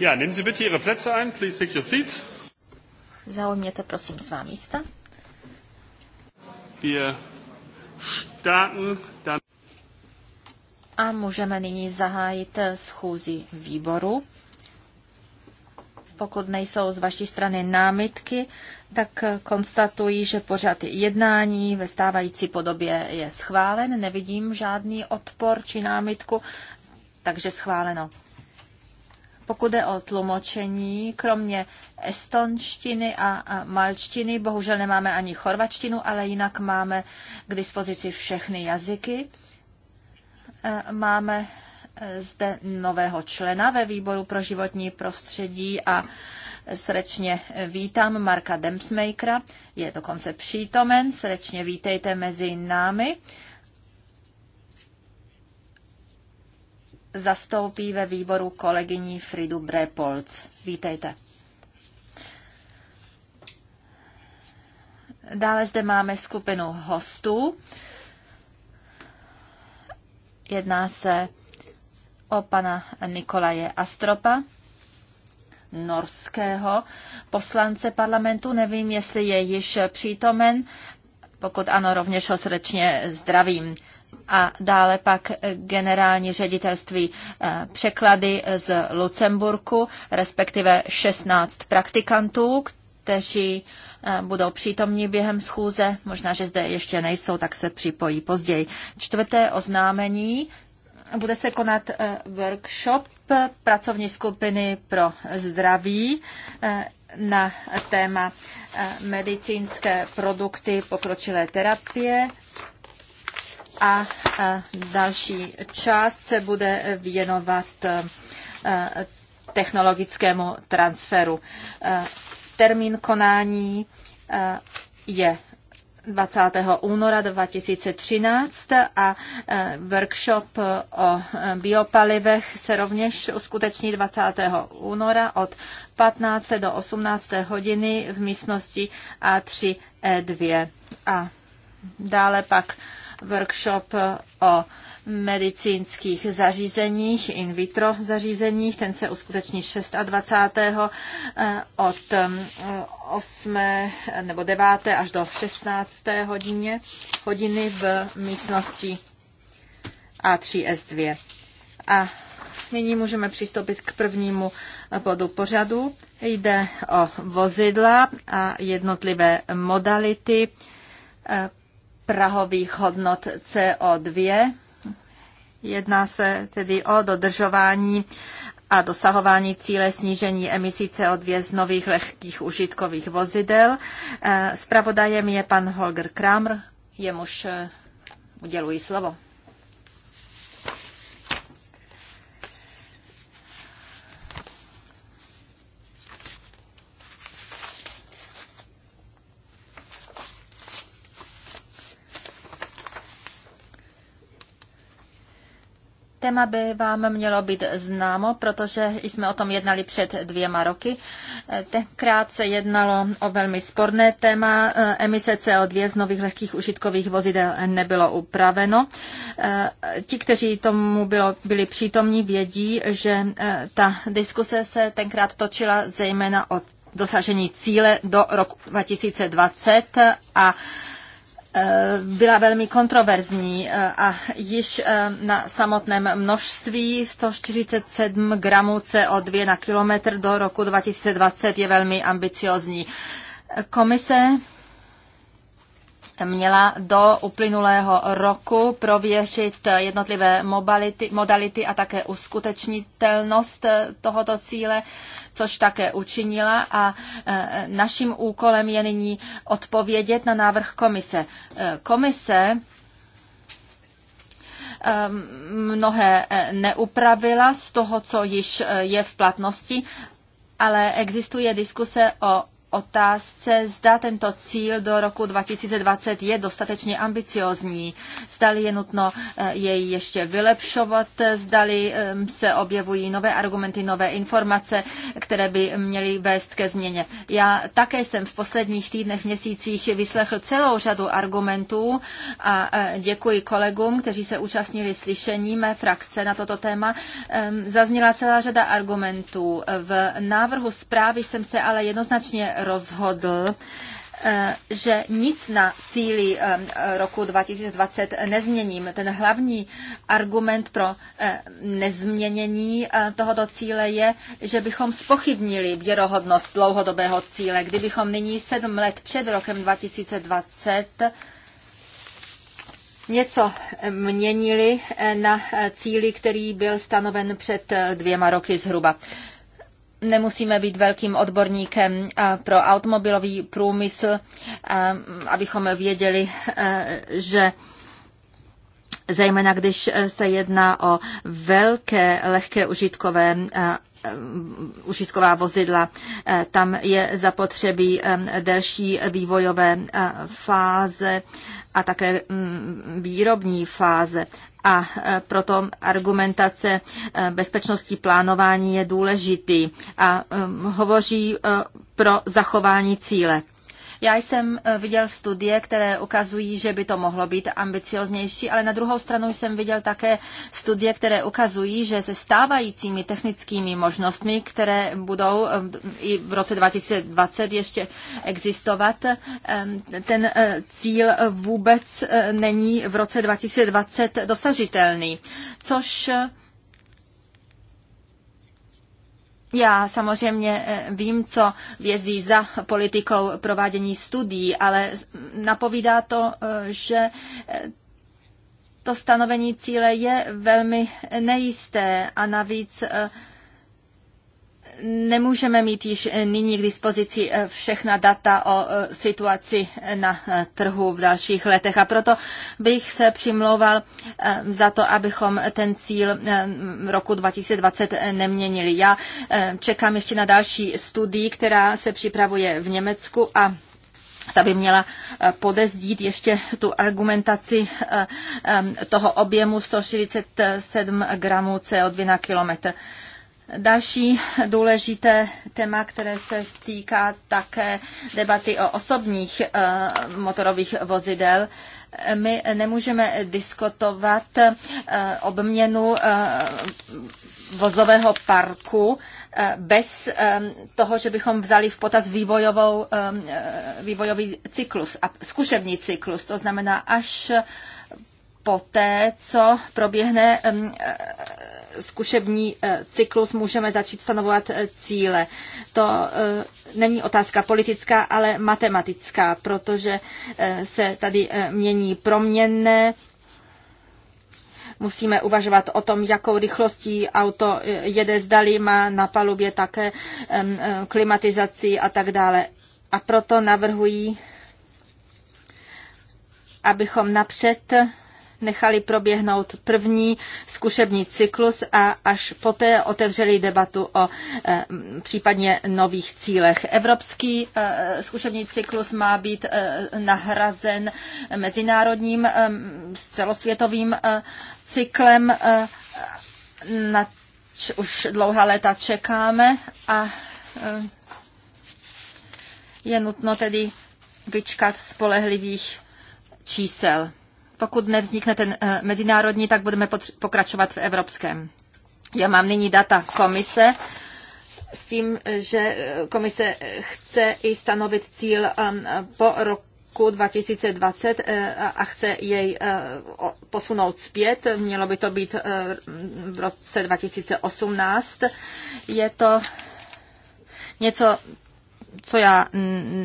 Ja, nehmen Sie bitte Ihre Plätze ein. Please take your seats. Zaujměte prosím svá místa. Wir starten dann. A můžeme nyní zahájit eh, schůzi výboru. Pokud nejsou z vaší strany námitky, tak eh, konstatuji, že pořad jednání ve stávající podobě je schválen. Nevidím žádný odpor či námitku, takže schváleno. Pokud je o tlumočení, kromě estonštiny a malčtiny, bohužel nemáme ani chorvačtinu, ale jinak máme k dispozici všechny jazyky. E, máme e, zde nového člena ve výboru pro životní prostředí a srdečně vítám Marka Dempsmakera. Je dokonce přítomen. Srdečně vítejte mezi námi. zastoupí ve výboru kolegyní Fridu Brepolc. Vítejte. Dále zde máme skupinu hostů. Jedná se o pana Nikolaje Astropa, norského poslance parlamentu. Nevím, jestli je již přítomen. Pokud ano, rovněž ho srdečně zdravím a dále pak generální ředitelství eh, překlady z Lucemburku, respektive 16 praktikantů, kteří eh, budou přítomní během schůze. Možná, že zde ještě nejsou, tak se připojí později. Čtvrté oznámení. Bude se konat eh, workshop pracovní skupiny pro zdraví na téma medicínské produkty pokročilé terapie a další část se bude věnovat technologickému transferu. Termín konání je 20. února 2013 a workshop o biopalivech se rovněž uskuteční 20. února od 15. do 18. hodiny v místnosti A3E2. A dále pak workshop o medicínských zařízeních, in vitro zařízeních. Ten se uskuteční 26. Eh, od 8. Eh, nebo 9. až do 16. hodině, hodiny v místnosti A3S2. A nyní můžeme přistoupit k prvnímu bodu pořadu. Jde o vozidla a jednotlivé modality eh, prahových hodnot CO2. Jedná se tedy o dodržování a dosahování cíle snížení emisí CO2 z nových lehkých užitkových vozidel. Spravodajem eh, je pan Holger Kramer, jemuž eh, uděluji slovo. Téma by vám mělo být známo, protože jsme o tom jednali před dvěma roky. Tenkrát se jednalo o velmi sporné téma. Emise CO2 z nových lehkých užitkových vozidel nebylo upraveno. Ti, kteří tomu bylo, byli přítomní, vědí, že eh, ta diskuse se tenkrát točila zejména o dosažení cíle do roku 2020 a Eh, byla velmi kontroverzní eh, a již eh, na samotném množství 147 gramů CO2 na kilometr do roku 2020 je velmi ambiciozní. Komise měla do uplynulého roku prověřit jednotlivé modality, modality a také uskutečnitelnost tohoto cíle, což také učinila a e, naším úkolem je nyní odpovědět na návrh komise. E, komise e, mnohé neupravila z toho, co již je v platnosti, ale existuje diskuse o otázce, zda tento cíl do roku 2020 je dostatečně ambiciozní, zdali je nutno eh, jej ještě vylepšovat, zdali ehm, se objevují nové argumenty, nové informace, které by měly vést ke změně. Já také jsem v posledních týdnech, měsících vyslechl celou řadu argumentů a eh, děkuji kolegům, kteří se účastnili slyšení mé frakce na toto téma. Ehm, zazněla celá řada argumentů. V návrhu zprávy jsem se ale jednoznačně rozhodl, eh, že nic na cíli eh, roku 2020 nezměním. Ten hlavní argument pro eh, nezměnění tohoto cíle je, že bychom spochybnili věrohodnost dlouhodobého cíle. Kdybychom nyní sedm let před rokem 2020 něco měnili na cíli, který byl stanoven před dvěma roky zhruba nemusíme být velkým odborníkem eh, pro automobilový průmysl, eh, abychom věděli, eh, že zejména když se jedná o velké lehké užitkové užitková vozidla. Tam je zapotřebí delší vývojové fáze a také mm, výrobní fáze a e, proto argumentace e, bezpečnosti plánování je důležitý a e, hovoří pro zachování cíle. Já jsem eh, viděl studie, které ukazují, že by to mohlo být ambicioznější, ale na druhou stranu jsem viděl také studie, které ukazují, že se stávajícími technickými možnostmi, které budou eh, i v roce 2020 ještě existovat, eh, ten cíl vůbec není v roce 2020 dosažitelný, což já samozřejmě eh, vím, co vězí za politikou provádění studií, ale napovídá to, eh, že eh, to stanovení cíle je velmi nejisté a navíc nemůžeme mít již eh, nyní k dispozici eh, všechna data o eh, situaci na trhu v dalších letech. A proto bych se přimlouval za to, abychom ten cíl roku 2020 neměnili. Já čekám ještě na další studii, která se připravuje v Německu a ta by měla podezdít ještě tu argumentaci toho objemu 147 gramů CO2 na kilometr. Další důležité téma, které se týká také debaty o osobních eh, motorových vozidel, my nemůžeme diskutovat eh, obměnu eh, vozového parku bez toho, že bychom vzali v potaz vývojovou, vývojový cyklus a zkušební cyklus. To znamená, až poté, co proběhne zkušební eh, cyklus můžeme začít stanovovat eh, cíle. To eh, není otázka politická, ale matematická, protože se tady mění proměnné, musíme uvažovat o tom, jakou rychlostí auto jede, zdali má na palubě také klimatizaci a tak dále. A proto navrhuji, abychom napřed nechali proběhnout první zkušební cyklus a až poté otevřeli debatu o eh, případně nových cílech. Evropský eh, zkušební cyklus má být eh, nahrazen mezinárodním celosvětovým cyklem na už dlouhá léta čekáme a je nutno tedy vyčkat spolehlivých čísel. Pokud nevznikne ten eh, mezinárodní, tak budeme pokračovat v evropském. Já mám nyní data komise s tím, že eh, komise chce i stanovit cíl eh, po roku 2020 a chce jej posunout zpět. Mělo by to být v roce 2018. Je to něco, co já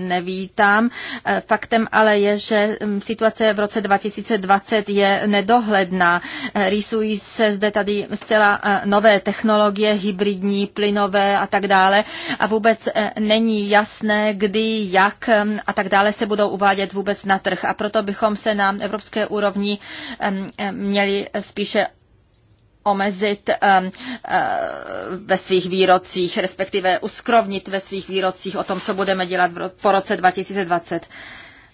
nevítám. E, faktem ale je, že situace v roce 2020 je nedohledná. E, rýsují se zde tady zcela e, nové technologie, hybridní, plynové a tak dále a vůbec není jasné, kdy, jak a tak dále se budou uvádět vůbec na trh. A proto bychom se na evropské úrovni měli spíše omezit ehm, eh, ve svých výrocích, respektive uskrovnit ve svých výrocích o tom, co budeme dělat po roce 2020.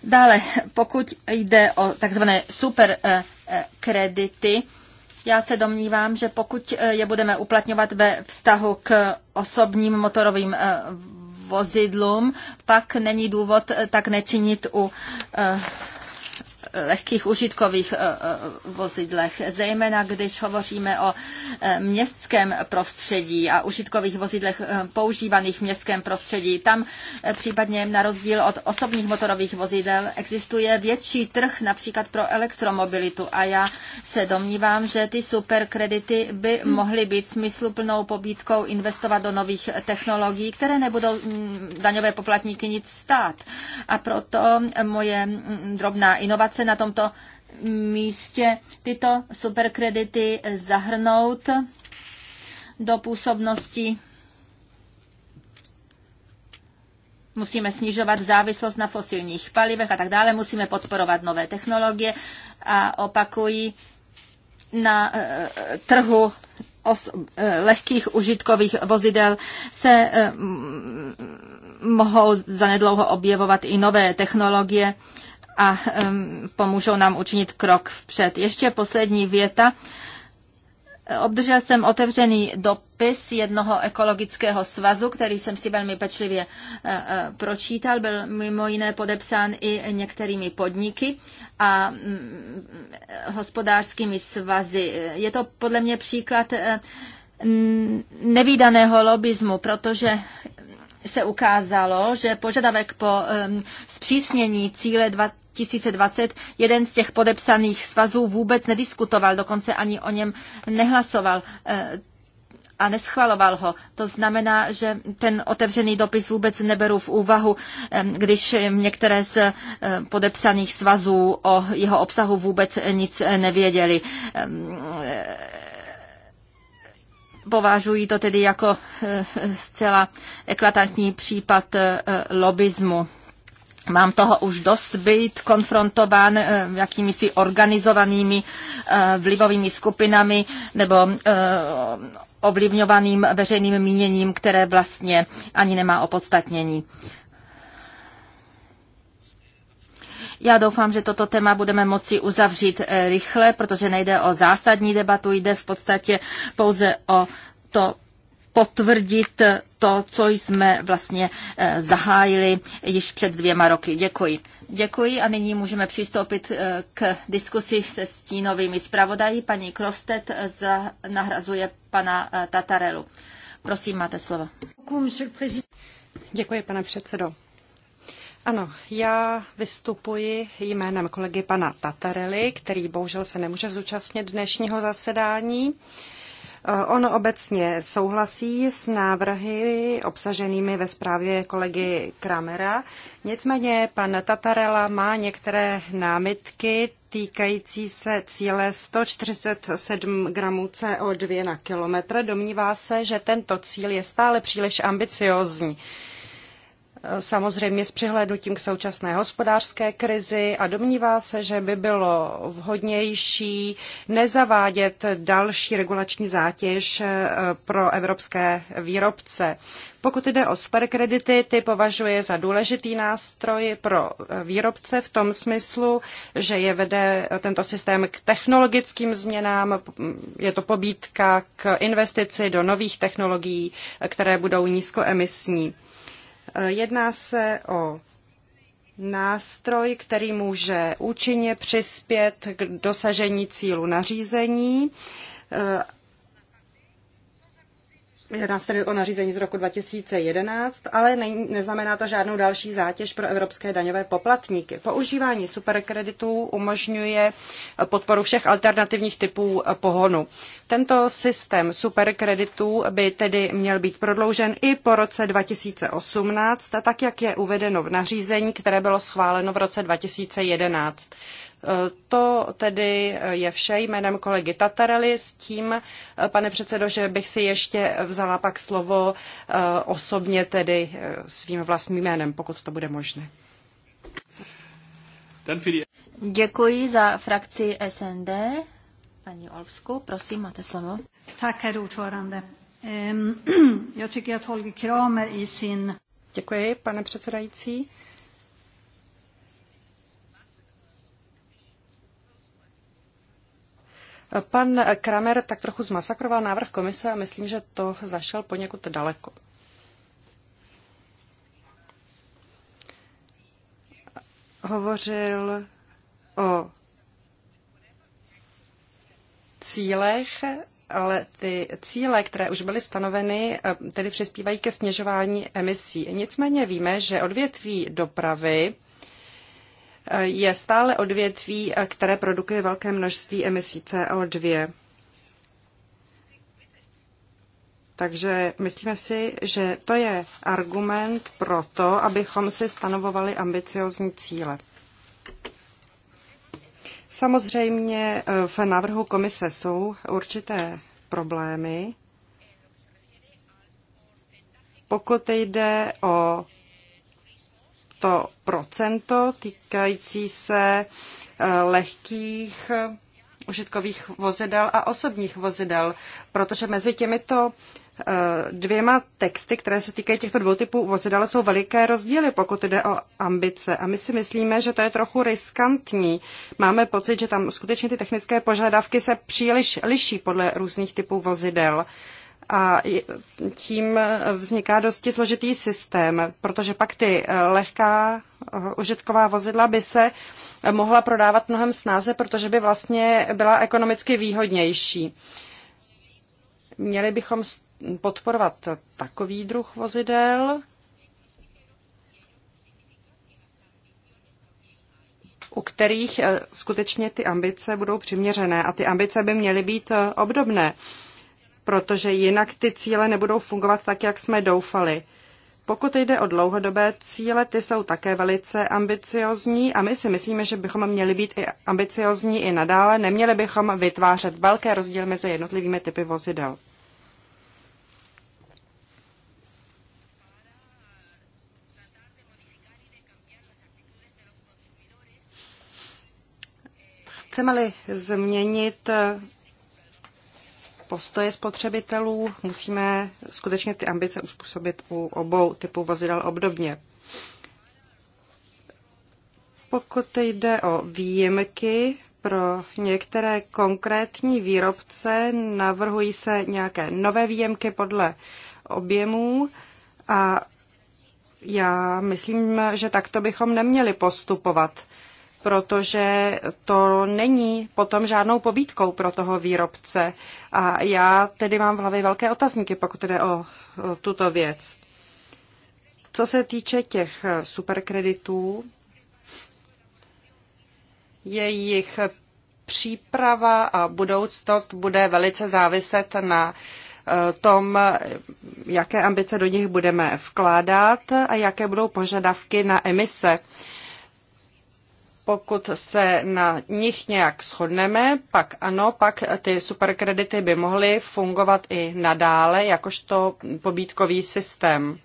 Dále, pokud jde o takzvané superkredity, eh, eh, já se domnívám, že pokud je budeme uplatňovat ve vztahu k osobním motorovým vozidlům, pak není důvod tak nečinit u lehkých užitkových eh, eh, vozidlech, zejména když hovoříme o eh, městském prostředí a užitkových vozidlech používaných v městském prostředí. Tam případně na rozdíl od osobních motorových vozidel existuje větší trh například pro elektromobilitu a já se domnívám, že ty superkredity by hm. mohly být smysluplnou pobídkou investovat do nových technologií, které nebudou hm, daňové poplatníky nic stát. A proto moje hm, drobná inovace se na tomto místě tyto superkredity zahrnout do působnosti. Musíme snižovat závislost na fosilních palivech a tak dále. Musíme podporovat nové technologie a opakují na eh, trhu eh, lehkých užitkových vozidel se eh, mohou zanedlouho objevovat i nové technologie, a pomůžou nám učinit krok vpřed. Ještě poslední věta. Obdržel jsem otevřený dopis jednoho ekologického svazu, který jsem si velmi pečlivě e, e, pročítal. Byl mimo jiné podepsán i některými podniky a mm, hospodářskými svazy. Je to podle mě příklad e, nevýdaného lobismu, protože se ukázalo, že požadavek po um, zpřísnění cíle 20 2020 jeden z těch podepsaných svazů vůbec nediskutoval, dokonce ani o něm nehlasoval eh, a neschvaloval ho. To znamená, že ten otevřený dopis vůbec neberu v úvahu, eh, když některé z eh, podepsaných svazů o jeho obsahu vůbec nic nevěděli. Považuji to tedy jako zcela eklatantní případ lobismu. Mám toho už dost být konfrontován eh, jakými si organizovanými eh, vlivovými skupinami nebo eh, ovlivňovaným veřejným míněním, které vlastně ani nemá opodstatnění. Já doufám, že toto téma budeme moci uzavřít rychle, protože nejde o zásadní debatu, jde v podstatě pouze o to potvrdit to, co jsme vlastně eh, zahájili již před dvěma roky. Děkuji. Děkuji a nyní můžeme přistoupit eh, k diskusi se stínovými zpravodají. Paní Krostet eh, nahrazuje pana Tatarelu. Prosím, máte slovo. Děkuji, pane předsedo. Ano, já vystupuji jménem kolegy pana Tatarely, který bohužel se nemůže zúčastnit dnešního zasedání. Uh, Eh, on obecně souhlasí s návrhy obsaženými ve zprávě kolegy Kramera. Nicméně pan Tatarela má některé námitky týkající se cíle 147 gramů CO2 na kilometr. Domnívá se, že tento cíl je stále příliš ambiciozní samozřejmě s přihlédnutím k současné hospodářské krizi a domnívá se, že by bylo vhodnější nezavádět další regulační zátěž eh, pro evropské výrobce. Pokud jde o superkredity, ty považuje za důležitý nástroj pro eh, výrobce v tom smyslu, že je vede tento systém k technologickým změnám, je to pobídka k investici do nových technologií, eh, které budou nízkoemisní. Eh, jedná se o nástroj, který může účinně přispět k dosažení cílu nařízení eh, Jedná se tedy o nařízení z roku 2011, ale ne, neznamená to žádnou další zátěž pro evropské daňové poplatníky. Používání superkreditů umožňuje podporu všech alternativních typů pohonu. Tento systém superkreditů by tedy měl být prodloužen i po roce 2018, tak jak je uvedeno v nařízení, které bylo schváleno v roce 2011. To tedy je vše jménem kolegy Tatarely s tím, pane předsedo, že bych si ještě vzala pak slovo eh, osobně tedy eh, svým vlastním jménem, pokud to bude možné. Děkuji za frakci SND. Paní Olvsku, prosím, máte slovo. Tak, herr ehm, Kramer i sin... Děkuji, pane předsedající. Pan Kramer tak trochu zmasakroval návrh komise a myslím, že to zašel poněkud daleko. Hovořil o cílech, ale ty cíle, které už byly stanoveny, tedy přispívají ke snižování emisí. Nicméně víme, že odvětví dopravy je stále odvětví, které produkuje velké množství emisí CO2. Takže myslíme si, že to je argument pro to, abychom si stanovovali ambiciozní cíle. Samozřejmě eh, v návrhu komise jsou určité problémy. Pokud jde o to procento týkající se eh, lehkých eh, užitkových vozidel a osobních vozidel, protože mezi těmito eh, dvěma texty, které se týkají těchto dvou typů vozidel, jsou veliké rozdíly, pokud jde o ambice. A my si myslíme, že to je trochu riskantní. Máme pocit, že tam skutečně ty technické požadavky se příliš liší podle různých typů vozidel. Uh, a tím vzniká dosti složitý systém, protože pak ty eh, lehká eh, užitková vozidla by se mohla prodávat mnohem snáze, protože by vlastně byla ekonomicky výhodnější. Měli bychom podporovat takový druh vozidel, u kterých eh, skutečně ty ambice budou přiměřené a ty ambice by měly být obdobné protože jinak ty cíle nebudou fungovat tak, jak jsme doufali. Pokud jde o dlouhodobé cíle, ty jsou také velice ambiciozní a my si myslíme, že bychom měli být i ambiciozní i nadále. Neměli bychom vytvářet velké rozdíly mezi jednotlivými typy vozidel. Chceme-li změnit postoje spotřebitelů. Musíme skutečně ty ambice uspůsobit u obou typů vozidel obdobně. Pokud jde o výjimky, pro některé konkrétní výrobce navrhují se nějaké nové výjimky podle objemů a já myslím, že takto bychom neměli postupovat protože to není potom žádnou pobídkou pro toho výrobce. A já tedy mám v hlavě velké otazníky, pokud jde o, o tuto věc. Co se týče těch eh, superkreditů, jejich příprava a budoucnost bude velice záviset na eh, tom, jaké ambice do nich budeme vkládat a jaké budou požadavky na emise pokud se na nich nějak shodneme, pak ano, pak ty superkredity by mohly fungovat i nadále jakožto pobítkový systém.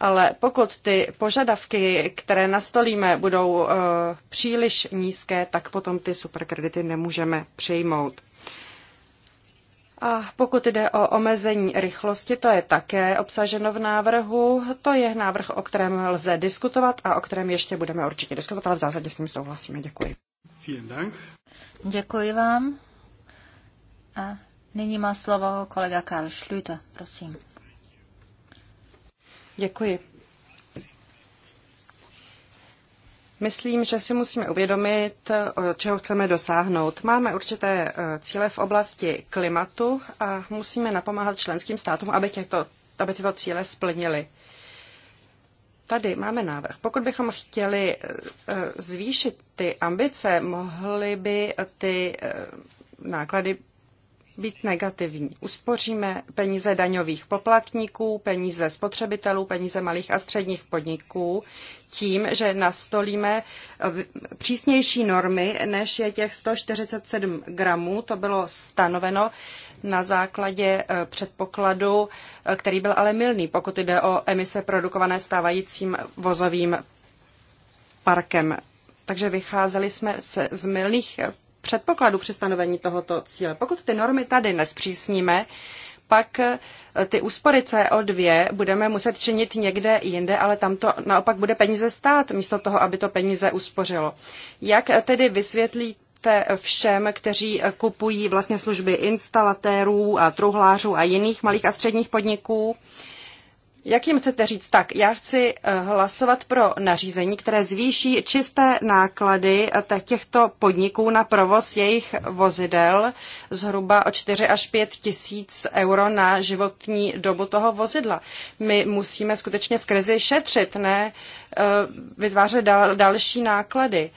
Ale pokud ty požadavky, které nastolíme, budou eh, příliš nízké, tak potom ty superkredity nemůžeme přijmout. A pokud jde o omezení rychlosti, to je také obsaženo v návrhu. To je návrh, o kterém lze diskutovat a o kterém ještě budeme určitě diskutovat, ale v zásadě s ním souhlasíme. Děkuji. Děkuji vám. A nyní má slovo kolega Karl Schlüter, prosím. Děkuji. Myslím, že si musíme uvědomit, čeho chceme dosáhnout. Máme určité e, cíle v oblasti klimatu a musíme napomáhat členským státům, aby, těchto, aby tyto cíle splnili. Tady máme návrh. Pokud bychom chtěli e, e, zvýšit ty ambice, mohly by ty náklady být negativní. Uspoříme peníze daňových poplatníků, peníze spotřebitelů, peníze malých a středních podniků tím, že nastolíme eh, přísnější normy, než je těch 147 gramů. To bylo stanoveno na základě eh, předpokladu, eh, který byl ale milný, pokud jde o emise produkované stávajícím vozovým parkem. Takže vycházeli jsme se z milných předpokladu při stanovení tohoto cíle. Pokud ty normy tady nespřísníme, pak eh, ty úspory CO2 budeme muset činit někde jinde, ale tam to naopak bude peníze stát, místo toho, aby to peníze uspořilo. Jak eh, tedy vysvětlí všem, kteří eh, kupují vlastně služby instalatérů a truhlářů a jiných malých a středních podniků, jak jim chcete říct? Tak, já chci eh, hlasovat pro nařízení, které zvýší čisté náklady eh, těchto podniků na provoz jejich vozidel zhruba o 4 až 5 tisíc euro na životní dobu toho vozidla. My musíme skutečně v krizi šetřit, ne eh, vytvářet dal, další náklady.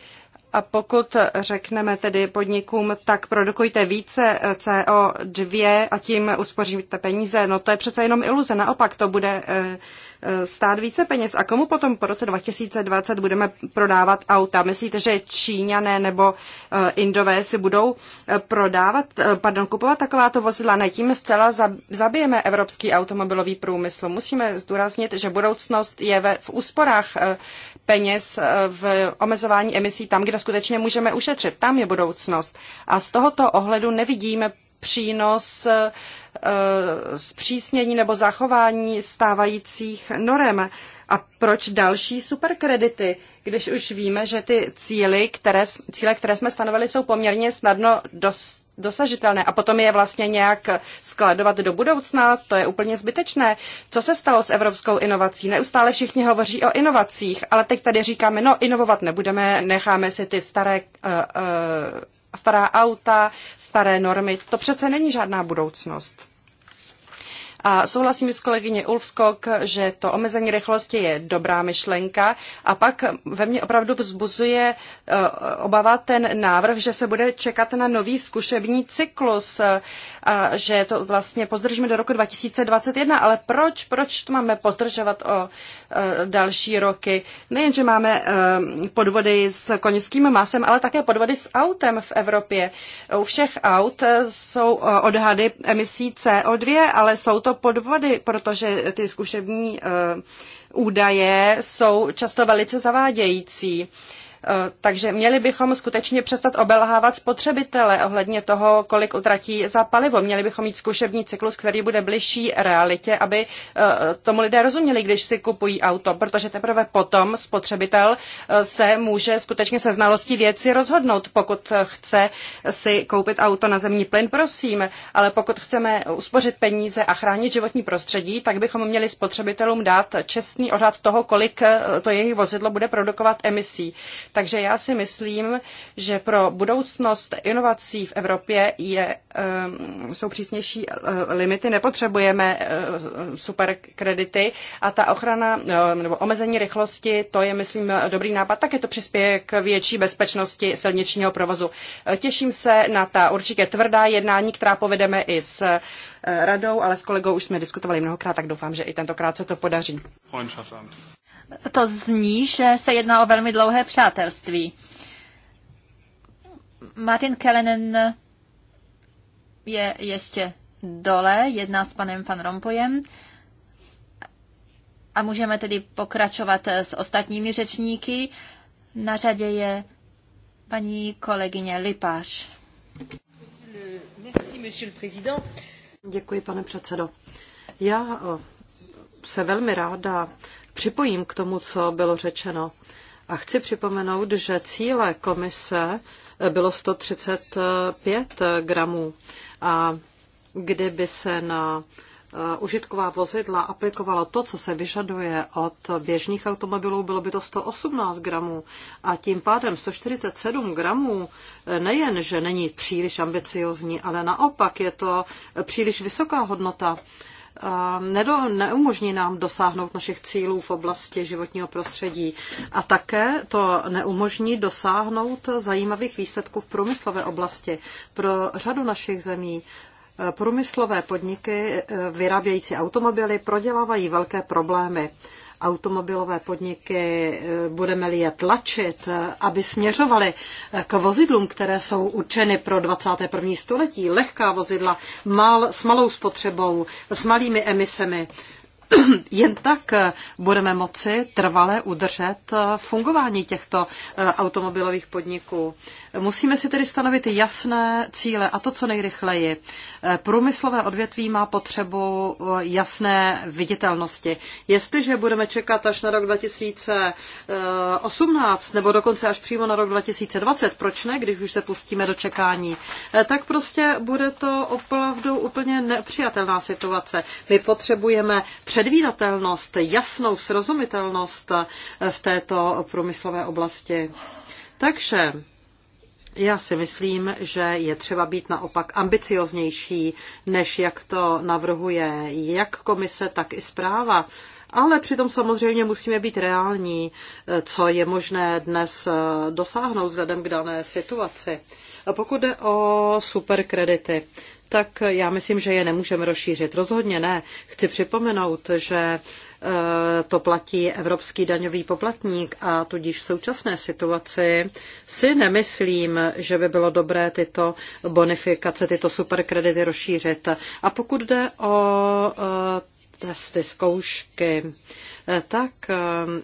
A pokud řekneme tedy podnikům, tak produkujte více CO2 a tím uspoříte peníze, no to je přece jenom iluze. Naopak to bude eh, eh, stát více peněz. A komu potom po roce 2020 budeme prodávat auta? Myslíte, že Číňané nebo eh, Indové si budou prodávat, pardon, kupovat takováto vozidla? Ne, tím zcela zabijeme evropský automobilový průmysl. Musíme zdůraznit, že budoucnost je v úsporách peněz v omezování emisí tam, kde skutečně můžeme ušetřit. Tam je budoucnost. A z tohoto ohledu nevidíme přínos eh, eh, zpřísnění nebo zachování stávajících norem. A proč další superkredity, když už víme, že ty cíly, které, cíle, které jsme stanovili, jsou poměrně snadno dost dosažitelné a potom je vlastně nějak skladovat do budoucna, to je úplně zbytečné. Co se stalo s evropskou inovací? Neustále všichni hovoří o inovacích, ale teď tady říkáme, no inovovat nebudeme, necháme si ty staré, uh, uh, stará auta, staré normy. To přece není žádná budoucnost. A souhlasím s kolegyně Ulfskok, že to omezení rychlosti je dobrá myšlenka. A pak ve mně opravdu vzbuzuje e, obava ten návrh, že se bude čekat na nový zkušební cyklus e, a že to vlastně pozdržíme do roku 2021. Ale proč, proč to máme pozdržovat o e, další roky? Nejen, že máme podvody s koněským masem, ale také podvody s autem v Evropě. U všech aut jsou odhady emisí CO2, ale jsou to často podvody, protože ty zkušební eh, údaje jsou často velice zavádějící. Eh, takže měli bychom skutečně přestat obelhávat spotřebitele ohledně toho, kolik utratí za palivo. Měli bychom mít zkušební cyklus, který bude bližší realitě, aby eh, tomu lidé rozuměli, když si kupují auto, protože teprve potom spotřebitel eh, se může skutečně se znalostí věci rozhodnout, pokud chce si koupit auto na zemní plyn, prosím, ale pokud chceme uspořit peníze a chránit životní prostředí, tak bychom měli spotřebitelům dát čestný odhad toho, kolik to jejich vozidlo bude produkovat emisí. Takže já si myslím, že pro budoucnost inovací v Evropě je, ehm, jsou přísnější eh, limity, nepotřebujeme eh, superkredity a ta ochrana eh, nebo omezení rychlosti, to je, myslím, dobrý nápad. Také to přispěje k větší bezpečnosti silničního provozu. Těším se na ta určitě tvrdá jednání, která povedeme i s radou, ale s kolegou už jsme diskutovali mnohokrát, tak doufám, že i tentokrát se to podaří to zní, že se jedná o velmi dlouhé přátelství. Martin Kellenen je ještě dole, jedná s panem Van Rompojem. A můžeme tedy pokračovat s ostatními řečníky. Na řadě je paní kolegyně Lipáš. Děkuji, pane předsedo. Já eh, se velmi ráda připojím k tomu, co bylo řečeno. A chci připomenout, že cíle komise eh, bylo 135 eh, gramů. A kdyby se na eh, užitková vozidla aplikovalo to, co se vyžaduje od běžných automobilů, bylo by to 118 gramů. A tím pádem 147 gramů nejen, že není příliš ambiciozní, ale naopak je to příliš vysoká hodnota. Ehm, nedo, neumožní nám dosáhnout našich cílů v oblasti životního prostředí a také to neumožní dosáhnout zajímavých výsledků v průmyslové oblasti. Pro řadu našich zemí eh, průmyslové podniky eh, vyrábějící automobily prodělávají velké problémy automobilové podniky eh, budeme-li je tlačit, eh, aby směřovaly eh, k vozidlům, které jsou určeny pro 21. století, lehká vozidla mal, s malou spotřebou, s malými emisemi, Jen tak eh, budeme moci trvale udržet eh, fungování těchto eh, automobilových podniků. Musíme si tedy stanovit jasné cíle a to, co nejrychleji. Průmyslové odvětví má potřebu jasné viditelnosti. Jestliže budeme čekat až na rok 2018 nebo dokonce až přímo na rok 2020, proč ne, když už se pustíme do čekání, tak prostě bude to opravdu úplně nepřijatelná situace. My potřebujeme před předvídatelnost, jasnou srozumitelnost v této průmyslové oblasti. Takže já si myslím, že je třeba být naopak ambicioznější, než jak to navrhuje jak komise, tak i zpráva. Ale přitom samozřejmě musíme být reální, co je možné dnes dosáhnout vzhledem k dané situaci. Pokud jde o superkredity, tak já myslím, že je nemůžeme rozšířit. Rozhodně ne. Chci připomenout, že e, to platí evropský daňový poplatník a tudíž v současné situaci si nemyslím, že by bylo dobré tyto bonifikace, tyto superkredity rozšířit. A pokud jde o e, testy, zkoušky, Eh, tak eh,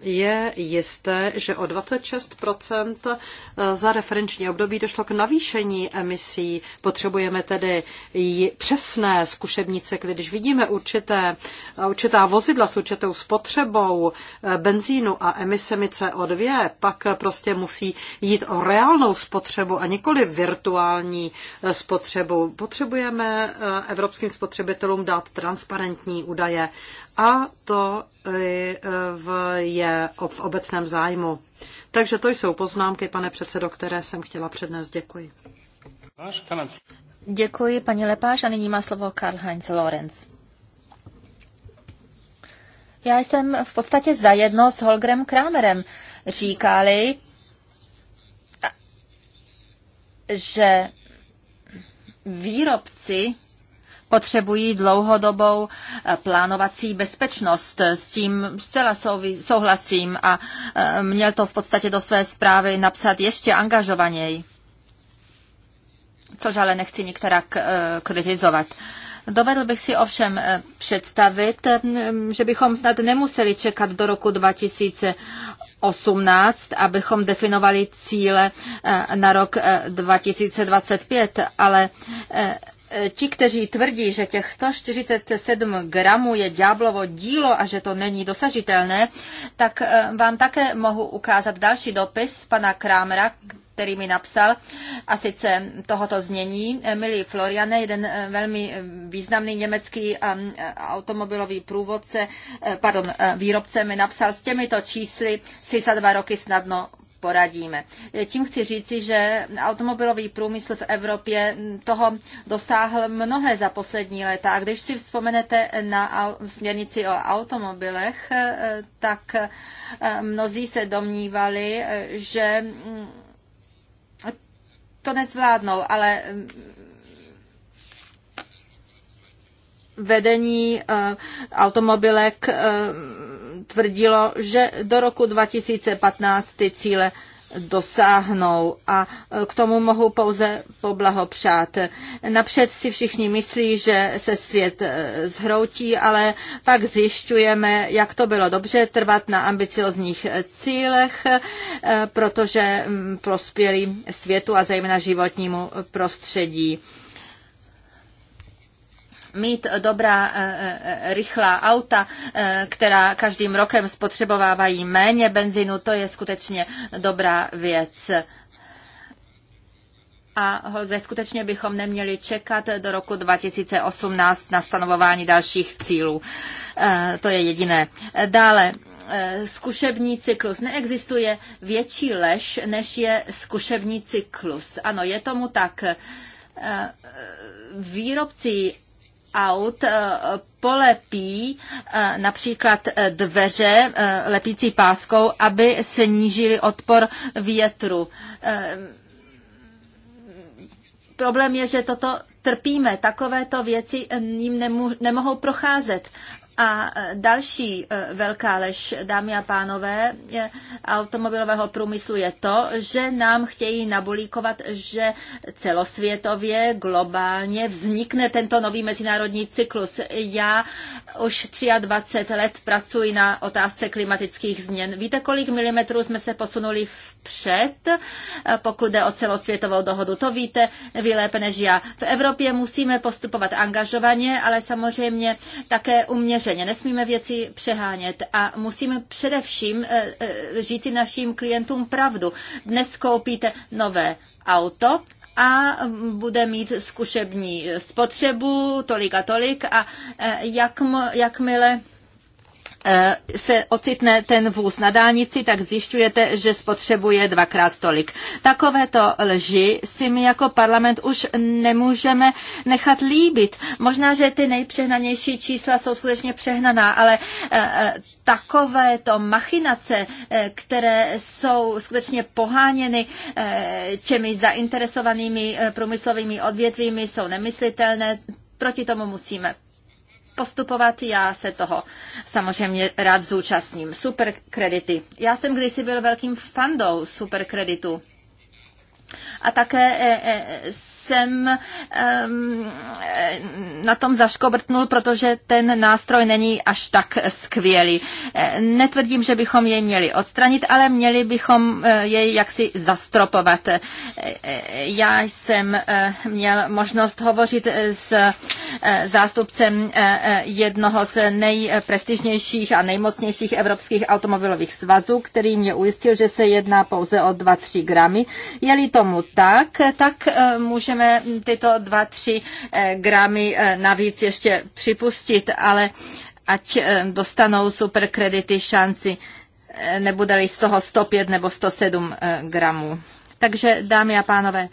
je jisté, že o 26 eh, za referenční období došlo k navýšení emisí. Potřebujeme tedy přesné zkušebnice, když vidíme určité, určitá vozidla s určitou spotřebou benzínu a emisemi CO2, pak prostě musí jít o reálnou spotřebu a nikoli virtuální spotřebu. Potřebujeme evropským spotřebitelům dát transparentní údaje a to e, v, je v obecném zájmu. Takže to jsou poznámky, pane předsedo, které jsem chtěla přednést. Děkuji. Děkuji, paní Lepáš, a nyní má slovo Karl-Heinz Lorenz. Já jsem v podstatě zajedno s Holgrem Kramerem. Říkali, že výrobci potřebují dlouhodobou eh, plánovací bezpečnost. S tím zcela souhlasím a eh, měl to v podstatě do své zprávy napsat ještě angažovaněji, což ale nechci některá eh, kritizovat. Dovedl bych si ovšem představit, že bychom snad nemuseli čekat do roku 2018, abychom definovali cíle na rok 2025, ale Eh, ti, kteří tvrdí, že těch 147 gramů je ďáblovo dílo a že to není dosažitelné, tak eh, vám také mohu ukázat další dopis pana Krámera, který mi napsal, a sice tohoto znění. Emily eh, Floriane, jeden velmi významný německý automobilový průvodce, pardon, výrobce mi napsal, s těmito čísly si za dva roky snadno poradíme. Tím chci říci, že automobilový průmysl v Evropě toho dosáhl mnohé za poslední léta. A když si vzpomenete na směrnici o automobilech, eh, tak eh, mnozí se domnívali, eh, že mm, to nezvládnou, ale mm, vedení automobilek tvrdilo, že do roku 2015 ty cíle dosáhnou a e, k tomu mohu pouze poblahopřát. Napřed si všichni myslí, že se svět e, zhroutí, ale pak zjišťujeme, jak to bylo dobře trvat na ambiciozních cílech, e, protože prospěli světu a zejména životnímu prostředí mít dobrá eh, eh, rychlá auta, eh, která každým rokem spotřebovávají méně benzínu, to je skutečně dobrá věc a kde skutečně bychom neměli čekat do roku 2018 na stanovování dalších cílů. To je jediné. Dále, zkušební cyklus. Neexistuje větší lež, než je zkušební cyklus. Ano, je tomu tak. Výrobci aut eh, polepí eh, například eh, dveře lepící páskou, aby snížili odpor větru. Problém je, že toto trpíme, takovéto věci jim nemohou procházet. A e, další e, velká lež, dámy a pánové, automobilového průmyslu je to, že nám chtějí nabolíkovat, že celosvětově, globálně vznikne tento nový mezinárodní cyklus. Já už 23 let pracuji na otázce klimatických změn. Víte, kolik milimetrů jsme se posunuli vpřed, e, pokud jde o celosvětovou dohodu? To víte vy lépe než já. V Evropě musíme postupovat angažovaně, ale samozřejmě také uměřit otevřeně, nesmíme věci přehánět a musíme především eh, eh, říci našim klientům pravdu. Dnes koupíte nové auto, a bude mít zkušební spotřebu tolik a tolik a eh, jak, jakmile Eh, se ocitne ten vůz na dálnici, tak zjišťujete, že spotřebuje dvakrát tolik. Takovéto lži si my jako parlament už nemůžeme nechat líbit. Možná, že ty nejpřehnanější čísla jsou skutečně přehnaná, ale eh, takovéto machinace, eh, které jsou skutečně poháněny těmi zainteresovanými průmyslovými odvětvími, jsou nemyslitelné. Proti tomu musíme postupovat. Já se toho samozřejmě rád zúčastním. Superkredity. Já jsem kdysi byl velkým fandou superkreditu. A také eh, eh, jsem ehm, eh, na tom zaškobrtnul, protože ten nástroj není až tak skvělý. Netvrdím, že bychom jej měli odstranit, ale měli bychom jej jaksi zastropovat. Já jsem měl možnost hovořit s zástupcem jednoho z nejprestižnějších a nejmocnějších evropských automobilových svazů, který mě ujistil, že se jedná pouze o 2-3 gramy. Je-li to tomu tak, tak eh, můžeme tyto 2-3 eh, gramy eh, navíc ještě připustit, ale ať dostanou superkredity šanci, nebude-li z toho 105 nebo 107 gramů. Takže, dámy a pánové,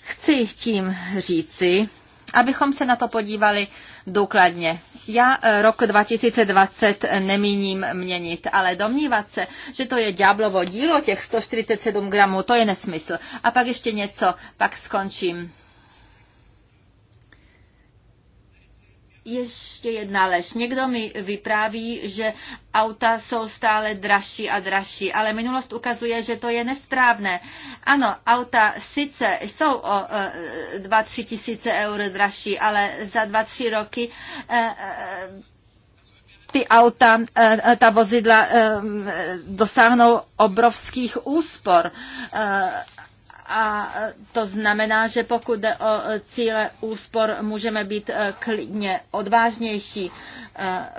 chci tím říci, abychom se na to podívali důkladně. Já eh, rok 2020 nemíním měnit, ale domnívat se, že to je ďáblovo dílo těch 147 gramů, to je nesmysl. A pak ještě něco, pak skončím. ještě jedna lež. Někdo mi vypráví, že auta jsou stále dražší a dražší, ale minulost ukazuje, že to je nesprávné. Ano, auta sice jsou o 2-3 e, tisíce eur dražší, ale za 2-3 roky e, e, ty auta, ta vozidla dosáhnou obrovských úspor a e, to znamená, že pokud jde o e, cíle úspor, můžeme být e, klidně odvážnější.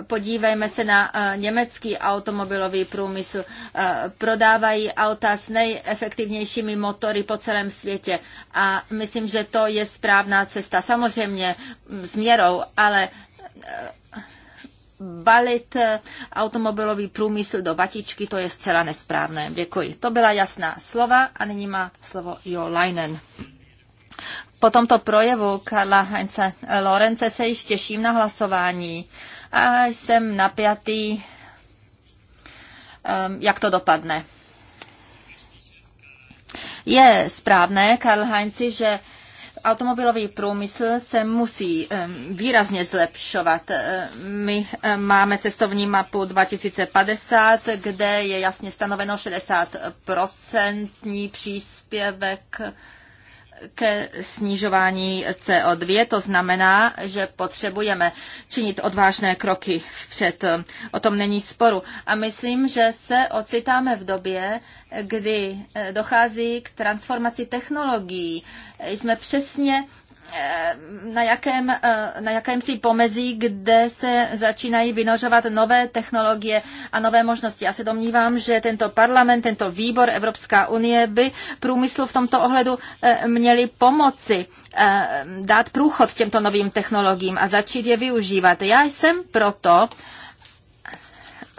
Podívejme se na německý automobilový průmysl. Prodávají auta s nejefektivnějšími motory po celém světě a myslím, že to je správná cesta. Samozřejmě s měrou, ale balit eh, automobilový průmysl do vatičky, to je zcela nesprávné. Děkuji. To byla jasná slova a nyní má slovo Jo Leinen. Po tomto projevu Karla Heinze Lorence se již těším na hlasování a jsem napjatý, jak to dopadne. Je správné, Karl Heinzi, že automobilový průmysl se musí výrazně zlepšovat. My máme cestovní mapu 2050, kde je jasně stanoveno 60% příspěvek ke snižování CO2. To znamená, že potřebujeme činit odvážné kroky vpřed. O tom není sporu. A myslím, že se ocitáme v době, kdy eh, dochází k transformaci technologií. Jsme přesně Eh, na, jakém, eh, na jakém si pomezí, kde se začínají vynořovat nové technologie a nové možnosti. Já se domnívám, že tento parlament, tento výbor Evropská unie by průmyslu v tomto ohledu eh, měli pomoci dát průchod těmto novým technologiím a začít je využívat. Já jsem proto,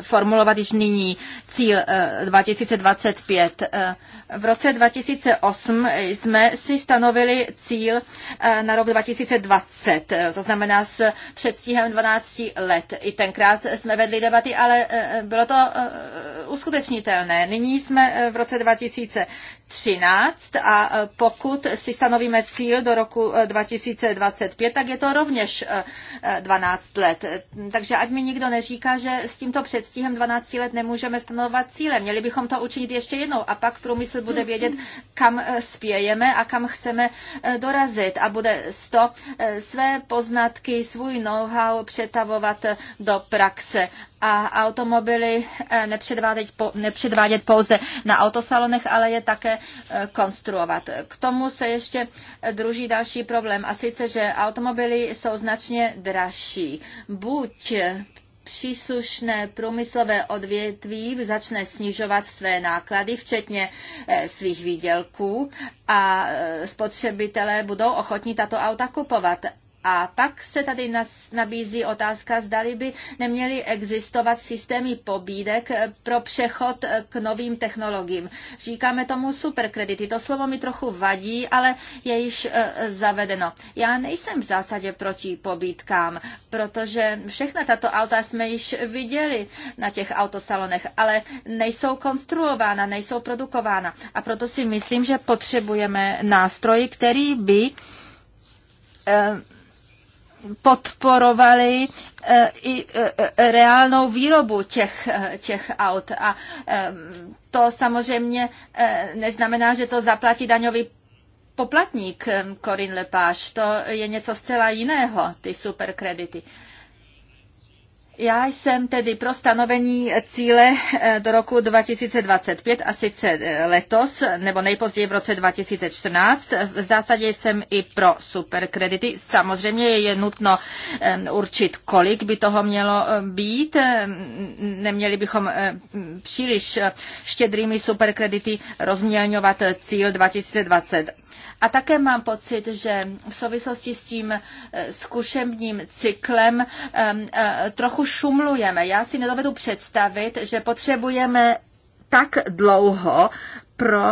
formulovat již nyní cíl 2025. Eh, eh, v roce 2008 jsme si stanovili cíl eh, na rok 2020, to znamená s předstihem 12 let. I tenkrát jsme vedli debaty, ale bylo to uskutečnitelné. Nyní jsme v roce 2013 a pokud si stanovíme cíl do roku 2025, tak je to rovněž 12 let. Hm, takže ať mi nikdo neříká, že s tímto před předstihem 12 let nemůžeme stanovat cíle. Měli bychom to učinit ještě jednou a pak průmysl bude vědět, kam eh, spějeme a kam chceme eh, dorazit a bude z to eh, své poznatky, svůj know-how přetavovat do praxe a automobily nepředvádět, po, nepředvádět pouze na autosalonech, ale je také konstruovat. K tomu se ještě druží další problém a sice, že automobily jsou značně dražší. Buď příslušné průmyslové odvětví začne snižovat své náklady, včetně eh, svých výdělků a eh, spotřebitelé budou ochotní tato auta kupovat. A pak se tady nabízí otázka, zdali by neměly existovat systémy pobídek eh, pro přechod eh, k novým technologiím. Říkáme tomu superkredity. To slovo mi trochu vadí, ale je již eh, zavedeno. Já nejsem v zásadě proti pobídkám, protože všechna tato auta jsme již viděli na těch autosalonech, ale nejsou konstruována, nejsou produkována. A proto si myslím, že potřebujeme nástroj, který by eh, podporovali eh, i eh, reálnou výrobu těch, eh, těch aut. A to samozřejmě neznamená, že to zaplatí daňový poplatník Corinne Lepage. To je něco zcela jiného, ty superkredity. Já jsem tedy pro stanovení cíle eh, do roku 2025 a sice eh, letos nebo nejpozději v roce 2014. V zásadě jsem i pro superkredity. Samozřejmě je nutno eh, určit, kolik by toho mělo být. Neměli bychom příliš štědrými superkredity rozmělňovat cíl 2020. A také mám pocit, že v souvislosti s tím eh, zkušebním cyklem eh, eh, trochu šumlujeme. Já si nedovedu představit, že potřebujeme tak dlouho pro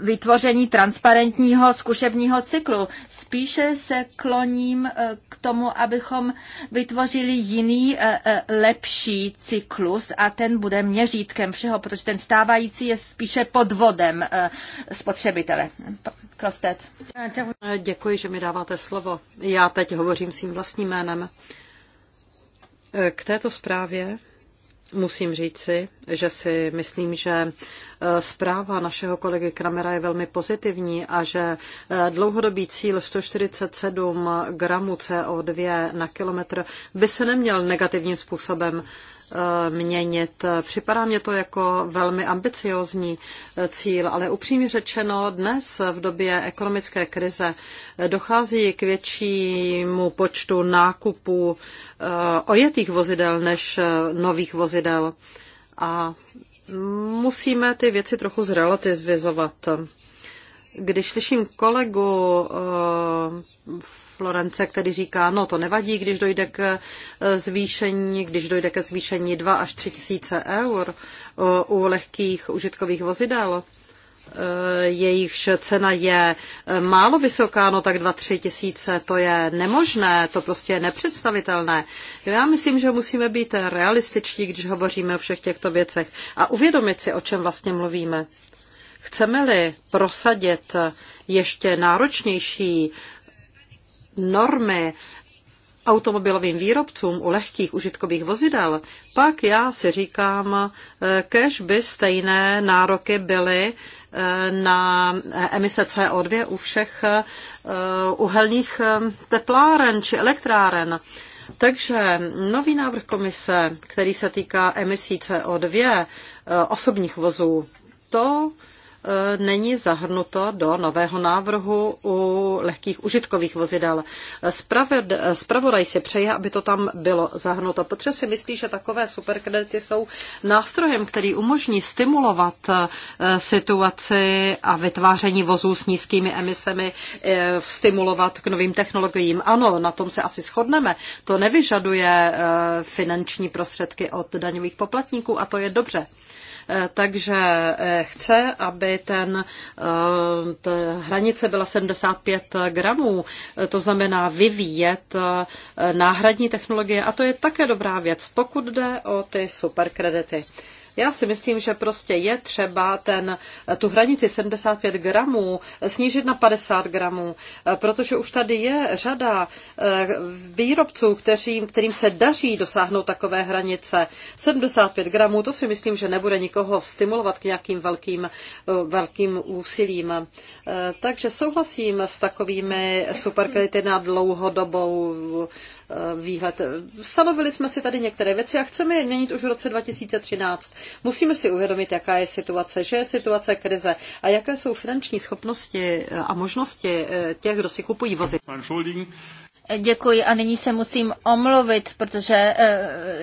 vytvoření transparentního zkušebního cyklu. Spíše se kloním eh, k tomu, abychom vytvořili jiný, eh, eh, lepší cyklus a ten bude měřítkem všeho, protože ten stávající je spíše podvodem spotřebitele. Klostet. Děkuji, že mi dáváte slovo. Já teď hovořím svým vlastním jménem. K této zprávě musím říci, že si myslím, že zpráva našeho kolegy Kramera je velmi pozitivní a že eh, dlouhodobý cíl 147 gramů CO2 na kilometr by se neměl negativním způsobem eh, měnit. Připadá mě to jako velmi ambiciozní eh, cíl, ale upřímně řečeno, dnes v době ekonomické krize dochází k většímu počtu nákupů ojetých vozidel než nových vozidel. A musíme ty věci trochu zrelativizovat. Když slyším kolegu eh, Florence, který říká, no to nevadí, když dojde k eh, zvýšení, když dojde ke zvýšení 2 až 3 tisíce eur eh, u lehkých užitkových vozidel, Eh, jejichž cena je eh, málo vysoká, no tak 2-3 tisíce, to je nemožné, to prostě je nepředstavitelné. Já myslím, že musíme být realističtí, když hovoříme o všech těchto věcech a uvědomit si, o čem vlastně mluvíme. Chceme-li prosadit ještě náročnější normy automobilovým výrobcům u lehkých užitkových vozidel, pak já si říkám, eh, kež by stejné nároky byly na emise CO2 u všech eh, uhelných eh, tepláren či elektráren. Takže nový návrh komise, který se týká emisí CO2 eh, osobních vozů, to E, není zahrnuto do nového návrhu u lehkých užitkových vozidel. Spraved, spravodaj si přeje, aby to tam bylo zahrnuto, protože si myslí, že takové superkredity jsou nástrojem, který umožní stimulovat e, situaci a vytváření vozů s nízkými emisemi, e, stimulovat k novým technologiím. Ano, na tom se asi shodneme. To nevyžaduje finanční prostředky od daňových poplatníků a to je dobře. Eh, takže eh, chce, aby ten, eh, ta hranice byla 75 gramů, to znamená vyvíjet náhradní technologie a to je také dobrá věc, pokud jde o ty superkredity. Já si myslím, že prostě je třeba ten, tu hranici 75 gramů snížit na 50 gramů, protože už tady je řada eh, výrobců, kterým, kterým se daří dosáhnout takové hranice. 75 gramů, to si myslím, že nebude nikoho stimulovat k nějakým velkým, eh, velkým úsilím. Eh, takže souhlasím s takovými superkredity na dlouhodobou Eh, výhled. Stanovili jsme si tady některé věci a chceme je měnit už v roce 2013. Musíme si uvědomit, jaká je situace, že je situace krize a jaké jsou finanční schopnosti eh, a možnosti eh, těch, kdo si kupují vozy. Děkuji a nyní se musím omluvit, protože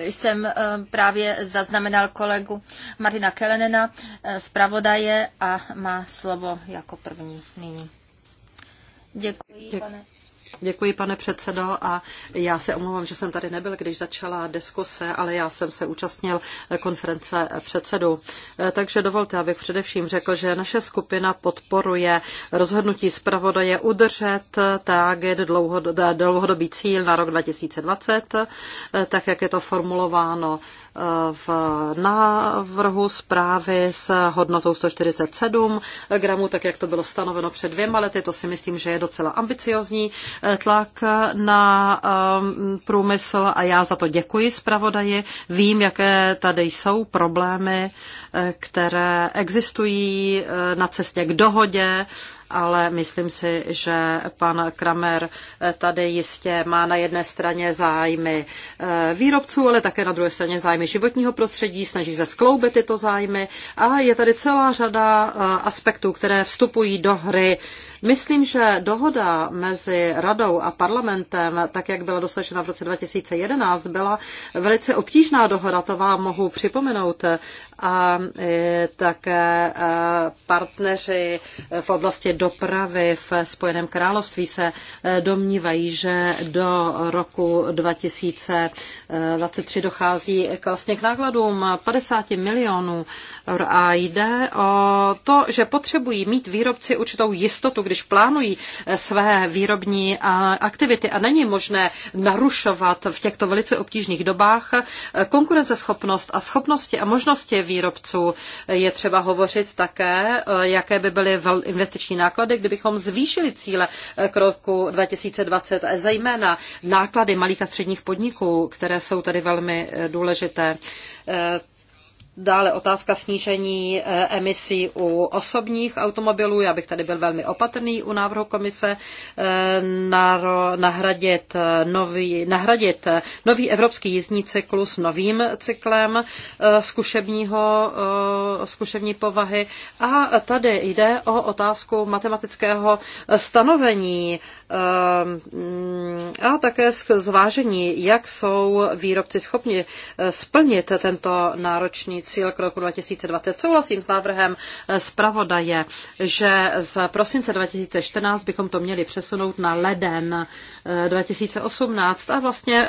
jsem právě zaznamenal kolegu Martina Kelenena, zpravodaje a má slovo jako první nyní. Děkuji, pane. Děkuji, pane předsedo, a já se omlouvám, že jsem tady nebyl, když začala diskuse, ale já jsem se účastnil konference předsedů. Eh, takže dovolte, abych především řekl, že naše skupina podporuje rozhodnutí zpravodaje udržet eh, target dlouhodobý cíl na rok 2020, eh, tak jak je to formulováno v návrhu zprávy s hodnotou 147 gramů, tak jak to bylo stanoveno před dvěma lety. To si myslím, že je docela ambiciozní eh, tlak na eh, průmysl a já za to děkuji zpravodaji. Vím, jaké tady jsou problémy, eh, které existují na cestě k dohodě ale myslím si, že pan Kramer tady jistě má na jedné straně zájmy eh, výrobců, ale také na druhé straně zájmy životního prostředí, snaží se skloubit tyto zájmy a je tady celá řada eh, aspektů, které vstupují do hry. Myslím, že dohoda mezi radou a parlamentem, tak jak byla dosažena v roce 2011, byla velice obtížná dohoda, to vám mohu připomenout a e, také e, partneři v oblasti dopravy v Spojeném království se e, domnívají, že do roku 2023 dochází k vlastně k nákladům 50 milionů a jde o to, že potřebují mít výrobci určitou jistotu, když plánují své výrobní aktivity a není možné narušovat v těchto velice obtížných dobách konkurenceschopnost a schopnosti a možnosti výrobců. Je třeba hovořit také, eh, jaké by byly investiční náklady, kdybychom zvýšili cíle eh, k roku 2020, zejména náklady malých a středních podniků, které jsou tady velmi eh, důležité. Dále otázka snížení eh, emisí u osobních automobilů. Já bych tady byl velmi opatrný u návrhu komise eh, nahradit eh, nový, nahradit nový evropský jízdní cyklus novým cyklem zkušebního, zkušební povahy. A tady jde o otázku matematického stanovení Ehm, a také zvážení, jak jsou výrobci schopni eh, splnit tento náročný cíl k roku 2020. Souhlasím s návrhem eh, zpravodaje, že z prosince 2014 bychom to měli přesunout na leden 2018 eh, a vlastně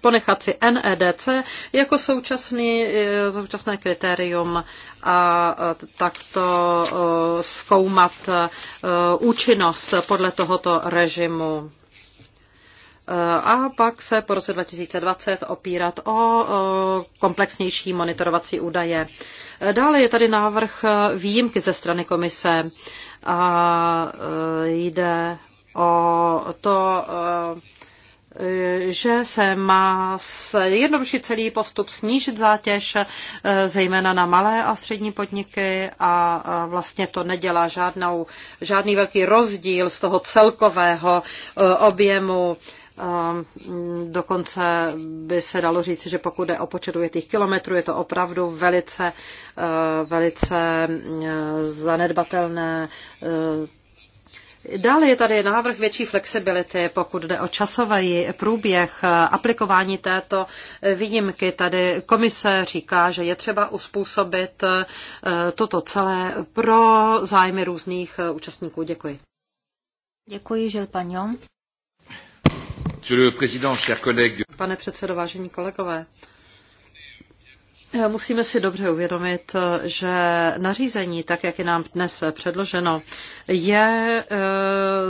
ponechat si NEDC jako současný, současné kritérium a e, takto e, zkoumat e, účinnost podle tohoto režimu a pak se po roce 2020 opírat o komplexnější monitorovací údaje. Dále je tady návrh výjimky ze strany komise a jde o to, že se má jednodušit celý postup, snížit zátěž, eh, zejména na malé a střední podniky a vlastně to nedělá žádnou, žádný velký rozdíl z toho celkového eh, objemu ehm, Dokonce by se dalo říct, že pokud je o počet těch kilometrů, je to opravdu velice, eh, velice mm, zanedbatelné Dále je tady návrh větší flexibility, pokud jde o časový průběh aplikování této výjimky. Tady komise říká, že je třeba uspůsobit eh, toto celé pro zájmy různých eh, účastníků. Děkuji. Děkuji, Žil Pagnon. Pane předsedo, vážení kolegové, Eh, musíme si dobře uvědomit, eh, že nařízení, tak jak je nám dnes předloženo, je eh,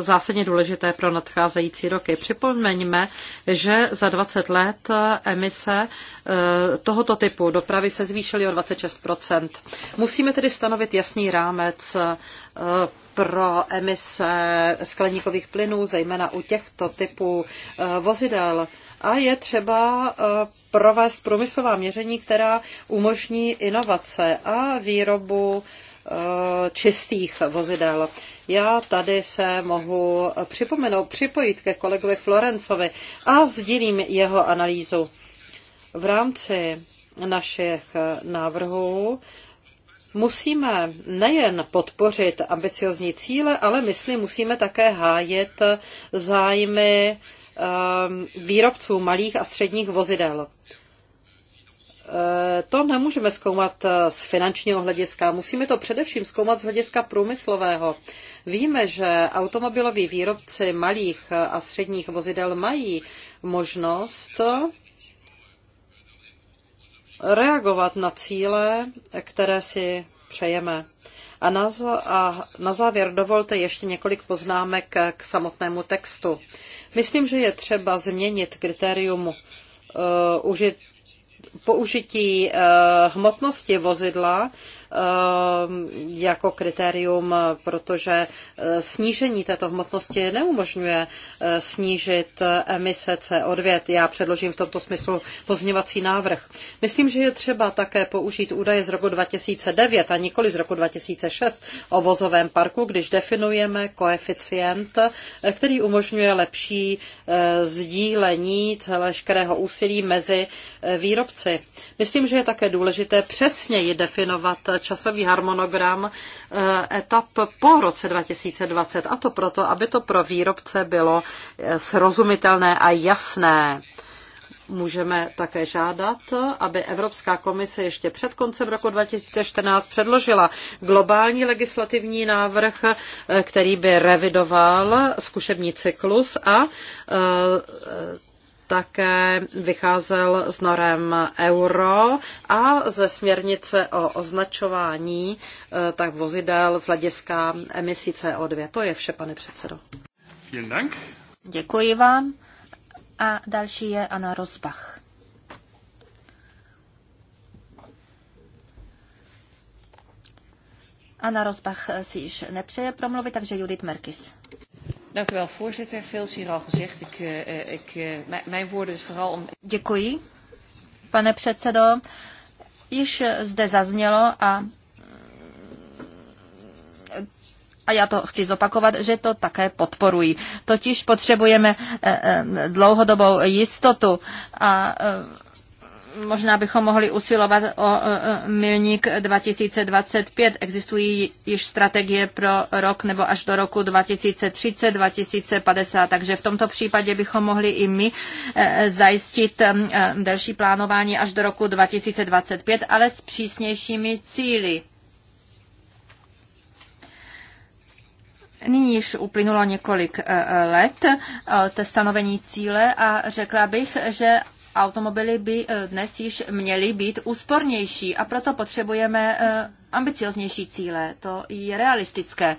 zásadně důležité pro nadcházející roky. Připomeňme, že za 20 let emise tohoto typu dopravy se zvýšily o 26 Musíme tedy stanovit jasný rámec pro emise skleníkových plynů, zejména u těchto typů vozidel. A je třeba provést průmyslová měření, která umožní inovace a výrobu eh, čistých vozidel. Já tady se mohu připomenout, připojit ke kolegovi Florencovi a sdílím jeho analýzu. V rámci našich návrhů musíme nejen podpořit ambiciozní cíle, ale myslím, musíme také hájit zájmy Um, výrobců malých a středních vozidel. Uh, to nemůžeme zkoumat uh, z finančního hlediska, musíme to především zkoumat z hlediska průmyslového. Víme, že automobiloví výrobci malých uh, a středních vozidel mají možnost reagovat na cíle, které si přejeme. A na, a na závěr dovolte ještě několik poznámek k samotnému textu. Myslím, že je třeba změnit kritérium uh, použití uh, hmotnosti vozidla Ehm, jako kritérium, protože eh, snížení této hmotnosti neumožňuje eh, snížit eh, emise CO2. Já předložím v tomto smyslu pozměvací návrh. Myslím, že je třeba také použít údaje z roku 2009 a nikoli z roku 2006 o vozovém parku, když definujeme koeficient, který umožňuje lepší sdílení celé škerého úsilí mezi výrobci. Myslím, že je také důležité přesněji definovat časový harmonogram eh, etap po roce 2020. A to proto, aby to pro výrobce bylo eh, srozumitelné a jasné. Můžeme také žádat, aby Evropská komise ještě před koncem roku 2014 předložila globální legislativní návrh, eh, který by revidoval zkušební cyklus a také vycházel s norem euro a ze směrnice o označování eh, tak vozidel z hlediska emisí CO2. To je vše, pane předsedo. Děkuji vám. A další je Anna Rozbach. Anna Rozbach si již nepřeje promluvit, takže Judith Merkis. Dank u wel, voorzitter. Veel is hier al gezegd. Ik, uh, ik, uh, mijn woorden is vooral om... Děkuji, pane předsedo. Již zde zaznělo a a já to chci zopakovat, že to také podporuji. Totiž potřebujeme eh, dlouhodobou jistotu a možná bychom mohli usilovat o milník 2025. Existují již strategie pro rok nebo až do roku 2030, 2050, takže v tomto případě bychom mohli i my eh, zajistit eh, delší plánování až do roku 2025, ale s přísnějšími cíly. Nyní již uplynulo několik eh, let od stanovení cíle a řekla bych, že automobily by eh, dnes již měly být úspornější a proto potřebujeme eh, ambicioznější cíle. To je realistické.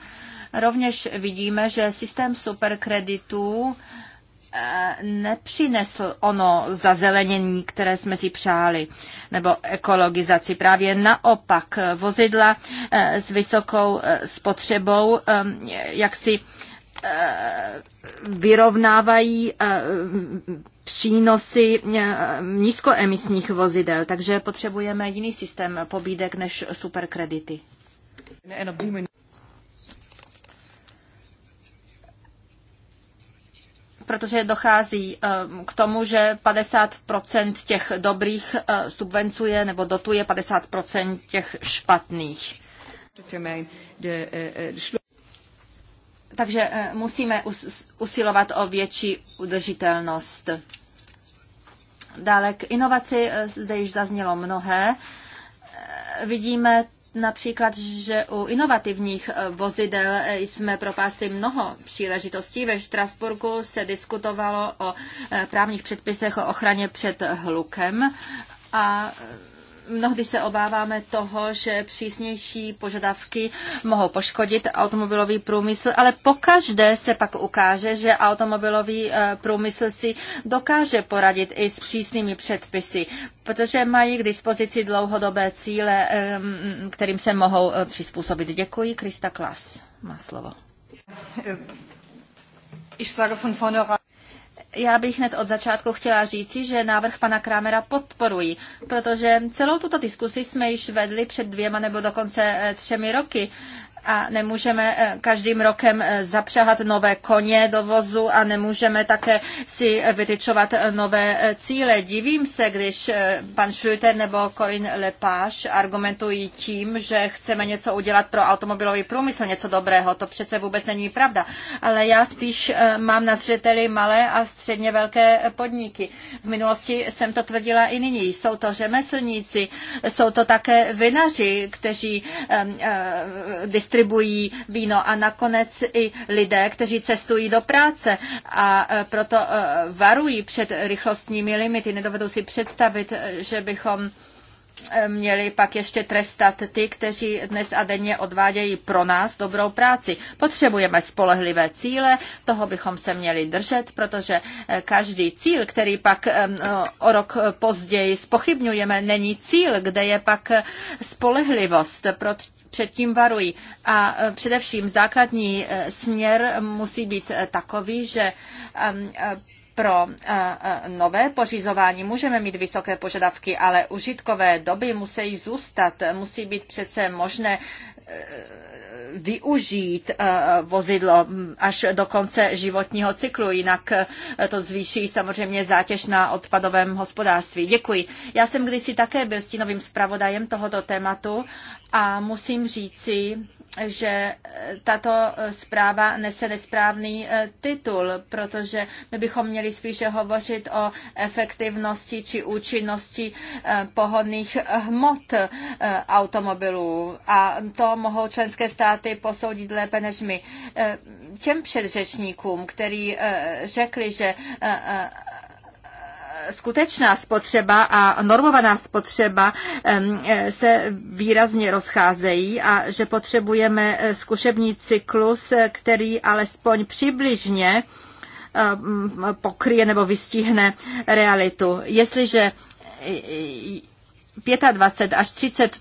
Rovněž vidíme, že systém superkreditů eh, nepřinesl ono zazelenění, které jsme si přáli, nebo ekologizaci. Právě naopak vozidla s vysokou spotřebou, jaksi vyrovnávají přínosy eh, nízkoemisních vozidel, takže potřebujeme jiný systém pobídek než superkredity. protože dochází eh, k tomu, že 50% těch dobrých eh, subvencuje nebo dotuje 50% těch špatných. Takže eh, musíme usilovat o větší udržitelnost. Dále k inovaci eh, zde již zaznělo mnohé. Eh, vidíme například, že u inovativních vozidel jsme propásli mnoho příležitostí. Ve Štrasburku se diskutovalo o právních předpisech o ochraně před hlukem a Mnohdy se obáváme toho, že přísnější požadavky mohou poškodit automobilový průmysl, ale pokaždé se pak ukáže, že automobilový eh, průmysl si dokáže poradit i s přísnými předpisy, protože mají k dispozici dlouhodobé cíle, ehm, kterým se mohou eh, přizpůsobit. Děkuji, Krista Klas má slovo. Ich sage von vornherein, já bych hned od začátku chtěla říci, že návrh pana Krámera podporuji, protože celou tuto diskusi jsme již vedli před dvěma nebo dokonce eh, třemi roky a nemůžeme eh, každým rokem eh, zapřehat nové koně do vozu a nemůžeme také si vytyčovat eh, nové cíle. Divím se, když pan Schlüter nebo Corinne Lepage argumentují tím, že chceme něco udělat pro automobilový průmysl, něco dobrého. To přece vůbec není pravda. Ale já spíš mám na zřeteli malé a středně velké podniky. V minulosti jsem to tvrdila i nyní. Jsou to řemeslníci, jsou to také vinaři, kteří um, distribuují víno a nakonec i lidé, kteří cestují do práce a e, proto e, varují před rychlostními limity. Nedovedou si představit, e, že bychom měli pak ještě trestat ty, kteří dnes a denně odvádějí pro nás dobrou práci. Potřebujeme spolehlivé cíle, toho bychom se měli držet, protože každý cíl, který pak o rok později spochybňujeme, není cíl, kde je pak spolehlivost předtím varují. A e, především základní e, směr musí být e, takový, že pro nové pořizování můžeme mít vysoké požadavky, ale užitkové doby musí zůstat. Musí být přece možné využít eh, vozidlo až do konce životního cyklu, jinak eh, to zvýší samozřejmě zátěž na odpadovém hospodářství. Děkuji. Já jsem kdysi také byl stínovým zpravodajem tohoto tématu a musím říci, že e, tato e, zpráva nese nesprávný e, titul, protože my bychom měli spíše hovořit o efektivnosti či účinnosti pohodných hmot automobilů. A to mohou členské státy posoudit lépe než my. Těm předřečníkům, který řekli, že skutečná spotřeba a normovaná spotřeba e, se výrazně rozcházejí a že potřebujeme e, zkušební cyklus, e, který alespoň přibližně pokryje nebo vystihne realitu. Jestliže 25 až 30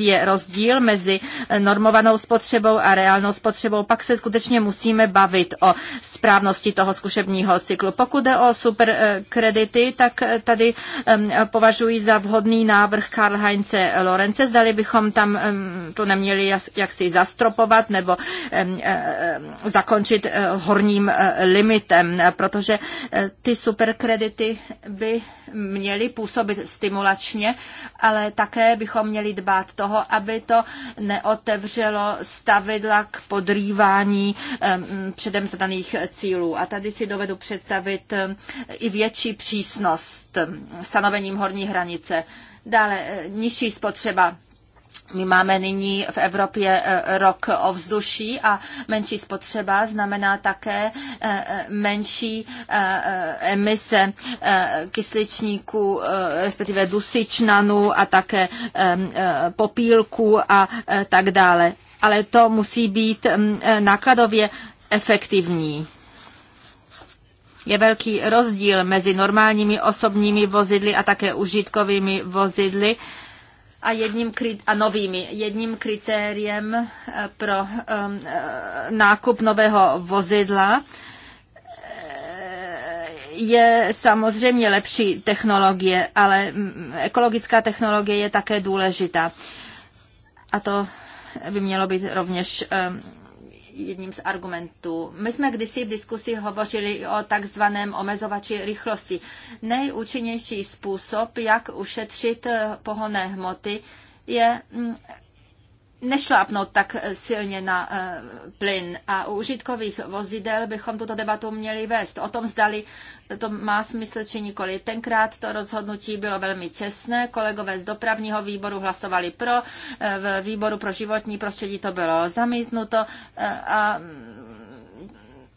je rozdíl mezi normovanou spotřebou a reálnou spotřebou, pak se skutečně musíme bavit o správnosti toho zkušebního cyklu. Pokud jde o superkredity, tak tady považuji za vhodný návrh Karl Heinze Lorence. Zdali bychom tam to neměli jaksi zastropovat nebo e, e, zakončit e, horním limitem, protože ty superkredity by měly působit stimulačně ale také bychom měli dbát toho, aby to neotevřelo stavidla k podrývání předem zadaných cílů. A tady si dovedu představit i větší přísnost stanovením horní hranice. Dále eh, nižší spotřeba my máme nyní v Evropě eh, rok ovzduší a menší spotřeba znamená také eh, menší eh, emise kysličníků, respektive dusičnanů a také popílků a tak dále. Ale to musí být nákladově efektivní. Je velký rozdíl mezi normálními osobními vozidly a také užitkovými vozidly a, jedním, a novými. Jedním kritériem eh, pro um, nákup nového vozidla eh, je samozřejmě lepší technologie, ale mm, ekologická technologie je také důležitá. A to by mělo být rovněž um, jedním z argumentů. My jsme kdysi v diskusi hovořili o takzvaném omezovači rychlosti. Nejúčinnější způsob, jak ušetřit pohonné hmoty, je mm, nešlápnout tak eh, silně na eh, plyn. A u užitkových vozidel bychom tuto debatu měli vést. O tom zdali to má smysl či nikoli. Tenkrát to rozhodnutí bylo velmi těsné. Kolegové z dopravního výboru hlasovali pro, eh, v výboru pro životní prostředí to bylo zamítnuto a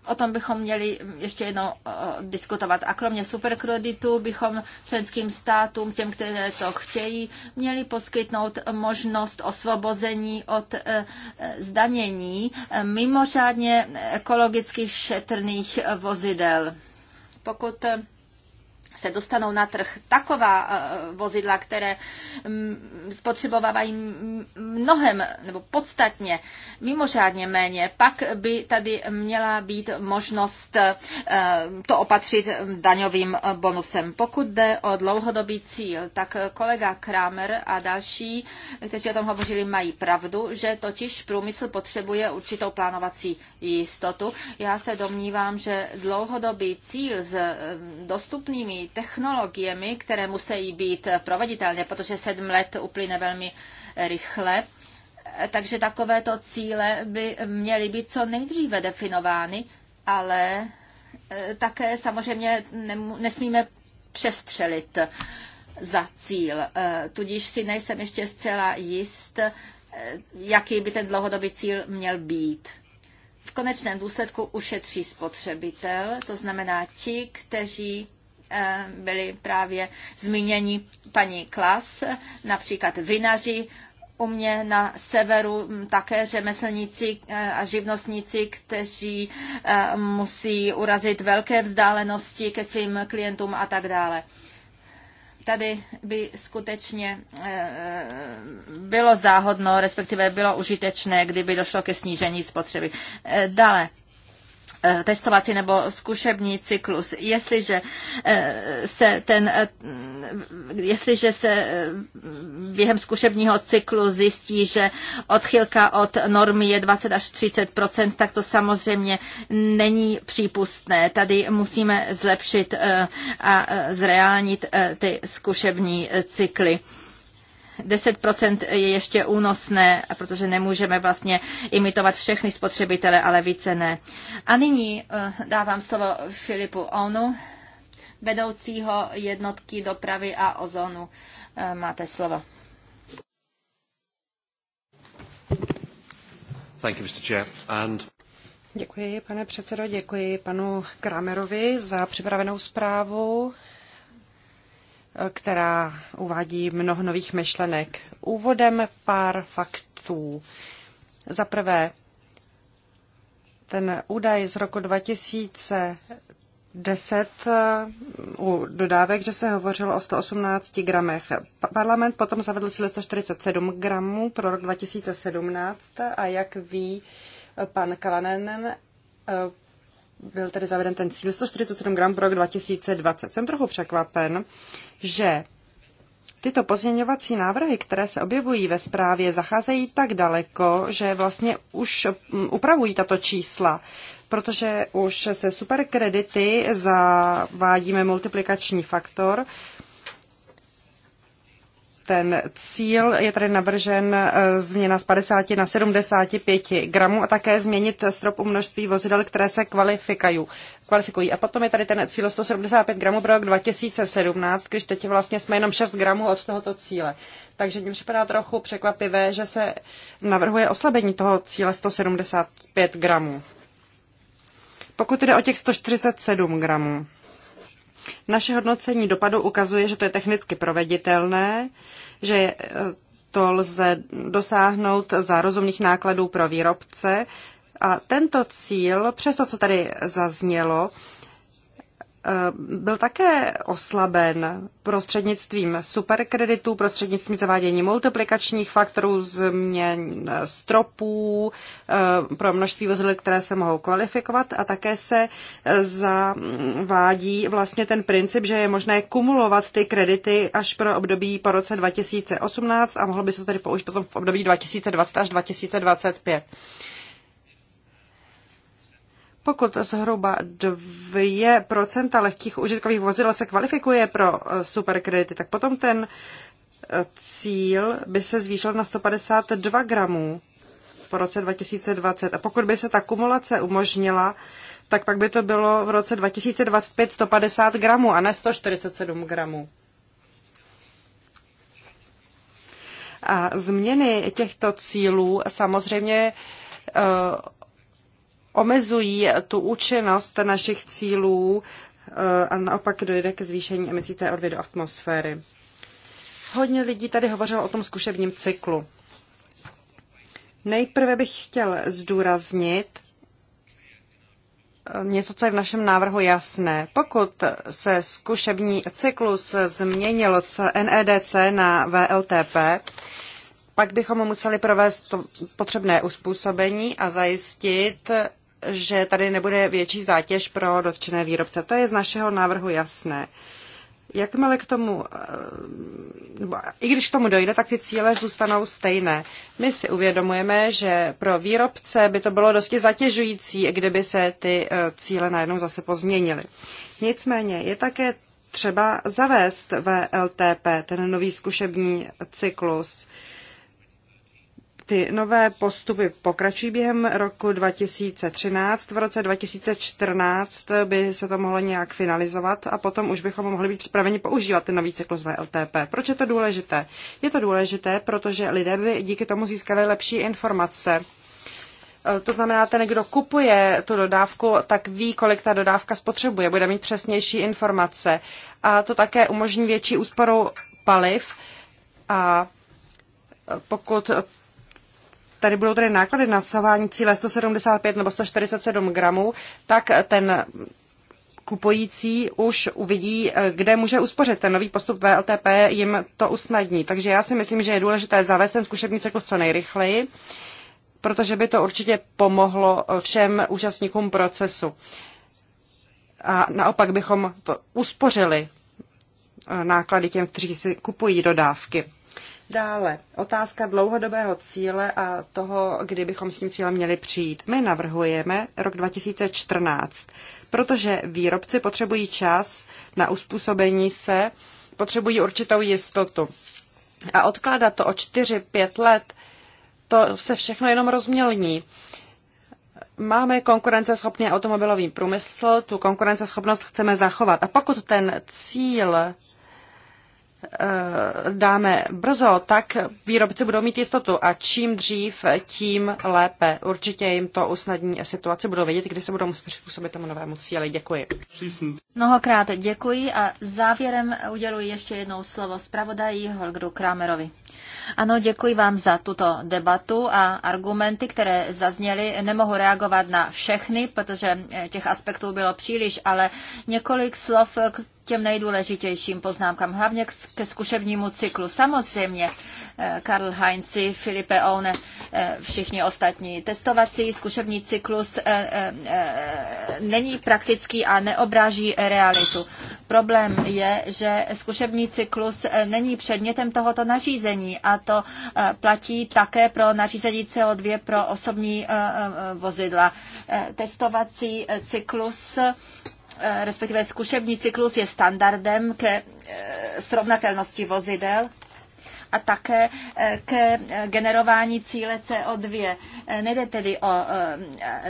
O tom bychom měli ještě jednou eh, diskutovat. A kromě superkreditu bychom členským státům, těm, které to chtějí, měli poskytnout možnost osvobození od eh, zdanění eh, mimořádně ekologicky šetrných vozidel. Pokud se dostanou na trh taková eh, vozidla, které mm, spotřebovávají mnohem nebo podstatně mimořádně méně, pak by tady měla být možnost eh, to opatřit daňovým bonusem. Pokud jde o dlouhodobý cíl, tak kolega Kramer a další, kteří o tom hovořili, mají pravdu, že totiž průmysl potřebuje určitou plánovací jistotu. Já se domnívám, že dlouhodobý cíl s eh, dostupnými technologiemi, které musí být proveditelné, protože sedm let uplyne velmi rychle. Takže takovéto cíle by měly být co nejdříve definovány, ale e, také samozřejmě nesmíme přestřelit za cíl. E, tudíž si nejsem ještě zcela jist, e, jaký by ten dlouhodobý cíl měl být. V konečném důsledku ušetří spotřebitel, to znamená ti, kteří Eh, byli právě zmíněni paní Klas, například vinaři, u mě na severu také řemeslníci eh, a živnostníci, kteří eh, musí urazit velké vzdálenosti ke svým klientům a tak dále. Tady by skutečně bylo záhodno, respektive bylo užitečné, kdyby došlo ke snížení spotřeby. Dále, Eh, testovací nebo zkušební cyklus. Jestliže eh, se ten, eh, jestliže se během zkušebního cyklu zjistí, že odchylka od normy je 20 až 30 tak to samozřejmě není přípustné. Tady musíme zlepšit a zreálnit ty zkušební cykly. 10% je ještě únosné, protože nemůžeme vlastně imitovat všechny spotřebitele, ale více ne. A nyní eh, dávám slovo Filipu Onu, vedoucího jednotky dopravy a ozonu. Eh, máte slovo. Thank you, Mr. Chair. And... Děkuji, pane předsedo, děkuji panu Kramerovi za připravenou zprávu která uvádí mnoho nových myšlenek. Úvodem pár faktů. Za prvé, ten údaj z roku 2010 u dodávek, že se hovořilo o 118 gramech. Parlament potom zavedl si 147 gramů pro rok 2017 a jak ví pan Kalanen, byl tedy zaveden ten cíl 147 gram pro rok 2020. Jsem trochu překvapen, že tyto pozměňovací návrhy, které se objevují ve zprávě, zacházejí tak daleko, že vlastně už mm, upravují tato čísla, protože už se superkredity zavádíme multiplikační faktor, ten cíl je tady navržen e, změna z 50 na 75 gramů a také změnit strop u množství vozidel, které se kvalifikují. kvalifikují. A potom je tady ten cíl 175 gramů pro rok 2017, když teď vlastně jsme jenom 6 gramů od tohoto cíle. Takže mně připadá trochu překvapivé, že se navrhuje oslabení toho cíle 175 gramů. Pokud jde o těch 147 gramů, naše hodnocení dopadu ukazuje, že to je technicky proveditelné, že eh, to lze dosáhnout za rozumných nákladů pro výrobce. A tento cíl, přesto co tady zaznělo, Eh, byl také oslaben prostřednictvím superkreditů, prostřednictvím zavádění multiplikačních faktorů, změn stropů eh, pro množství vozidel, které se mohou kvalifikovat a také se eh, zavádí vlastně ten princip, že je možné kumulovat ty kredity až pro období po roce 2018 a mohlo by se tedy použít potom v období 2020 až 2025. Pokud zhruba 2% lehkých užitkových vozidel se kvalifikuje pro eh, superkredity, tak potom ten eh, cíl by se zvýšil na 152 gramů po roce 2020. A pokud by se ta kumulace umožnila, tak pak by to bylo v roce 2025 150 gramů a ne 147 gramů. A změny těchto cílů samozřejmě eh, omezují tu účinnost našich cílů eh, a naopak dojde ke zvýšení emisí CO2 do atmosféry. Hodně lidí tady hovořilo o tom zkušebním cyklu. Nejprve bych chtěl zdůraznit eh, něco, co je v našem návrhu jasné. Pokud se zkušební cyklus změnil z NEDC na VLTP, pak bychom museli provést to potřebné uspůsobení a zajistit, že tady nebude větší zátěž pro dotčené výrobce. To je z našeho návrhu jasné. Jakmile k tomu, eh, nebo i když k tomu dojde, tak ty cíle zůstanou stejné. My si uvědomujeme, že pro výrobce by to bylo dosti zatěžující, kdyby se ty eh, cíle najednou zase pozměnily. Nicméně je také třeba zavést VLTP, ten nový zkušební cyklus. Ty nové postupy pokračují během roku 2013. V roce 2014 by se to mohlo nějak finalizovat a potom už bychom mohli být připraveni používat ten nový cyklus VLTP. Proč je to důležité? Je to důležité, protože lidé by díky tomu získali lepší informace. E, to znamená, ten, kdo kupuje tu dodávku, tak ví, kolik ta dodávka spotřebuje, bude mít přesnější informace. A to také umožní větší úsporu paliv a pokud tady budou tedy náklady na dosahování cíle 175 nebo 147 gramů, tak ten kupující už uvidí, eh, kde může uspořit. Ten nový postup VLTP jim to usnadní. Takže já si myslím, že je důležité zavést ten zkušební cyklus co nejrychleji, protože by to určitě pomohlo eh, všem účastníkům procesu. A naopak bychom to uspořili eh, náklady těm, kteří si kupují dodávky. Dále otázka dlouhodobého cíle a toho, kdy bychom s tím cílem měli přijít. My navrhujeme rok 2014, protože výrobci potřebují čas na uspůsobení se, potřebují určitou jistotu. A odkládat to o 4-5 let, to se všechno jenom rozmělní máme konkurenceschopný automobilový průmysl, tu konkurenceschopnost chceme zachovat. A pokud ten cíl Eh, dáme brzo, tak výrobci budou mít jistotu a čím dřív, tím lépe. Určitě jim to usnadní situaci, budou vědět, kdy se budou muset přizpůsobit tomu novému cíli. Děkuji. Mnohokrát děkuji a závěrem uděluji ještě jednou slovo zpravodaji Holgru Kramerovi. Ano, děkuji vám za tuto debatu a argumenty, které zazněly. Nemohu reagovat na všechny, protože eh, těch aspektů bylo příliš, ale několik slov k těm nejdůležitějším poznámkám, hlavně ke zkušebnímu cyklu. Samozřejmě eh, Karl Heinz, Filipe Oune, eh, všichni ostatní. Testovací zkušební cyklus eh, není praktický a neobráží realitu. Problém je, že zkušební cyklus není předmětem tohoto nařízení a to platí také pro nařízení CO2 pro osobní vozidla. Testovací cyklus respektive zkušební cyklus je standardem ke eh, srovnatelnosti vozidel a také eh, k eh, generování cíle CO2. Eh, nejde tedy o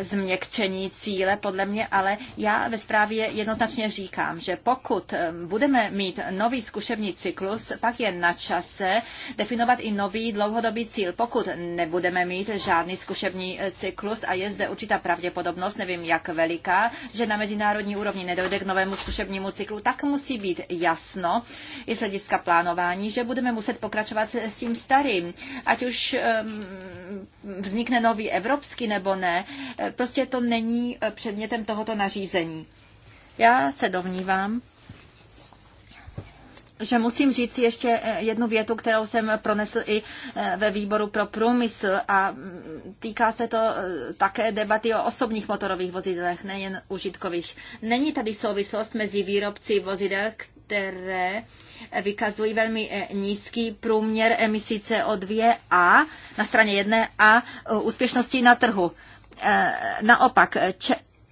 změkčení cíle, podle mě, ale já ve zprávě jednoznačně říkám, že pokud budeme mít nový zkušební cyklus, pak je na čase definovat i nový dlouhodobý cíl. Pokud nebudeme mít žádný zkušební cyklus a je zde určitá pravděpodobnost, nevím jak veliká, že na mezinárodní úrovni nedojde k novému zkušebnímu cyklu, tak musí být jasno i z hlediska plánování, že budeme muset pokračovat pokračovat s tím starým. Ať už vznikne nový evropský nebo ne, eh, prostě to není eh, předmětem tohoto nařízení. Já se dovnívám, že musím říct ještě eh, jednu větu, kterou jsem pronesl i ve výboru pro průmysl a mm, týká se to také debaty o osobních motorových vozidlech, nejen užitkových. Není tady souvislost mezi výrobci vozidel, které vykazují velmi eh, nízký průměr emisí CO2 a na straně jedné a eh, úspěšnosti na trhu. Eh, naopak,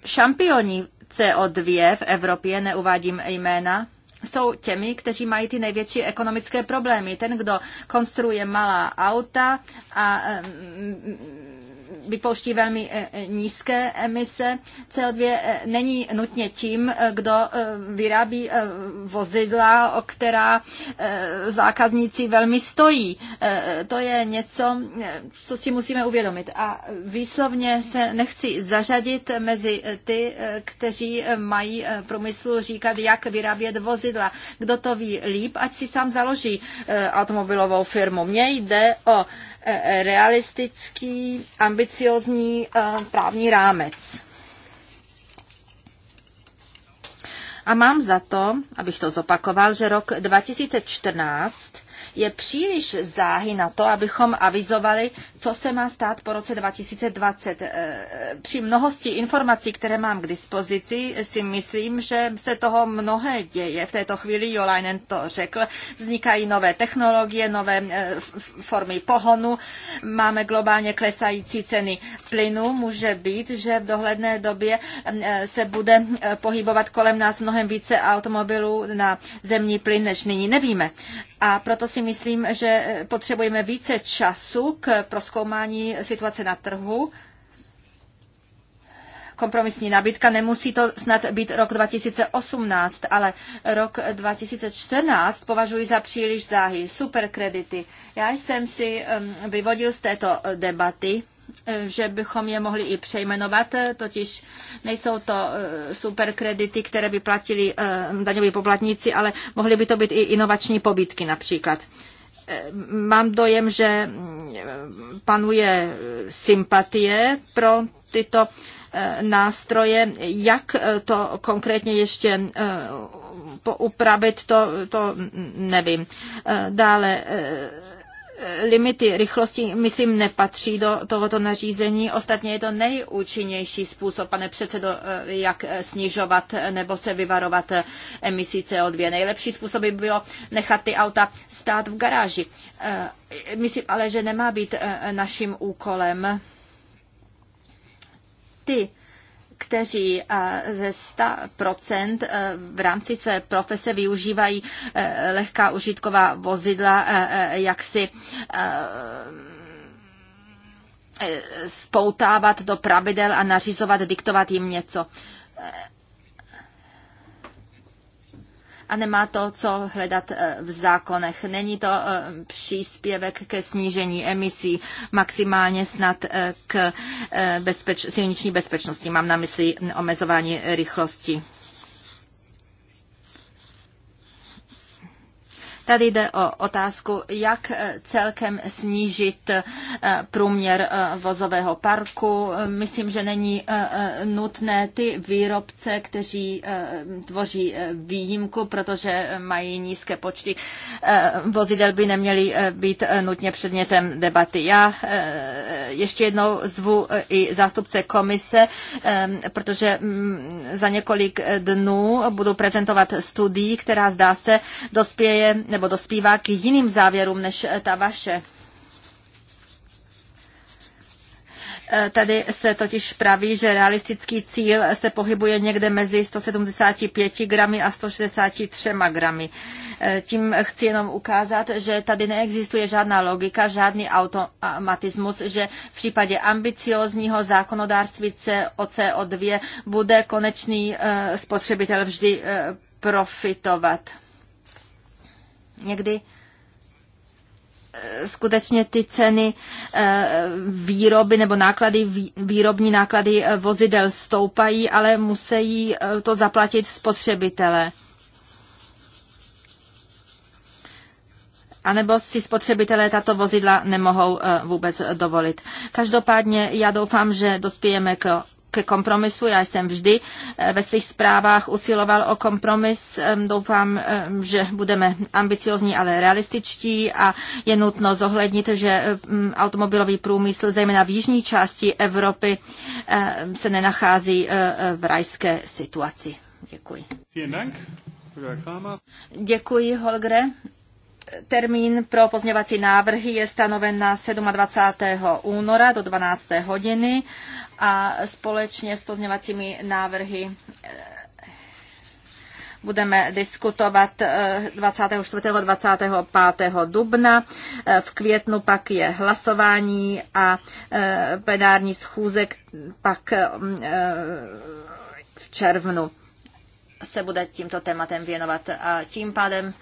šampioni CO2 v Evropě, neuvádím jména, jsou těmi, kteří mají ty největší ekonomické problémy. Ten, kdo konstruuje malá auta a vypouští velmi eh, eh, nízké emise CO2, eh, není nutně tím, kdo vyrábí vozidla, o která zákazníci velmi stojí. To je něco, co si musíme uvědomit. A výslovně se nechci zařadit mezi ty, kteří mají průmyslu říkat, jak vyrábět vozidla. Kdo to ví líp, ať si sám založí automobilovou firmu. Mně jde o realistický, ambiciozní eh, právní rámec. A mám za to, abych to zopakoval, že rok 2014 je příliš záhy na to, abychom avizovali, co se má stát po roce 2020. Eh, eh, při mnohosti informací, které mám k dispozici, si myslím, že se toho mnohé děje. V této chvíli Jolainen to řekl. Vznikají nové technologie, nové eh, formy pohonu, máme globálně klesající ceny plynu. Může být, že v dohledné době se bude pohybovat kolem nás mnohem více automobilů na zemní plyn než nyní. Nevíme. A proto si myslím, že potřebujeme více času k proskoumání situace na trhu kompromisní nabídka. Nemusí to snad být rok 2018, ale rok 2014 považuji za příliš záhy. Superkredity. Já jsem si vyvodil z této eh, debaty, eh, že bychom je mohli i přejmenovat, eh, totiž nejsou to superkredity, které by platili daňoví poplatníci, ale mohly by to být i inovační pobytky například. Mám dojem, že mm, panuje sympatie pro tyto Eh, nástroje, jak eh, to konkrétně ještě eh, upravit, to, to nevím. Dále limity rychlosti, myslím, nepatří do tohoto nařízení. Ostatně je to nejúčinnější způsob, pane předsedo, jak snižovat nebo se vyvarovat emisí CO2. Nejlepší způsob by bylo nechat ty auta stát v garáži. Myslím ale, že nemá být naším úkolem ty, kteří eh, ze 100% eh, v rámci své profese využívají eh, lehká užitková vozidla, jak si spoutávat do pravidel a nařizovat, diktovat jim něco a nemá to, co hledat eh, v zákonech. Není to eh, příspěvek ke snížení emisí, maximálně snad eh, k bezpeč- silniční bezpečnosti. Mám na mysli omezování rychlosti. Tady jde o otázku, jak eh, celkem snížit eh, průměr eh, vozového parku. Myslím, že není nutné ty výrobce, kteří tvoří výjimku, protože mají nízké počty vozidel, by neměly být nutně předmětem debaty. Já ještě jednou zvu i zástupce komise, protože mm, za několik dnů budu prezentovat studii, která zdá se dospěje nebo dospívá k jiným závěrům než eh, ta vaše. Eh, tady se totiž praví, že realistický cíl eh, se pohybuje někde mezi 175 gramy a 163 gramy. Tím chci jenom ukázat, že tady neexistuje žádná logika, žádný automatismus, že v případě ambiciozního zákonodárství CO2 bude konečný spotřebitel vždy profitovat. Někdy eh, skutečně ty ceny eh, výroby nebo náklady, výrobní náklady eh, vozidel stoupají, ale musí to zaplatit spotřebitele. nebo si spotřebitelé tato vozidla nemohou vůbec dovolit. Každopádně já doufám, že dospějeme k ke kompromisu. Já jsem vždy eh, ve svých zprávách usiloval o kompromis. Doufám, že budeme ambiciozní, ale realističtí a je nutno zohlednit, že automobilový průmysl, zejména v jižní části Evropy, se nenachází eh, eh, v rajské situaci. Děkuji. Děkuji, Holgre. Termín pro pozměvací návrhy je stanoven na 27. února do 12. hodiny a společně s pozměvacími návrhy eh, budeme diskutovat 24. Eh, 25. dubna. Eh, v květnu pak je hlasování a plenární schůzek pak v červnu se bude tímto tématem věnovat. A tím pádem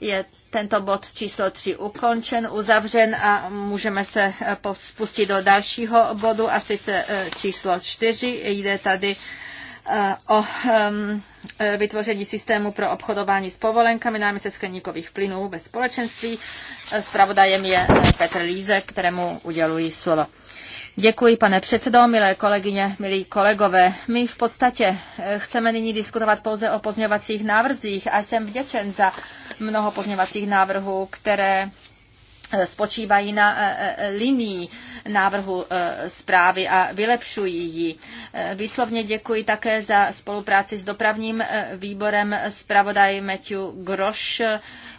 je tento bod číslo 3 ukončen, uzavřen a můžeme se eh, spustit do dalšího bodu, a sice eh, číslo 4. Jde tady eh, o ehm, vytvoření systému pro obchodování s povolenkami se skleníkových plynů ve společenství. Spravodajem je Petr Líze, kterému uděluji slovo. Děkuji, pane předsedo, milé kolegyně, milí kolegové. My v podstatě chceme nyní diskutovat pouze o pozměňovacích návrzích a jsem vděčen za uh, mnoho pozměvacích návrhů, které eh, spočívají na eh, eh, linii návrhu zprávy a vylepšují ji. Výslovně děkuji také za spolupráci s dopravním výborem. Zpravodaj Matthew Groš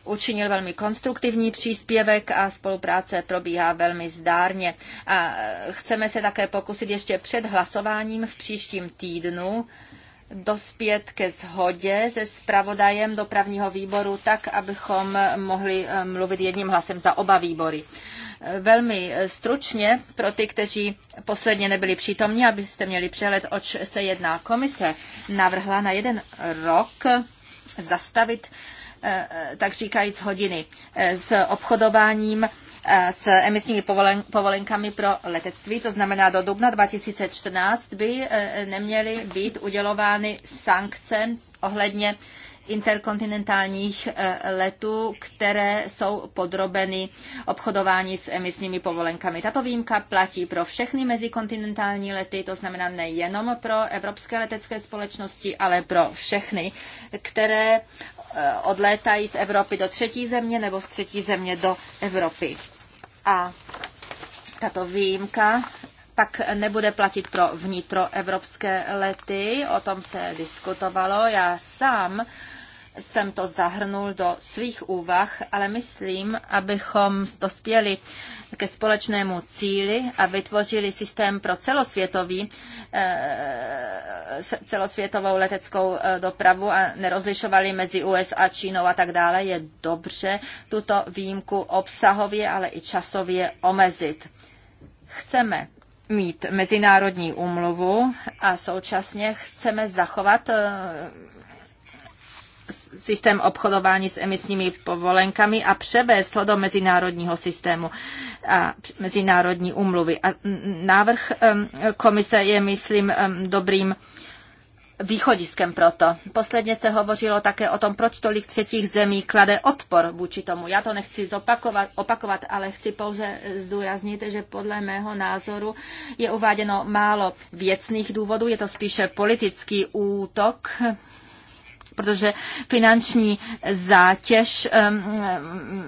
učinil velmi konstruktivní příspěvek a spolupráce probíhá velmi zdárně. A chceme se také pokusit ještě před hlasováním v příštím týdnu dospět ke shodě se zpravodajem dopravního výboru tak, abychom mohli eh, mluvit jedním hlasem za oba výbory. Eh, velmi eh, stručně pro ty, kteří posledně nebyli přítomní, abyste měli přehled, oč se jedná. Komise navrhla na jeden rok zastavit tak říkajíc hodiny s obchodováním Eh, s emisními povolen, povolenkami pro letectví, to znamená do dubna 2014 by eh, neměly být udělovány sankce ohledně interkontinentálních eh, letů, které jsou podrobeny obchodování s emisními povolenkami. Tato výjimka platí pro všechny mezikontinentální lety, to znamená nejenom pro evropské letecké společnosti, ale pro všechny, které odlétají z Evropy do třetí země nebo z třetí země do Evropy. A tato výjimka pak nebude platit pro vnitroevropské lety, o tom se diskutovalo. Já sám jsem to zahrnul do svých úvah, ale myslím, abychom dospěli ke společnému cíli a vytvořili systém pro celosvětový, eh, celosvětovou leteckou eh, dopravu a nerozlišovali mezi USA, Čínou a tak dále, je dobře tuto výjimku obsahově, ale i časově omezit. Chceme mít mezinárodní úmluvu a současně chceme zachovat eh, systém obchodování s emisními povolenkami a převést ho do mezinárodního systému a mezinárodní umluvy. A návrh komise je, myslím, dobrým východiskem proto. Posledně se hovořilo také o tom, proč tolik třetích zemí klade odpor vůči tomu. Já to nechci zopakovat, opakovat, ale chci pouze zdůraznit, že podle mého názoru je uváděno málo věcných důvodů, je to spíše politický útok protože finanční zátěž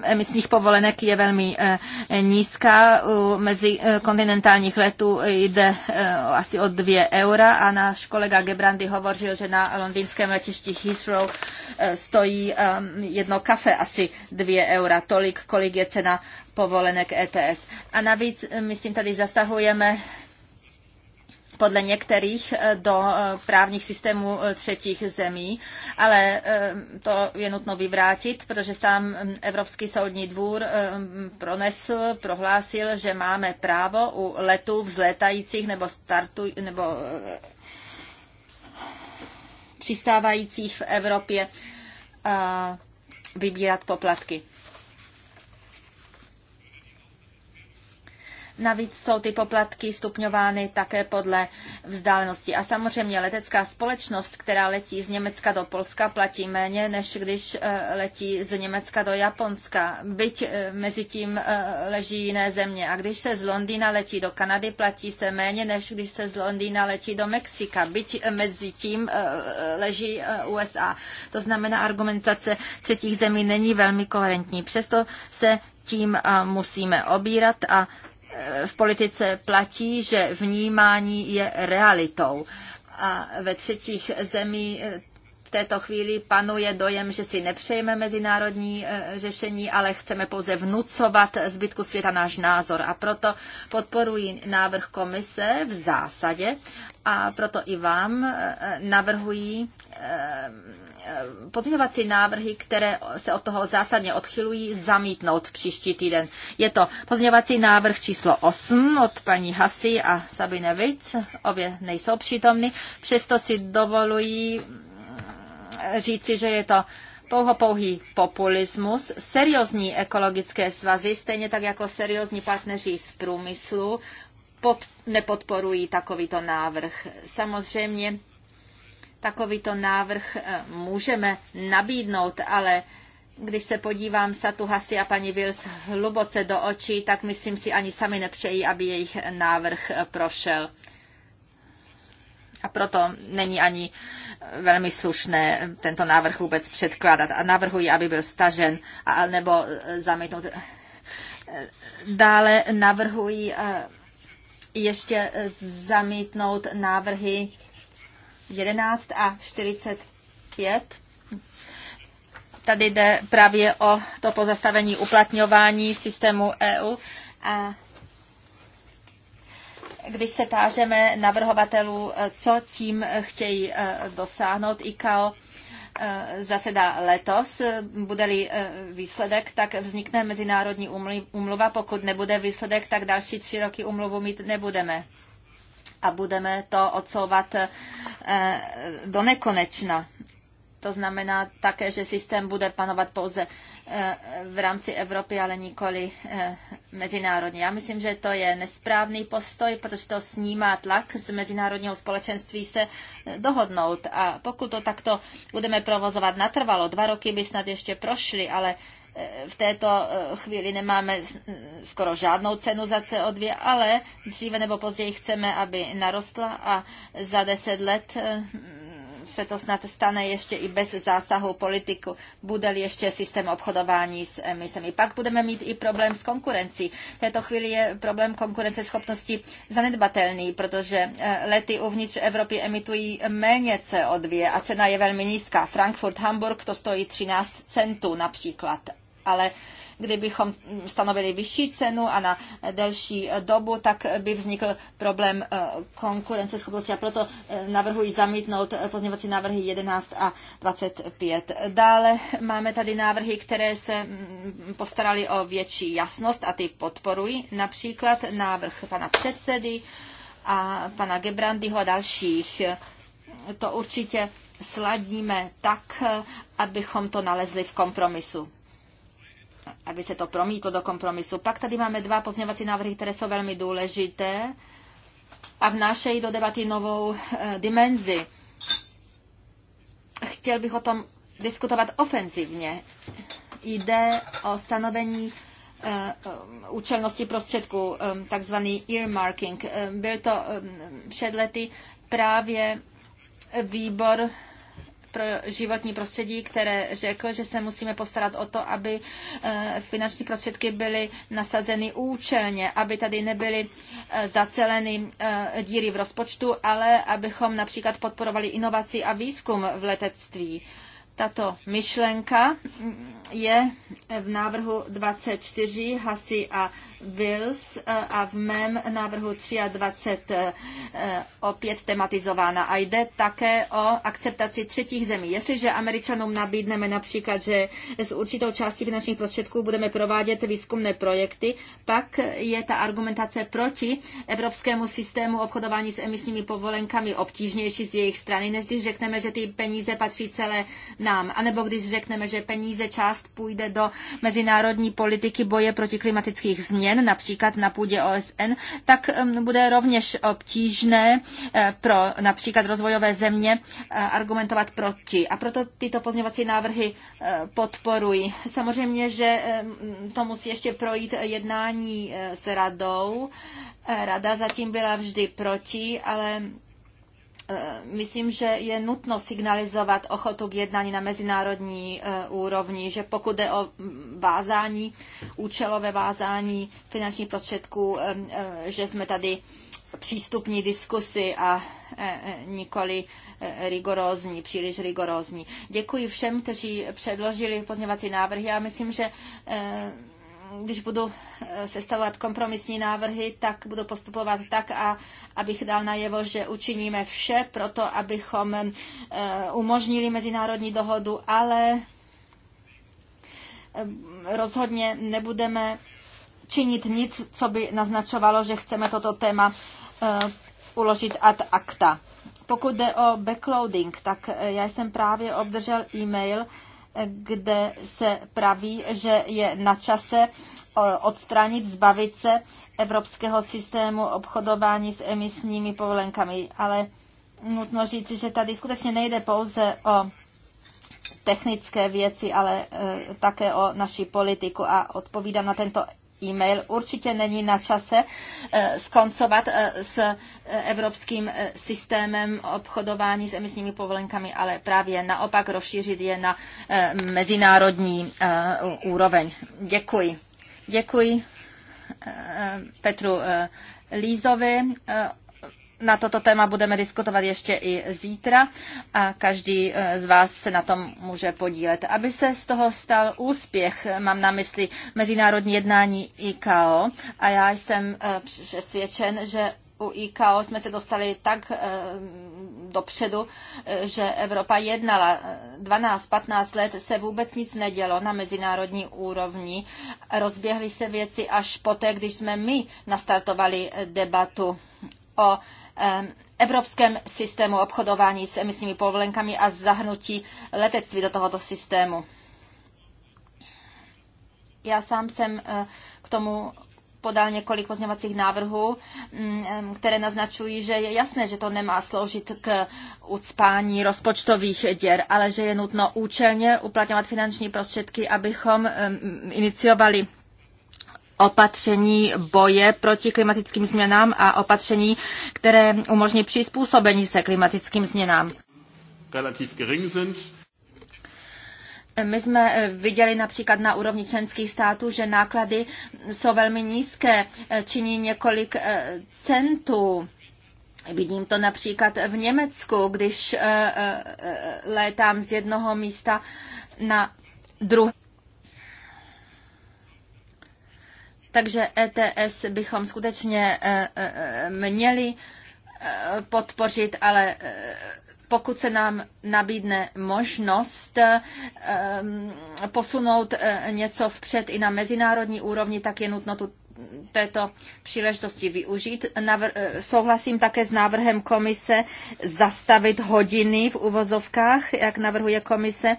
emisních povolenek je velmi eh, nízká. U mezikontinentálních eh, letů jde eh, asi o 2 eura a náš kolega Gebrandy hovořil, že na londýnském letišti Heathrow stojí jedno kafe asi 2 eura, tolik, kolik je cena povolenek ETS. A navíc, myslím, tady zasahujeme podle některých eh, do eh, právních systémů eh, třetích zemí, ale to je nutno vyvrátit, protože sám mm, Evropský soudní dvůr mm, pronesl, prohlásil, že máme právo u letů vzlétajících nebo, startu, nebo přistávajících v Evropě vybírat poplatky. Navíc jsou ty poplatky stupňovány také podle vzdálenosti. A samozřejmě letecká společnost, která letí z Německa do Polska, platí méně, než když eh, letí z Německa do Japonska. Byť eh, mezi tím eh, leží jiné země. A když se z Londýna letí do Kanady, platí se méně, než když se z Londýna letí do Mexika. Byť mezi tím leží USA. To znamená, argumentace třetích zemí není velmi koherentní. Přesto se tím musíme obírat a v politice platí, že vnímání je realitou. A ve třetích zemí eh, v této chvíli panuje dojem, že si nepřejeme mezinárodní eh, řešení, ale chceme pouze vnucovat zbytku světa náš názor. A proto podporuji návrh komise v zásadě a proto i vám eh, navrhuji Eh, pozměňovací návrhy, které se od toho zásadně odchylují, zamítnout příští týden. Je to pozměňovací návrh číslo 8 od paní Hasy a Sabine Vic. Obě nejsou přítomny, přesto si dovolují mm, říci, že je to pouhopouhý populismus, seriózní ekologické svazy, stejně tak jako seriózní partneři z průmyslu, pod, nepodporují takovýto návrh. Samozřejmě Takovýto návrh eh, můžeme nabídnout, ale když se podívám Satu Hasi a paní Wills hluboce do očí, tak myslím si, ani sami nepřejí, aby jejich návrh eh, prošel. A proto není ani eh, velmi slušné tento návrh vůbec předkládat. A navrhuji, aby byl stažen a, nebo zamítnut. Dále navrhuji ještě zamítnout návrhy 11 a 45. Tady jde právě o to pozastavení uplatňování systému EU a když se tážeme navrhovatelů, co tím chtějí eh, dosáhnout, ICAO eh, zasedá letos. Bude-li eh, výsledek, tak vznikne mezinárodní umluva. Pokud nebude výsledek, tak další tři roky umluvu mít nebudeme a budeme to odsouvat eh, do nekonečna. To znamená také, že systém bude panovat pouze eh, v rámci Evropy, ale nikoli eh, mezinárodně. Já myslím, že to je nesprávný postoj, protože to snímá tlak z mezinárodního společenství se dohodnout. A pokud to takto budeme provozovat natrvalo, dva roky by snad ještě prošly, ale Eh, v této eh, chvíli nemáme mm, skoro žádnou cenu za CO2, ale dříve nebo později chceme, aby narostla a za deset let eh, mm, se to snad stane ještě i bez zásahu politiku, bude ještě systém obchodování s emisemi. Pak budeme mít i problém s konkurencí. V této chvíli je problém konkurenceschopnosti zanedbatelný, protože lety uvnitř Evropy emitují méně CO2 a cena je velmi nízká. Frankfurt, Hamburg to stojí 13 centů například ale kdybychom stanovili vyšší cenu a na delší dobu, tak by vznikl problém eh, konkurenceschopnosti a proto eh, navrhuji zamítnout eh, pozměňovací návrhy 11 a 25. Dále máme tady návrhy, které se mm, postarali o větší jasnost a ty podporuji, například návrh pana předsedy a pana Gebrandyho a dalších. To určitě sladíme tak, abychom to nalezli v kompromisu aby se to promítlo do kompromisu. Pak tady máme dva pozměňovací návrhy, které jsou velmi důležité a vnášejí do debaty novou eh, dimenzi. Chtěl bych o tom diskutovat ofenzivně. Jde o stanovení eh, účelnosti prostředku, eh, takzvaný earmarking. Byl to před lety právě výbor pro životní prostředí, které řekl, že se musíme postarat o to, aby eh, finanční prostředky byly nasazeny účelně, aby tady nebyly eh, zaceleny eh, díry v rozpočtu, ale abychom například podporovali inovaci a výzkum v letectví. Tato myšlenka mm, je v návrhu 24 Hasi a Wills e, a v mém návrhu 23 e, opět tematizována. A jde také o akceptaci třetích zemí. Jestliže Američanům nabídneme například, že s určitou částí finančních prostředků budeme provádět výzkumné projekty, pak je ta argumentace proti evropskému systému obchodování s emisními povolenkami obtížnější z jejich strany, než když řekneme, že ty peníze patří celé nám. A nebo když řekneme, že peníze část část půjde do mezinárodní politiky boje proti klimatických změn, například na půdě OSN, tak bude rovněž obtížné eh, pro například rozvojové země eh, argumentovat proti. A proto tyto pozměvací návrhy eh, podporuji. Samozřejmě, že to musí ještě projít jednání s radou. Rada zatím byla vždy proti, ale Eh, myslím, že je nutno signalizovat ochotu k jednání na mezinárodní eh, úrovni, že pokud jde o mm, vázání, účelové vázání finančních prostředků, eh, že jsme tady přístupní diskusy a nikoli rigorózní, příliš rigorózní. Děkuji všem, kteří předložili pozměňovací návrhy. Já myslím, že když budu eh, sestavovat kompromisní návrhy, tak budu postupovat tak, a abych dal najevo, že učiníme vše pro to, abychom eh, umožnili mezinárodní dohodu, ale eh, rozhodně nebudeme činit nic, co by naznačovalo, že chceme toto téma uložit ad acta. Pokud jde o backloading, tak já jsem právě obdržel e-mail kde se praví, že je na čase odstranit, zbavit se evropského systému obchodování s emisními povolenkami. Ale nutno říci, že tady skutečně nejde pouze o technické věci, ale e, také o naši politiku a odpovídám na tento e-mail. Určitě není na čase e, skoncovat e, s e, evropským systémem obchodování s emisními povolenkami, ale právě naopak rozšířit je na mezinárodní úroveň. Děkuji. Děkuji Petru Lízovi na toto téma budeme diskutovat ještě i zítra a každý eh, z vás se na tom může podílet. Aby se z toho stal úspěch, mám na mysli mezinárodní jednání IKO a já jsem eh, přesvědčen, že u IKO jsme se dostali tak eh, dopředu, že Evropa jednala 12-15 let, se vůbec nic nedělo na mezinárodní úrovni. Rozběhly se věci až poté, když jsme my nastartovali debatu o evropském systému obchodování s emisními povolenkami a zahrnutí letectví do tohoto systému. Já sám jsem eh, k tomu podal několik pozměňovacích návrhů, mm, které naznačují, že je jasné, že to nemá sloužit k ucpání rozpočtových děr, ale že je nutno účelně uplatňovat finanční prostředky, abychom iniciovali opatření boje proti klimatickým změnám a opatření, které umožní přizpůsobení se klimatickým změnám. My jsme eh, viděli například na úrovni členských států, že náklady jsou velmi nízké, eh, činí několik eh, centů. Vidím to například v Německu, když létám z jednoho místa na druhé Takže ETS bychom skutečně e, e, e, měli podpořit, ale pokud se nám nabídne možnost posunout něco vpřed i na mezinárodní úrovni, tak je nutno tu této příležitosti využít. Navr- souhlasím také s návrhem komise zastavit hodiny v uvozovkách, jak navrhuje komise,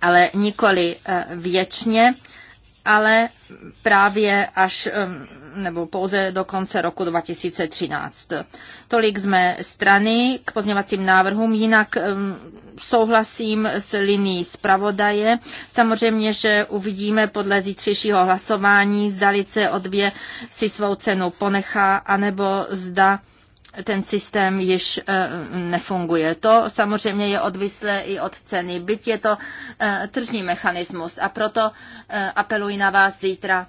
ale nikoli věčně ale právě až nebo pouze do konce roku 2013. Tolik z mé strany k pozněvacím návrhům, jinak souhlasím s linií zpravodaje. Samozřejmě, že uvidíme podle zítřejšího hlasování, zda lice o dvě si svou cenu ponechá, anebo zda ten systém již eh, nefunguje. To samozřejmě je odvislé i od ceny, byť je to eh, tržní mechanismus a proto eh, apeluji na vás zítra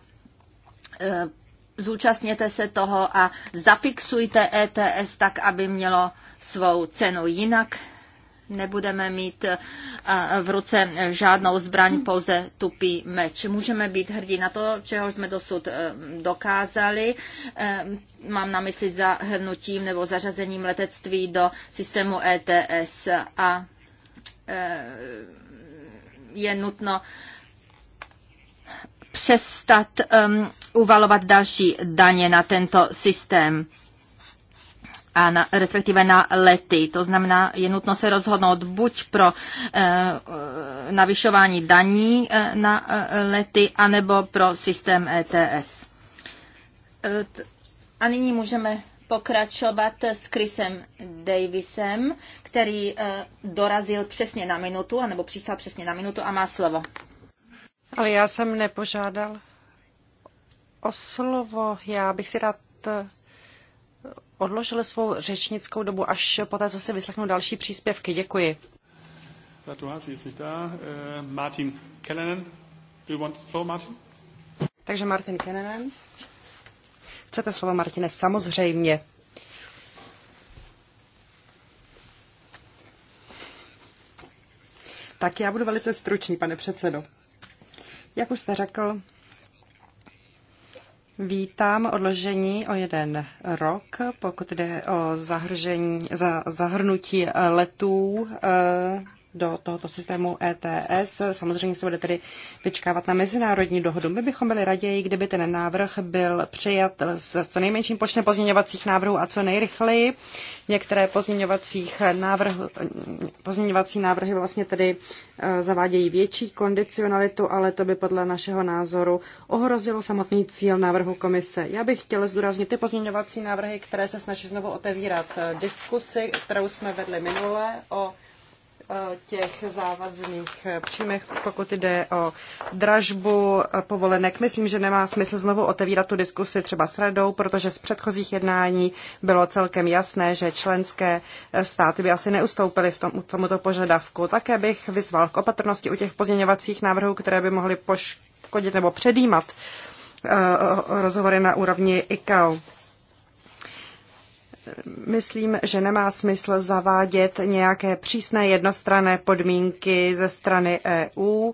zúčastněte se toho a zafixujte ETS tak, aby mělo svou cenu. Jinak nebudeme mít eh, v ruce žádnou zbraň, pouze tupý meč. Můžeme být hrdí na to, čeho jsme dosud eh, dokázali. Eh, mám na mysli zahrnutím nebo zařazením letectví do systému ETS a je nutno přestat um, uvalovat další daně na tento systém a na, respektive na lety. To znamená, je nutno se rozhodnout buď pro e, navyšování daní e, na e, lety, anebo pro systém ETS. E, a nyní můžeme pokračovat s Chrisem Davisem, který e, dorazil přesně na minutu, anebo přistal přesně na minutu a má slovo. Ale já jsem nepožádal o slovo. Já bych si rád odložili svou řečnickou dobu až po té, co si vyslechnou další příspěvky. Děkuji. Äh, Martin Kellenen. Do you want floor, Martin? Takže Martin Kellenen. Chcete slovo, Martine? Samozřejmě. Tak já budu velice stručný, pane předsedo. Jak už jste řekl, Vítám odložení o jeden rok, pokud jde o zahržení, za, zahrnutí letů eh, do tohoto systému ETS. Samozřejmě se bude tedy vyčkávat na mezinárodní dohodu. My bychom byli raději, kdyby ten návrh byl přijat s co nejmenším počtem pozměňovacích návrhů a co nejrychleji. Některé pozměňovacích návrh, pozměňovací návrhy vlastně tedy e, zavádějí větší kondicionalitu, ale to by podle našeho názoru ohrozilo samotný cíl návrhu komise. Já bych chtěla zdůraznit ty pozměňovací návrhy, které se snaží znovu otevírat e, diskusy, kterou jsme vedli minule o těch závazných příjmech, pokud jde o dražbu povolenek. Myslím, že nemá smysl znovu otevírat tu diskusi třeba s radou, protože z předchozích jednání bylo celkem jasné, že členské státy by asi neustoupily v tom, tomuto požadavku. Také bych vyzval k opatrnosti u těch pozměňovacích návrhů, které by mohly poškodit nebo předjímat eh, rozhovory na úrovni ICAO myslím, že nemá smysl zavádět nějaké přísné jednostranné podmínky ze strany EU,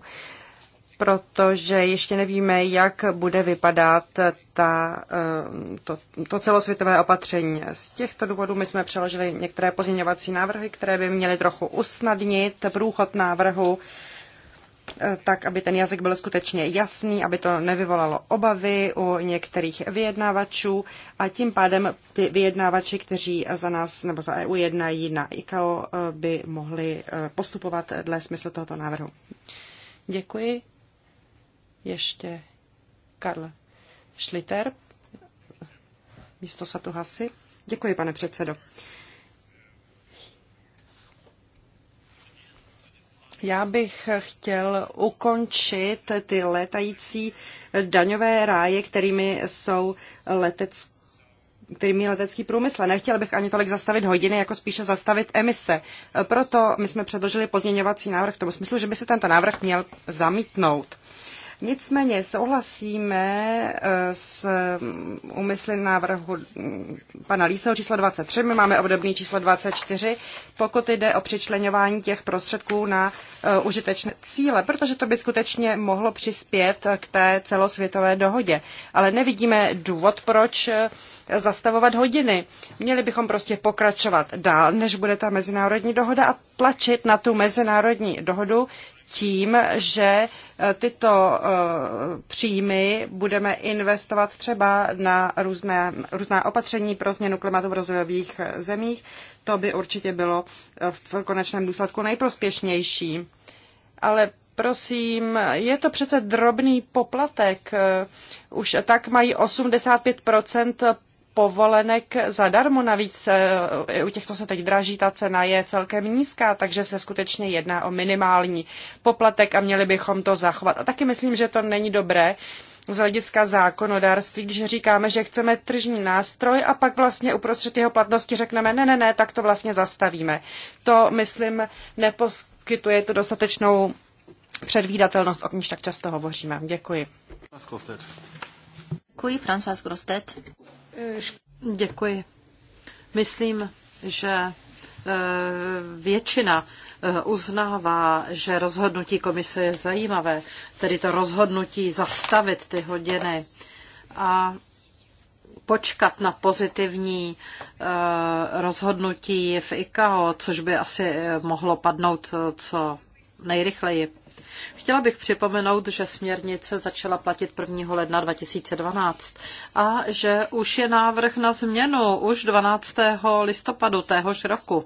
protože ještě nevíme, jak bude vypadat ta, eh, to, to celosvětové opatření. Z těchto důvodů my jsme přeložili některé pozměňovací návrhy, které by měly trochu usnadnit průchod návrhu tak aby ten jazyk byl skutečně jasný, aby to nevyvolalo obavy u některých vyjednávačů a tím pádem ty vyjednávači, kteří za nás nebo za EU jednají na ICAO, by mohli eh, postupovat dle smyslu tohoto návrhu. Děkuji. Ještě Karl Schlitter, místo Satuhasy. Děkuji, pane předsedo. Já bych chtěl ukončit ty letající daňové ráje, kterými jsou letecké kterým je letecký průmysl. Nechtěl bych ani tolik zastavit hodiny, jako spíše zastavit emise. Proto my jsme předložili pozměňovací návrh v tom smyslu, že by se tento návrh měl zamítnout. Nicméně souhlasíme eh, s mm, úmysly návrhu pana Lísného číslo 23, my máme obdobný číslo 24, pokud jde o přičlenování těch prostředků na eh, užitečné cíle, protože to by skutečně mohlo přispět k té celosvětové dohodě. Ale nevidíme důvod, proč eh, zastavovat hodiny. Měli bychom prostě pokračovat dál, než bude ta mezinárodní dohoda a tlačit na tu mezinárodní dohodu, tím, že e, tyto e, příjmy budeme investovat třeba na různé, různá opatření pro změnu klimatu v rozvojových e, zemích. To by určitě bylo v konečném důsledku nejprospěšnější. Ale prosím, je to přece drobný poplatek. Už tak mají 85 povolenek zadarmo. Navíc eh, u těchto se teď draží, ta cena je celkem nízká, takže se skutečně jedná o minimální poplatek a měli bychom to zachovat. A taky myslím, že to není dobré z hlediska zákonodárství, když říkáme, že chceme tržní nástroj a pak vlastně uprostřed jeho platnosti řekneme, ne, ne, ne, tak to vlastně zastavíme. To, myslím, neposkytuje to dostatečnou předvídatelnost, o níž tak často hovoříme. Děkuji. Děkuji, François Grostet. Děkuji. Myslím, že e, většina e, uznává, že rozhodnutí komise je zajímavé, tedy to rozhodnutí zastavit ty hodiny a počkat na pozitivní e, rozhodnutí v ICAO, což by asi mohlo padnout co nejrychleji. Chtěla bych připomenout, že směrnice začala platit 1. ledna 2012 a že už je návrh na změnu už 12. listopadu téhož roku.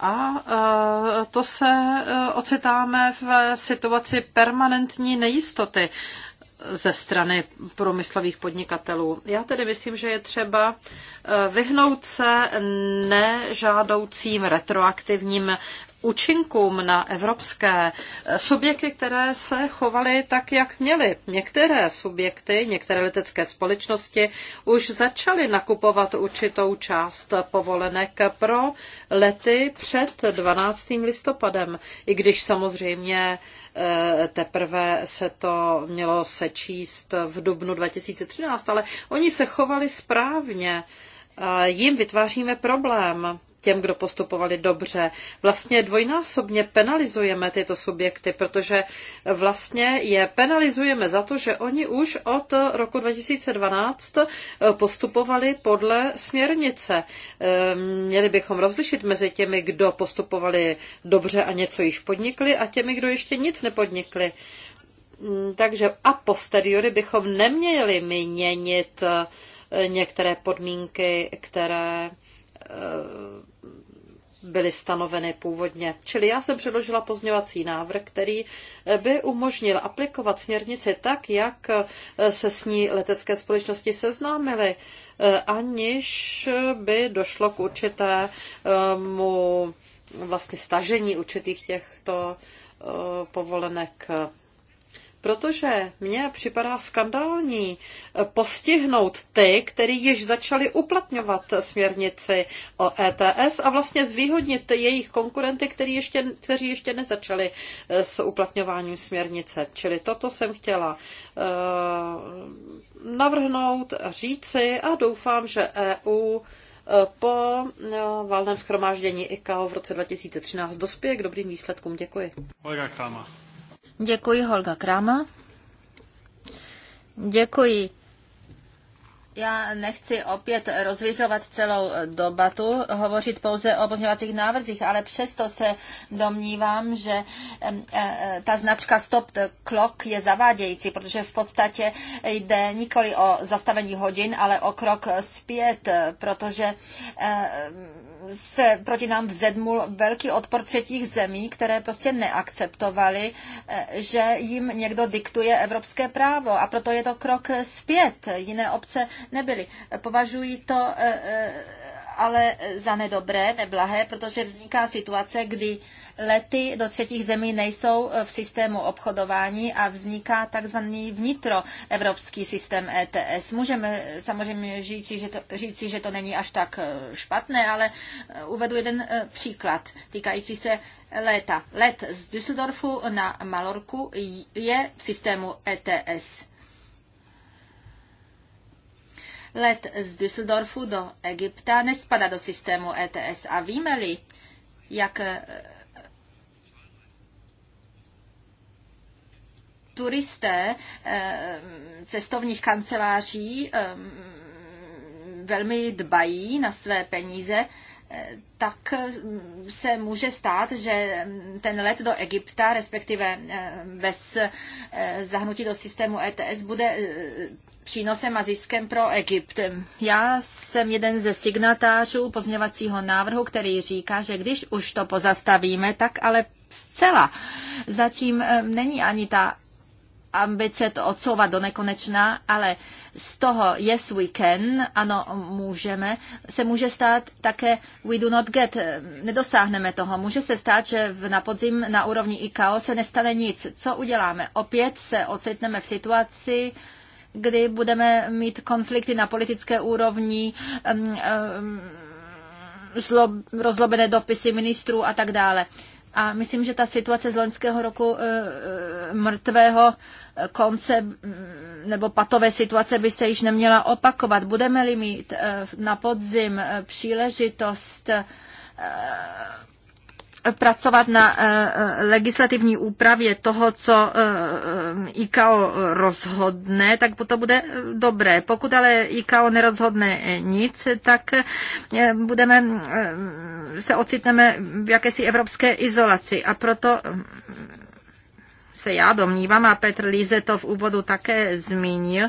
A e, to se e, ocitáme v situaci permanentní nejistoty ze strany průmyslových podnikatelů. Já tedy myslím, že je třeba e, vyhnout se nežádoucím retroaktivním účinkům na evropské subjekty, které se chovaly tak, jak měly. Některé subjekty, některé letecké společnosti už začaly nakupovat určitou část povolenek pro lety před 12. listopadem, i když samozřejmě eh, teprve se to mělo sečíst v dubnu 2013, ale oni se chovali správně. Jim vytváříme problém těm, kdo postupovali dobře. Vlastně dvojnásobně penalizujeme tyto subjekty, protože vlastně je penalizujeme za to, že oni už od roku 2012 eh, postupovali podle směrnice. Eh, měli bychom rozlišit mezi těmi, kdo postupovali dobře a něco již podnikli a těmi, kdo ještě nic nepodnikli. Mm, takže a posteriori bychom neměli měnit eh, některé podmínky, které Eh, byly stanoveny původně. Čili já jsem předložila pozňovací návrh, který eh, by umožnil aplikovat směrnici tak, jak eh, se s ní letecké společnosti seznámily, aniž by došlo k určitému vlastně stažení určitých těchto povolenek protože mně připadá skandální eh, postihnout ty, kteří již začali uplatňovat směrnici o ETS a vlastně zvýhodnit jejich konkurenty, kteří ještě, kteří ještě nezačali eh, s uplatňováním směrnice. Čili toto jsem chtěla eh, navrhnout, říci a doufám, že EU po valném schromáždění ICAO v roce 2013 dospěje k dobrým výsledkům. Děkuji. Kolega Kráma. Děkuji, Holga Krama. Děkuji. Já nechci opět rozvěřovat celou debatu, hovořit pouze o pozměňovacích návrzích, ale přesto se domnívám, že e, e, ta značka Stop the Clock je zavádějící, protože v podstatě jde nikoli o zastavení hodin, ale o krok zpět, protože se proti nám vzedmul velký odpor třetích zemí, které prostě neakceptovali, eh, že jim někdo diktuje evropské právo a proto je to krok zpět. Jiné obce nebyly. Považují to eh, eh, ale za nedobré, neblahé, protože vzniká situace, kdy lety do třetích zemí nejsou eh, v systému obchodování a vzniká takzvaný vnitroevropský systém ETS. Můžeme eh, samozřejmě říci že, to, říci, že to není až tak eh, špatné, ale uvedu jeden příklad týkající se léta. Let z Düsseldorfu na Malorku je v systému ETS. Let z Düsseldorfu do Egypta nespada do systému ETS a víme-li, jak turisté eh, cestovních kanceláří eh, velmi dbají na své peníze, eh, tak se může stát, že ten let do Egypta, respektive bez zahnutí do systému ETS, bude přínosem a ziskem pro Egypt. Já jsem jeden ze signatářů pozměvacího návrhu, který říká, že když už to pozastavíme, tak ale zcela. Zatím není ani ta ambice to odsouvat do nekonečna, ale z toho yes we can, ano můžeme, se může stát také we do not get, nedosáhneme toho. Může se stát, že na podzim na úrovni ICAO se nestane nic. Co uděláme? Opět se ocitneme v situaci, kdy budeme mít konflikty na politické úrovni, um, um, zlob, rozlobené dopisy ministrů a tak dále. A myslím, že ta situace z loňského roku e, mrtvého konce nebo patové situace by se již neměla opakovat. Budeme-li mít eh, na podzim eh, příležitost eh, pracovat na legislativní úpravě toho, co IKO rozhodne, tak to bude dobré. Pokud ale IKO nerozhodne nic, tak budeme, se ocitneme v jakési evropské izolaci. A proto se já domnívám, a Petr Líze to v úvodu také zmínil,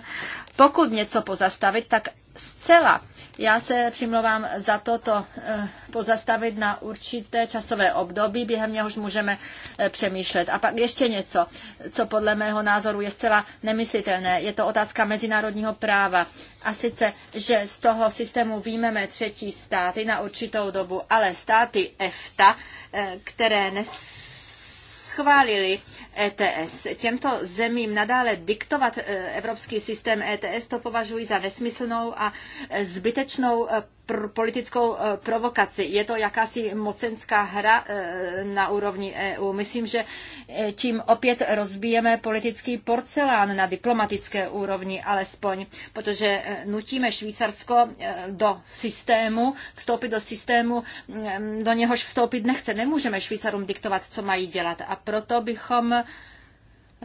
pokud něco pozastavit, tak zcela. Já se přimlouvám za toto eh, pozastavit na určité časové období, během něhož můžeme eh, přemýšlet. A pak ještě něco, co podle mého názoru je zcela nemyslitelné. Je to otázka mezinárodního práva. A sice, že z toho systému výjmeme třetí státy na určitou dobu, ale státy EFTA, eh, které neschválili ETS. Těmto zemím nadále diktovat e, evropský systém ETS to považuji za nesmyslnou a e, zbytečnou e, pr- politickou eh, provokaci. Je to jakási mocenská hra eh, na úrovni EU. Myslím, že tím eh, opět rozbijeme politický porcelán na diplomatické úrovni alespoň, protože nutíme Švýcarsko do systému, vstoupit do systému, mm, do něhož vstoupit nechce. Nemůžeme Švýcarům diktovat, co mají dělat. A proto bychom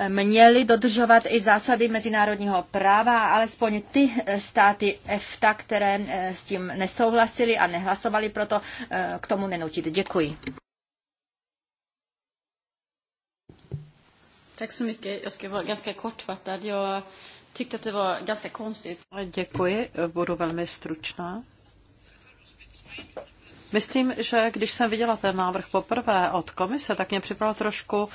měly dodržovat i zásady mezinárodního práva, alespoň ty eh, státy EFTA, které eh, s tím nesouhlasily a nehlasovaly proto, eh, k tomu nenutit. Děkuji. Tak så mycket. Jag ska vara ganska kortfattad. Jag tyckte att det var ganska konstigt. Děkuji, budu velmi stručná. Myslím, že když jsem viděla ten návrh poprvé od komise, tak mě připadalo trošku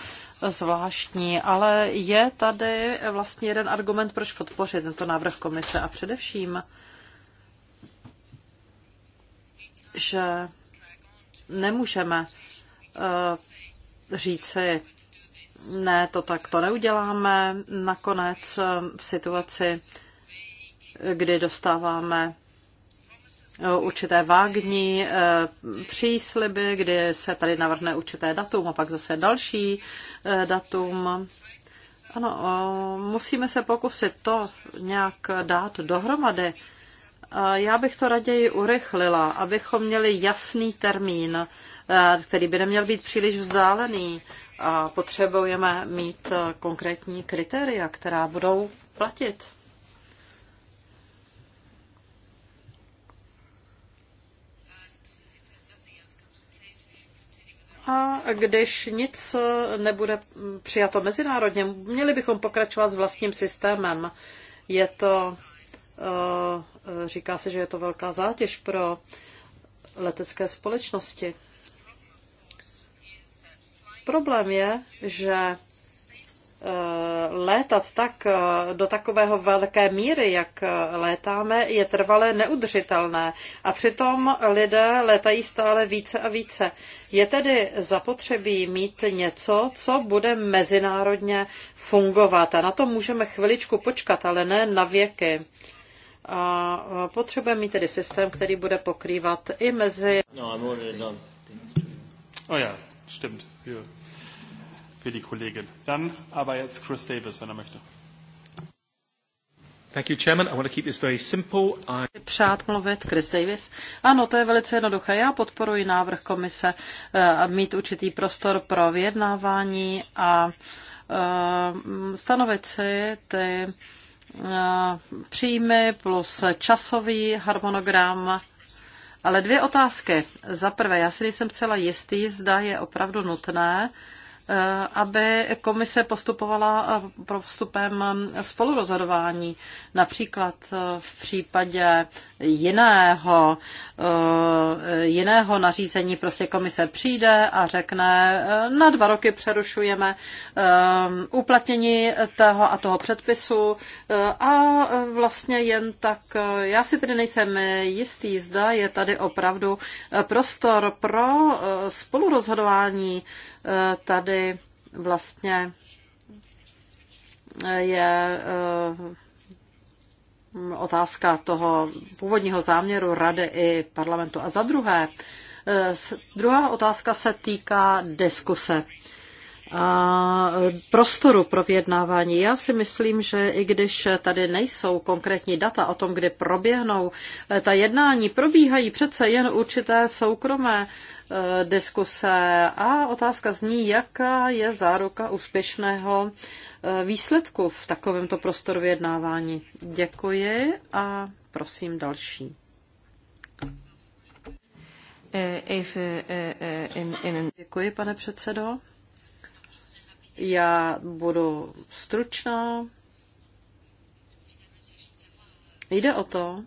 zvláštní, ale je tady vlastně jeden argument, proč podpořit tento návrh komise a především, že nemůžeme uh, říci, ne, to tak to neuděláme. Nakonec eh, v situaci, kdy dostáváme určité vágní eh, přísliby, kdy se tady navrhne určité datum a pak zase další eh, datum. Ano, eh, musíme se pokusit to nějak dát dohromady. Já bych to raději urychlila, abychom měli jasný termín, který by neměl být příliš vzdálený. A potřebujeme mít konkrétní kritéria, která budou platit. A když nic nebude přijato mezinárodně, měli bychom pokračovat s vlastním systémem. Je to, eh, říká se, že je to velká zátěž pro letecké společnosti. Problém je, že Eh, létat tak eh, do takového velké míry, jak eh, létáme, je trvale neudržitelné. A přitom lidé létají stále více a více. Je tedy zapotřebí mít něco, co bude mezinárodně fungovat. A na to můžeme chviličku počkat, ale ne na věky. A potřebujeme mít tedy systém, který bude pokrývat i mezi... No, I'm already done. Oh yeah, stimmt. Yeah für die Kollegin. Dann aber jetzt Chris Davis, wenn er möchte. Thank you, Chairman. I want to keep this very simple. I... Přát mluvit, Chris Davis. Ano, to je velice jednoduché. Já podporuji návrh komise uh, mít určitý prostor pro vyjednávání a uh, stanovit si ty eh, příjmy plus časový harmonogram ale dvě otázky. Za prvé, já si nejsem celá jistý, zda je opravdu nutné uh, Eh, aby komise postupovala eh, postupem eh, spolurozhodování. Například v případě jiného, jiného nařízení prostě komise přijde a řekne, na dva roky přerušujeme uplatnění toho a toho předpisu a vlastně jen tak, já si tedy nejsem jistý, zda je tady opravdu prostor pro spolurozhodování Eh, tady vlastně eh, je eh, otázka toho původního záměru rady i parlamentu. A za druhé, druhá otázka se týká diskuse a prostoru pro vyjednávání. Já si myslím, že i když tady nejsou konkrétní data o tom, kdy proběhnou ta jednání, probíhají přece jen určité soukromé Eh, diskuse a otázka zní, jaká je záruka úspěšného eh, výsledku v takovémto prostoru vyjednávání. Děkuji a prosím další. Eh, Děkuji, pane předsedo. Já budu stručná. Jde o to,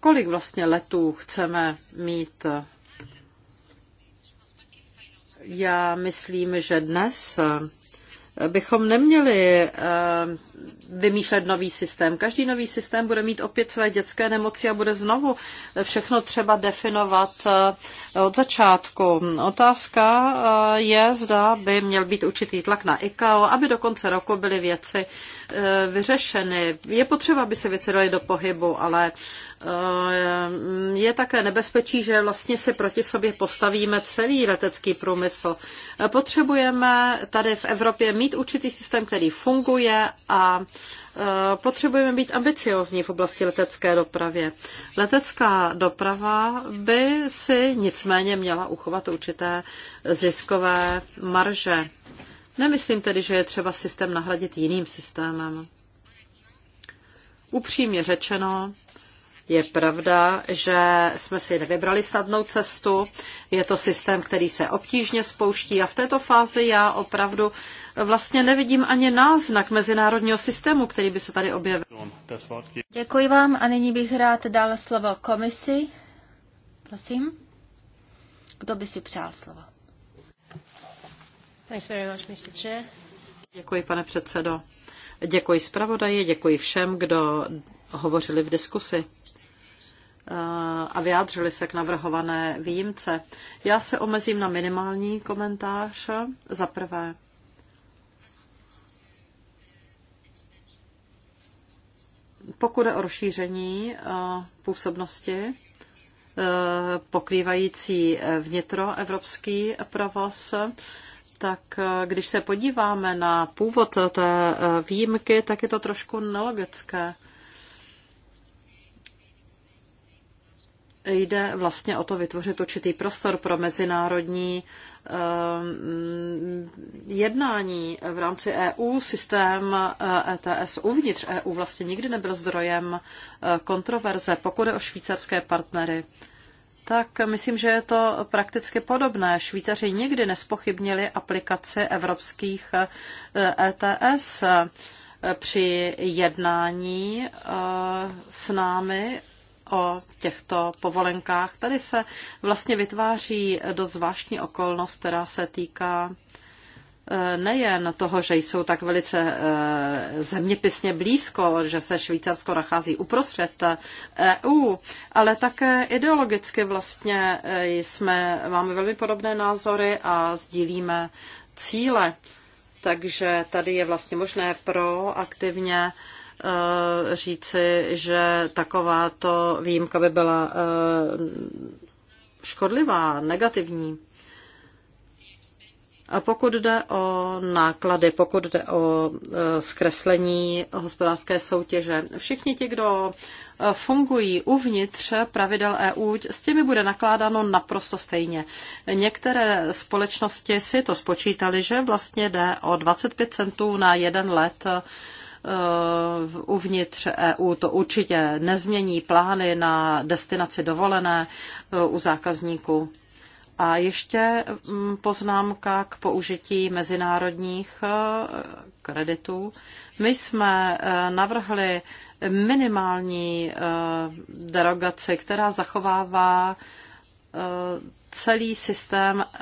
kolik vlastně letů chceme mít. Já myslím, že dnes bychom neměli eh, vymýšlet nový systém. Každý nový systém bude mít opět své dětské nemoci a bude znovu všechno třeba definovat eh, od začátku. Otázka eh, je, zda by měl být určitý tlak na ICAO, aby do konce roku byly věci vyřešeny. Je potřeba, aby se věci daly do pohybu, ale Eh, je také nebezpečí, že vlastně si proti sobě postavíme celý letecký průmysl. Eh, potřebujeme tady v Evropě mít určitý systém, který funguje a eh, potřebujeme být ambiciozní v oblasti letecké dopravy. Letecká doprava by si nicméně měla uchovat určité ziskové marže. Nemyslím tedy, že je třeba systém nahradit jiným systémem. Upřímně řečeno, je pravda, že jsme si nevybrali snadnou cestu. Je to systém, který se obtížně spouští a v této fázi já opravdu vlastně nevidím ani náznak mezinárodního systému, který by se tady objevil. Děkuji vám a nyní bych rád dal slovo komisi. Prosím. Kdo by si přál slovo? Děkuji, pane předsedo. Děkuji zpravodaji, děkuji všem, kdo hovořili v diskusi eh, a vyjádřili se k navrhované výjimce. Já se omezím na minimální komentář. Za prvé, pokud je o rozšíření eh, působnosti eh, pokrývající vnitroevropský provoz, tak eh, když se podíváme na původ té eh, výjimky, tak je to trošku nelogické. Jde vlastně o to vytvořit určitý prostor pro mezinárodní eh, mm, jednání v rámci EU. Systém ETS e uvnitř EU vlastně nikdy nebyl zdrojem kontroverze, pokud je o švýcarské partnery tak myslím, že je to prakticky podobné. Švýcaři nikdy nespochybnili aplikaci evropských ETS eh, e při jednání eh, s námi o těchto povolenkách. Tady se vlastně vytváří dost zvláštní okolnost, která se týká Eh, nejen toho, že jsou tak velice eh, zeměpisně blízko, že se Švýcarsko nachází uprostřed EU, eh, e ale také ideologicky vlastně jsme, máme velmi podobné názory a sdílíme cíle. Takže tady je vlastně možné proaktivně říci, že takováto výjimka by byla škodlivá, negativní. A pokud jde o náklady, pokud jde o e, zkreslení hospodářské soutěže, všichni ti, kdo e, fungují uvnitř pravidel EU, s těmi bude nakládáno naprosto stejně. Některé společnosti si to spočítali, že vlastně jde o 25 centů na jeden let e, uvnitř EU. To určitě nezmění plány na destinaci dovolené u zákazníků. A ještě mm, poznámka k použití mezinárodních eh, kreditů. My jsme eh, navrhli minimální eh, derogaci, která zachovává Eh, celý systém eh,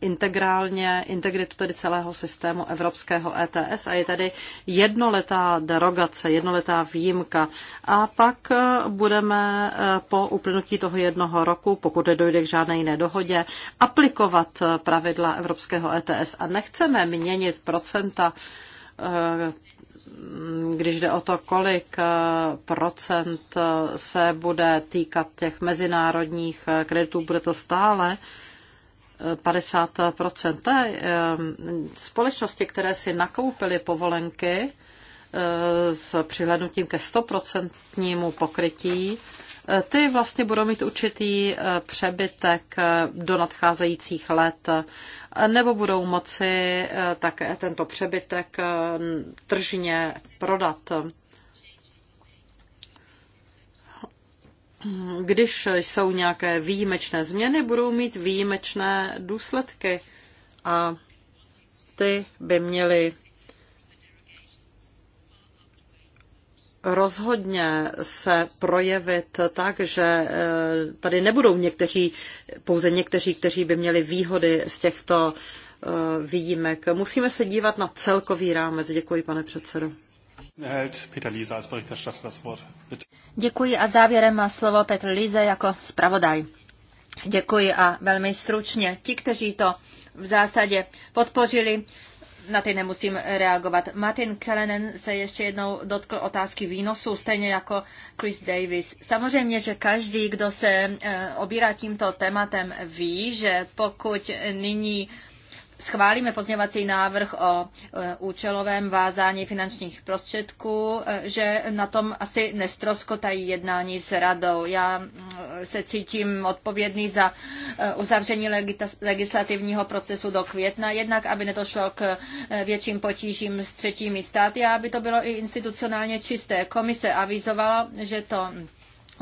integrálně, integritu tedy celého systému evropského ETS a je tady jednoletá derogace, jednoletá výjimka. A pak eh, budeme po uplynutí toho jednoho roku, pokud nedojde k žádné jiné dohodě, aplikovat pravidla evropského ETS a nechceme měnit procenta když jde o to, kolik eh, procent eh, se bude týkat těch mezinárodních eh, kreditů, bude to stále 50 Té společnosti, které si nakoupily povolenky s přihlednutím ke 100 pokrytí, ty vlastně budou mít určitý přebytek do nadcházejících let nebo budou moci eh, také tento přebytek eh, tržně prodat. Když jsou nějaké výjimečné změny, budou mít výjimečné důsledky a ty by měly rozhodně se projevit tak, že eh, tady nebudou někteří, pouze někteří, kteří by měli výhody z těchto eh, výjimek. Musíme se dívat na celkový rámec. Děkuji, pane předsedo. Děkuji a závěrem má slovo Petr Líze jako zpravodaj. Děkuji a velmi stručně. Ti, kteří to v zásadě podpořili, na ty nemusím reagovat. Martin Kellenen se ještě jednou dotkl otázky výnosu, stejně jako Chris Davis. Samozřejmě, že každý, kdo se eh, obírá tímto tématem, ví, že pokud nyní schválíme pozměvací návrh o e, účelovém vázání finančních prostředků, e, že na tom asi nestroskotají jednání s radou. Já se cítím odpovědný za e, uzavření legislativního procesu do května, jednak aby nedošlo k větším potížím s třetími státy a aby to bylo i institucionálně čisté. Komise avizovala, že to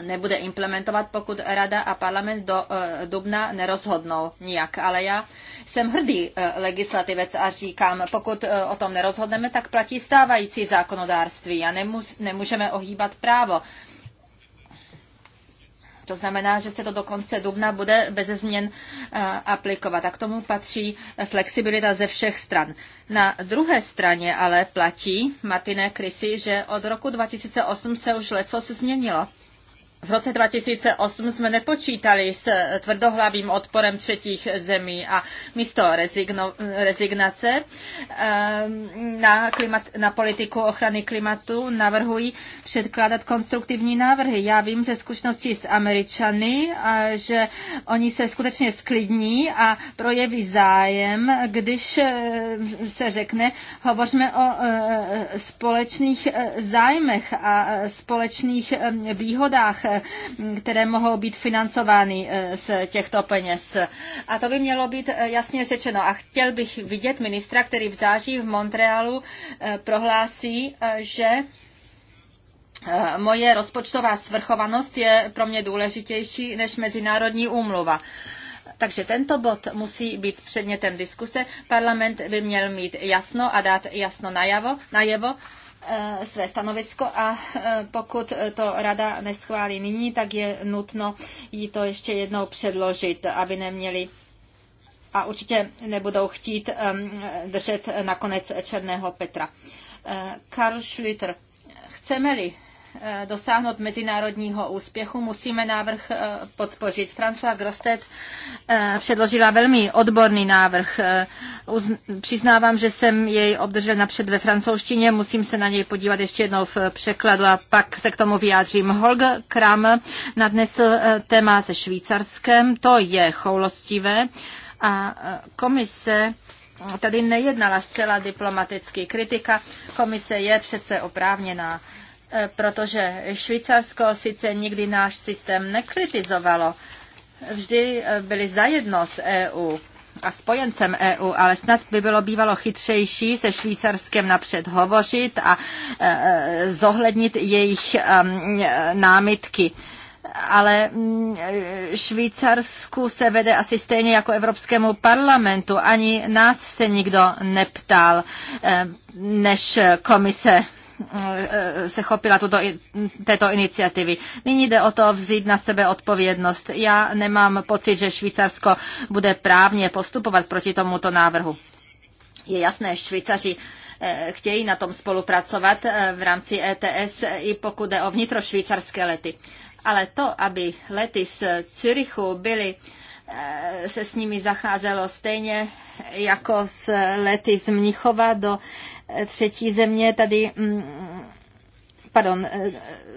nebude implementovat, pokud Rada a parlament do eh, dubna nerozhodnou nijak. Ale já jsem hrdý eh, legislativec a říkám, pokud eh, o tom nerozhodneme, tak platí stávající zákonodárství a nemus, nemůžeme ohýbat právo. To znamená, že se to do konce dubna bude bez změn aplikovat. A k tomu patří flexibilita ze všech stran. Na druhé straně ale platí, Martine Krysy, že od roku 2008 se už leco změnilo v roce 2008 jsme nepočítali s tvrdohlavým odporem třetích zemí a místo rezigno, rezignace ehm, na, klimat, na politiku ochrany klimatu navrhují předkládat konstruktivní návrhy. Já vím ze zkušenosti s Američany, že oni se skutečně sklidní a projeví zájem, když e, se řekne, hovořme o e, e, společných zájmech a společných výhodách které mohou být financovány eh, z těchto peněz. A to by mělo být eh, jasně řečeno. A chtěl bych vidět ministra, který v září v Montrealu eh, prohlásí, že moje rozpočtová svrchovanost je pro mě důležitější než mezinárodní úmluva. Takže tento bod musí být předmětem diskuse. Parlament by měl mít jasno a dát jasno najavo, najevo, Eh, své stanovisko a eh, pokud to rada neschválí nyní, tak je nutno jí to ještě jednou předložit, aby neměli a určitě nebudou chtít eh, držet nakonec Černého Petra. Karl Schlüter, chceme-li Eh, dosáhnout mezinárodního úspěchu, musíme návrh eh, podpořit. François Grostet eh, předložila velmi odborný návrh. Přiznávám, že jsem jej obdržel napřed ve francouzštině, musím se na něj podívat ještě jednou v překladu a pak se k tomu vyjádřím. Holger Kram nadnesl téma se Švýcarskem, to je choulostivé a komise tady nejednala zcela diplomaticky. Kritika komise je přece oprávněná. Eh, protože Švýcarsko sice nikdy náš systém nekritizovalo, vždy eh, byli zajedno s EU a spojencem EU, ale snad by bylo bývalo chytřejší se Švýcarskem napřed hovořit a eh, zohlednit jejich námitky ale mm, Švýcarsku se vede asi stejně jako Evropskému parlamentu. Ani nás se nikdo neptal, než komise Eh, se chopila tuto, této iniciativy. Nyní jde o to vzít na sebe odpovědnost. Já nemám pocit, že Švýcarsko bude právně postupovat proti tomuto návrhu. Je jasné, Švýcaři eh, chtějí na tom spolupracovat eh, v rámci ETS, i pokud jde o vnitrošvýcarské lety. Ale to, aby lety z Zürichu byly se s nimi zacházelo stejně jako s lety z Mnichova do třetí země tady mm, pardon, eh,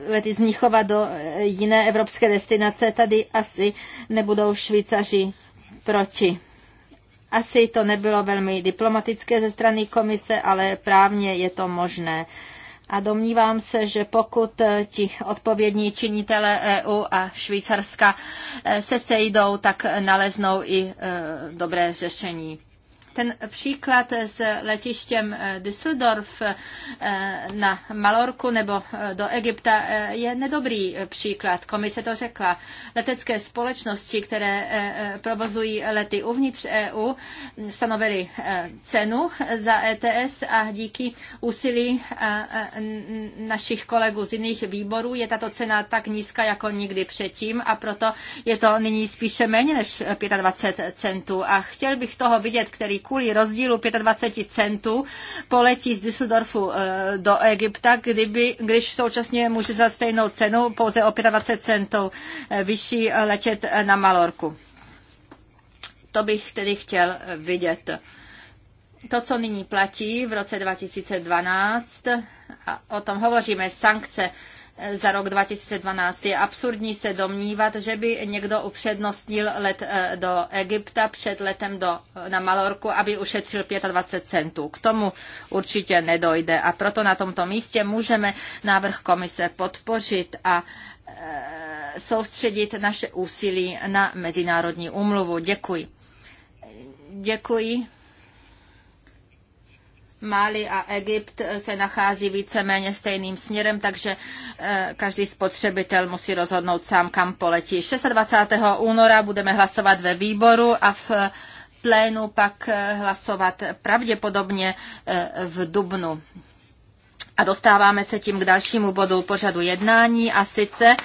lety z Mnichova do eh, jiné evropské destinace, tady asi nebudou Švýcaři proti. Asi to nebylo velmi diplomatické ze strany komise, ale právně je to možné. A domnívám se, že pokud eh, ti odpovědní činitele EU a Švýcarska se sejdou, tak naleznou i dobré řešení. Ten příklad s letištěm eh, Düsseldorf eh, na Malorku nebo eh, do Egypta je nedobrý příklad. Komise to řekla. Letecké společnosti, které provozují lety uvnitř EU, stanovily cenu za ETS a díky úsilí našich kolegů z jiných výborů je tato cena tak nízká jako nikdy předtím a proto je to nyní spíše méně než 25 centů. A chtěl bych toho vidět, který kvůli rozdílu 25 centů poletí z Düsseldorfu eh, do Egypta, kdyby, když současně může za stejnou cenu pouze o 25 centů eh, vyšší eh, letět na Malorku. To bych tedy chtěl vidět. To, co nyní platí v roce 2012, a o tom hovoříme, sankce za rok 2012. Je absurdní se domnívat, že by někdo upřednostnil let eh, do Egypta před letem do, na Malorku, aby ušetřil 25 centů. K tomu určitě nedojde a proto na tomto místě můžeme návrh komise podpořit a eh, soustředit naše úsilí na mezinárodní úmluvu. Děkuji. Děkuji. Mali a Egypt se nachází víceméně stejným směrem, takže eh, každý spotřebitel musí rozhodnout sám, kam poletí. 26. února budeme hlasovat ve výboru a v eh, plénu pak eh, hlasovat pravděpodobně v Dubnu. A dostáváme se tím k dalšímu bodu pořadu jednání a sice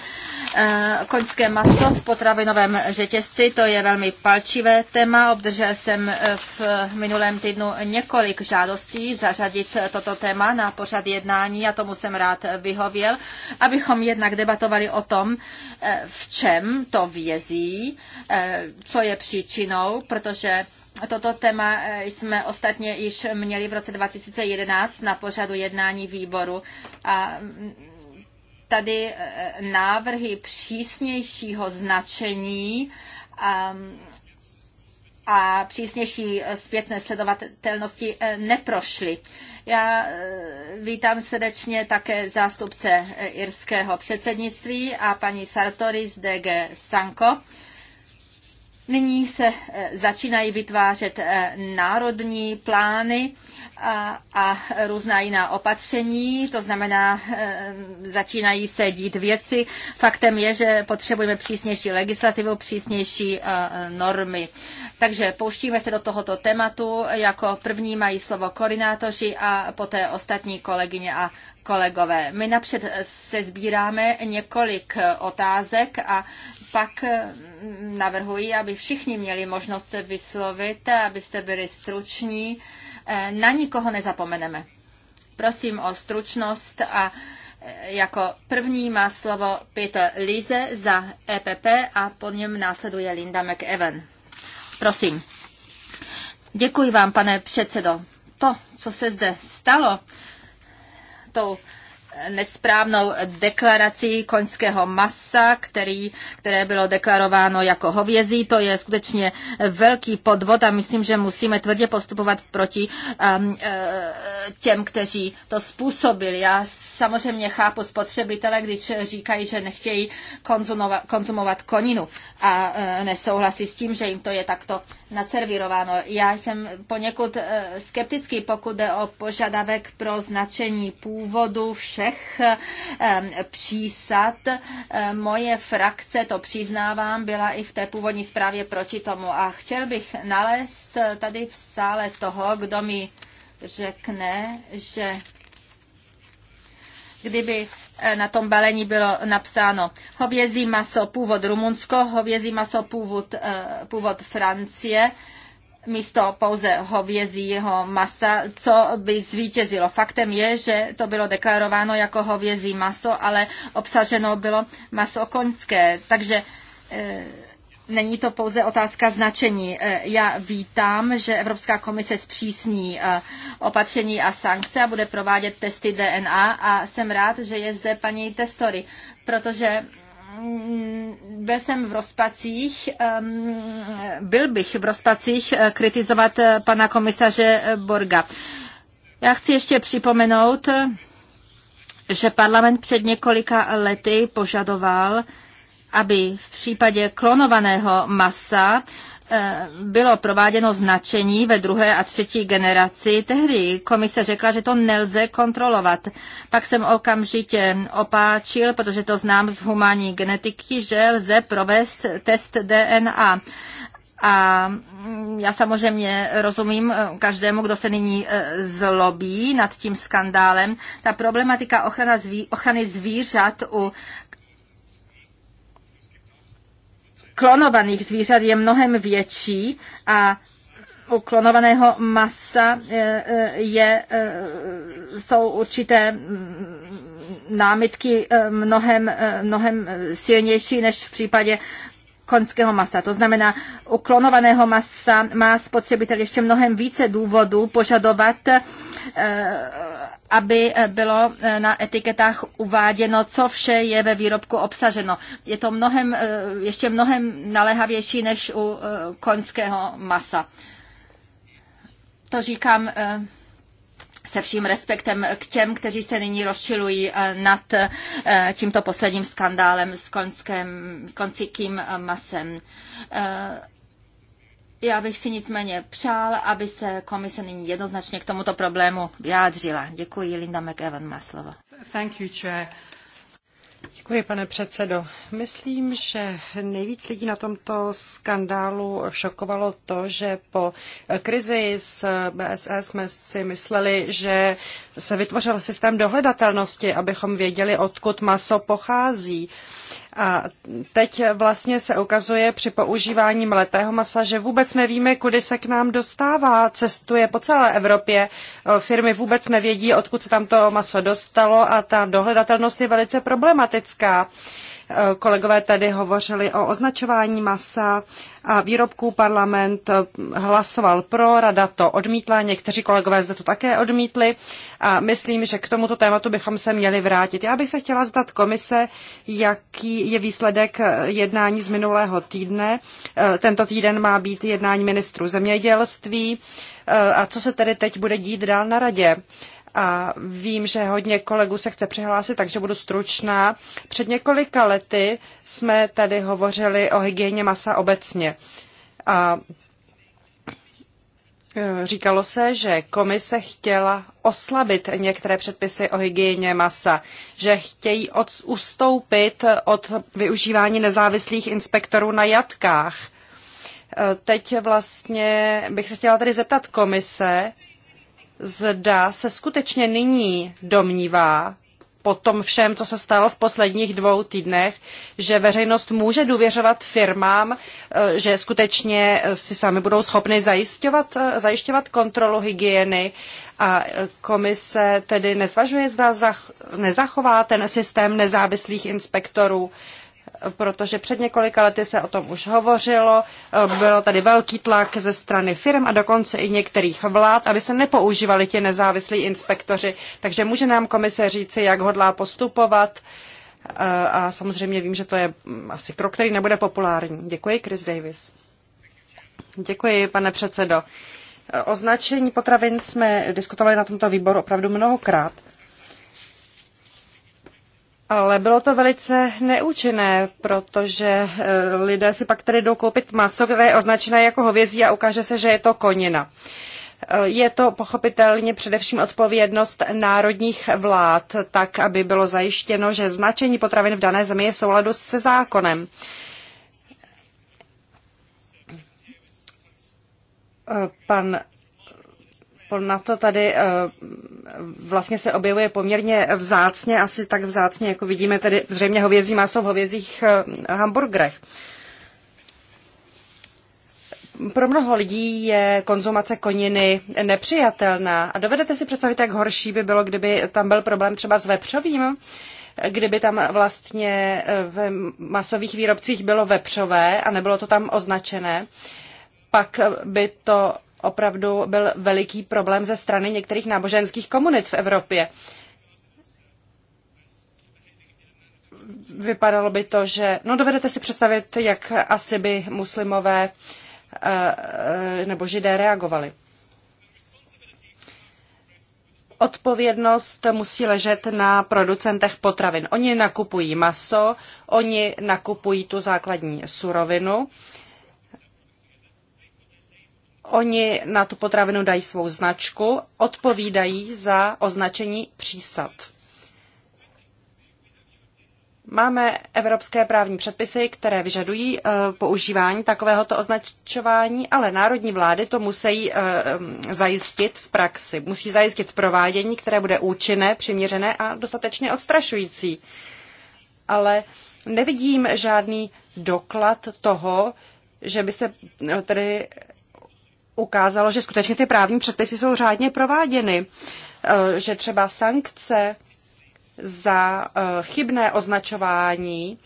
Eh, koňské maso v potravinovém řetězci, to je velmi palčivé téma. Obdržel jsem eh, v minulém týdnu několik žádostí zařadit eh, toto téma na pořad jednání a tomu jsem rád vyhověl, abychom jednak debatovali o tom, v čem to vězí, co je příčinou, protože Toto téma jsme ostatně již měli v roce 2011 na pořadu jednání výboru a mm, tady eh, návrhy přísnějšího značení a, ehm, a přísnější eh, zpětné sledovatelnosti eh, neprošly. Já vítám srdečně také zástupce irského předsednictví a paní Sartori z DG Sanko. Nyní se začínají vytvářet národní plány a, a různá jiná opatření, to znamená, eh, začínají se dít věci. Faktem je, že potřebujeme přísnější legislativu, přísnější eh, normy. Takže pouštíme se do tohoto tématu. Jako první mají slovo koordinátoři a poté ostatní kolegyně a kolegové. My napřed se sbíráme několik otázek a pak eh, navrhuji, aby všichni měli možnost se vyslovit, abyste byli struční E, na nikoho nezapomeneme. Prosím o stručnost a e, jako první má slovo Peter Lize za EPP a po něm následuje Linda McEwen. Prosím. Děkuji vám, pane předsedo. To, co se zde stalo, tou nesprávnou deklarací koňského masa, který, které bylo deklarováno jako hovězí. To je skutečně velký podvod a myslím, že musíme tvrdě postupovat proti um, eh, těm, kteří to způsobili. Já samozřejmě chápu spotřebitele, když říkají, že nechtějí konzumovat, konzumovat koninu a eh, nesouhlasí s tím, že jim to je takto naservirováno. Já jsem poněkud eh, skeptický, pokud jde o požadavek pro značení původu všech eh, přísad. Eh, moje frakce, to přiznávám, byla i v té původní zprávě proti tomu a chtěl bych nalézt tady v sále toho, kdo mi řekne, že kdyby Eh, na tom balení bylo napsáno hovězí maso původ Rumunsko, hovězí maso původ, eh, původ Francie, místo pouze hovězího masa, co by zvítězilo. Faktem je, že to bylo deklarováno jako hovězí maso, ale obsaženo bylo maso koňské. Takže eh, není to pouze otázka značení. E, já vítám, že Evropská komise zpřísní e, opatření a sankce a bude provádět testy DNA a jsem rád, že je zde paní Testory, protože mm, byl jsem v rozpacích, byl bych v rozpacích e, kritizovat pana komisaře Borga. Já chci ještě připomenout, že parlament před několika lety požadoval, aby v případě klonovaného masa eh, bylo prováděno značení ve druhé a třetí generaci. Tehdy komise řekla, že to nelze kontrolovat. Pak jsem okamžitě opáčil, protože to znám z humánní genetiky, že lze provést test DNA. A mm, já samozřejmě rozumím eh, každému, kdo se nyní eh, zlobí nad tím skandálem. Ta problematika ochrany zvířat u klonovaných zvířat je mnohem větší a u klonovaného masa eh, eh, je, je, eh, jsou určité mm, námitky mnohem, mnohem silnější než v případě konského masa. To znamená, u klonovaného masa má spotřebitel ještě mnohem více důvodů požadovat, eh, aby eh, bylo eh, na etiketách uváděno, co vše je ve výrobku obsaženo. Je to mnohem, ještě mnohem naléhavější než u konského masa. To říkám se vším respektem k těm, kteří se nyní rozčilují eh, nad eh, tímto posledním skandálem s, konském, s koncikým eh, masem. Já bych si nicméně přál, aby se komise nyní jednoznačně k tomuto problému vyjádřila. Děkuji, Linda McEwan má slovo. Thank you, chair. Děkuji, pane předsedo. Myslím, že nejvíc lidí na tomto skandálu šokovalo to, že po krizi s BSS jsme si mysleli, že se vytvořil systém dohledatelnosti, abychom věděli, odkud maso pochází. A teď vlastně se ukazuje při používání mletého masa, že vůbec nevíme, kudy se k nám dostává. Cestuje po celé Evropě. Firmy vůbec nevědí, odkud se tam to maso dostalo a ta dohledatelnost je velice problematická. Uh, Kolegové tady hovořili o označování masa a výrobků parlament eh, hlasoval pro, rada to odmítla, někteří kolegové zde to také odmítli a myslím, že k tomuto tématu bychom se měli vrátit. Já bych se chtěla zdat komise, jaký je výsledek eh, jednání z minulého týdne. Eh, tento týden má být jednání ministrů zemědělství a co se tedy teď bude dít dál na radě a vím, že hodně kolegů se chce přihlásit, takže budu stručná. Před několika lety jsme tady hovořili o hygieně masa obecně. A e, Říkalo se, že komise chtěla oslabit některé předpisy o hygieně masa, že chtějí od, ustoupit od využívání nezávislých inspektorů na jatkách. E, teď vlastně bych se chtěla tady zeptat komise, zda se skutečně nyní domnívá po tom všem, co se stalo v posledních dvou týdnech, že veřejnost může důvěřovat firmám, eh, že skutečně eh, si sami budou schopny zajišťovat, eh, zajišťovat kontrolu hygieny a komise tedy nezvažuje, zda zach, nezachová ten systém nezávislých inspektorů protože před několika lety se o tom už hovořilo, byl tady velký tlak ze strany firm a dokonce i některých vlád, aby se nepoužívali ti nezávislí inspektoři. Takže může nám komise říci, jak hodlá postupovat a samozřejmě vím, že to je asi krok, který nebude populární. Děkuji, Chris Davis. Děkuji, pane předsedo. Označení potravin jsme diskutovali na tomto výboru opravdu mnohokrát. Ale bylo to velice neúčinné, protože eh, lidé si pak tedy jdou koupit maso, které je označené jako hovězí a ukáže se, že je to konina. Eh, je to pochopitelně především odpovědnost národních vlád, tak aby bylo zajištěno, že značení potravin v dané zemi je souladu se zákonem. Eh, pan na to tady eh, vlastně se objevuje poměrně vzácně, asi tak vzácně, jako vidíme tady zřejmě hovězí maso v hovězích eh, hamburgerech. Pro mnoho lidí je konzumace koniny nepřijatelná. A dovedete si představit, jak horší by bylo, kdyby tam byl problém třeba s vepřovým? kdyby tam vlastně eh, v masových výrobcích bylo vepřové a nebylo to tam označené, pak by to opravdu byl veliký problém ze strany některých náboženských komunit v Evropě. Vypadalo by to, že... No dovedete si představit, jak asi by muslimové eh, eh, nebo židé reagovali. Odpovědnost musí ležet na producentech potravin. Oni nakupují maso, oni nakupují tu základní surovinu Oni na tu potravinu dají svou značku, odpovídají za označení přísad. Máme evropské právní předpisy, které vyžadují eh, používání takovéhoto označování, ale národní vlády to musí eh, mm, zajistit v praxi. Musí zajistit provádění, které bude účinné, přiměřené a dostatečně odstrašující. Ale nevidím žádný doklad toho, že by se eh, tedy ukázalo, že skutečně ty právní předpisy jsou řádně prováděny, eh, že třeba sankce za eh, chybné označování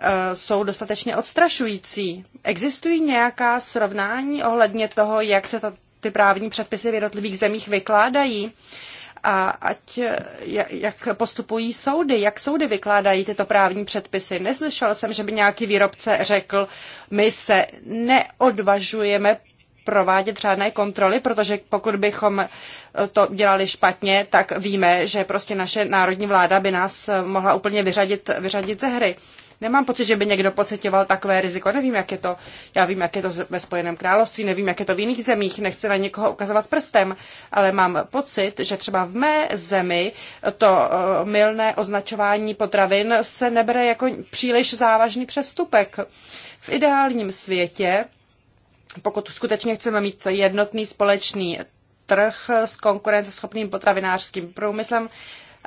eh, jsou dostatečně odstrašující. Existují nějaká srovnání ohledně toho, jak se to, ty právní předpisy v jednotlivých zemích vykládají a ať, jak postupují soudy, jak soudy vykládají tyto právní předpisy. Neslyšel jsem, že by nějaký výrobce řekl, my se neodvažujeme provádět řádné kontroly, protože pokud bychom eh, to dělali špatně, tak víme, že prostě naše národní vláda by nás eh, mohla úplně vyřadit, vyřadit ze hry. Nemám pocit, že by někdo pocitoval takové riziko. Nevím, jak je to, já vím, jak je to ve Spojeném království, nevím, jak je to v jiných zemích, nechci na někoho ukazovat prstem, ale mám pocit, že třeba v mé zemi to uh, eh, milné označování potravin se nebere jako příliš závažný přestupek. V ideálním světě pokud skutečně chceme mít jednotný společný trh s konkurenceschopným potravinářským průmyslem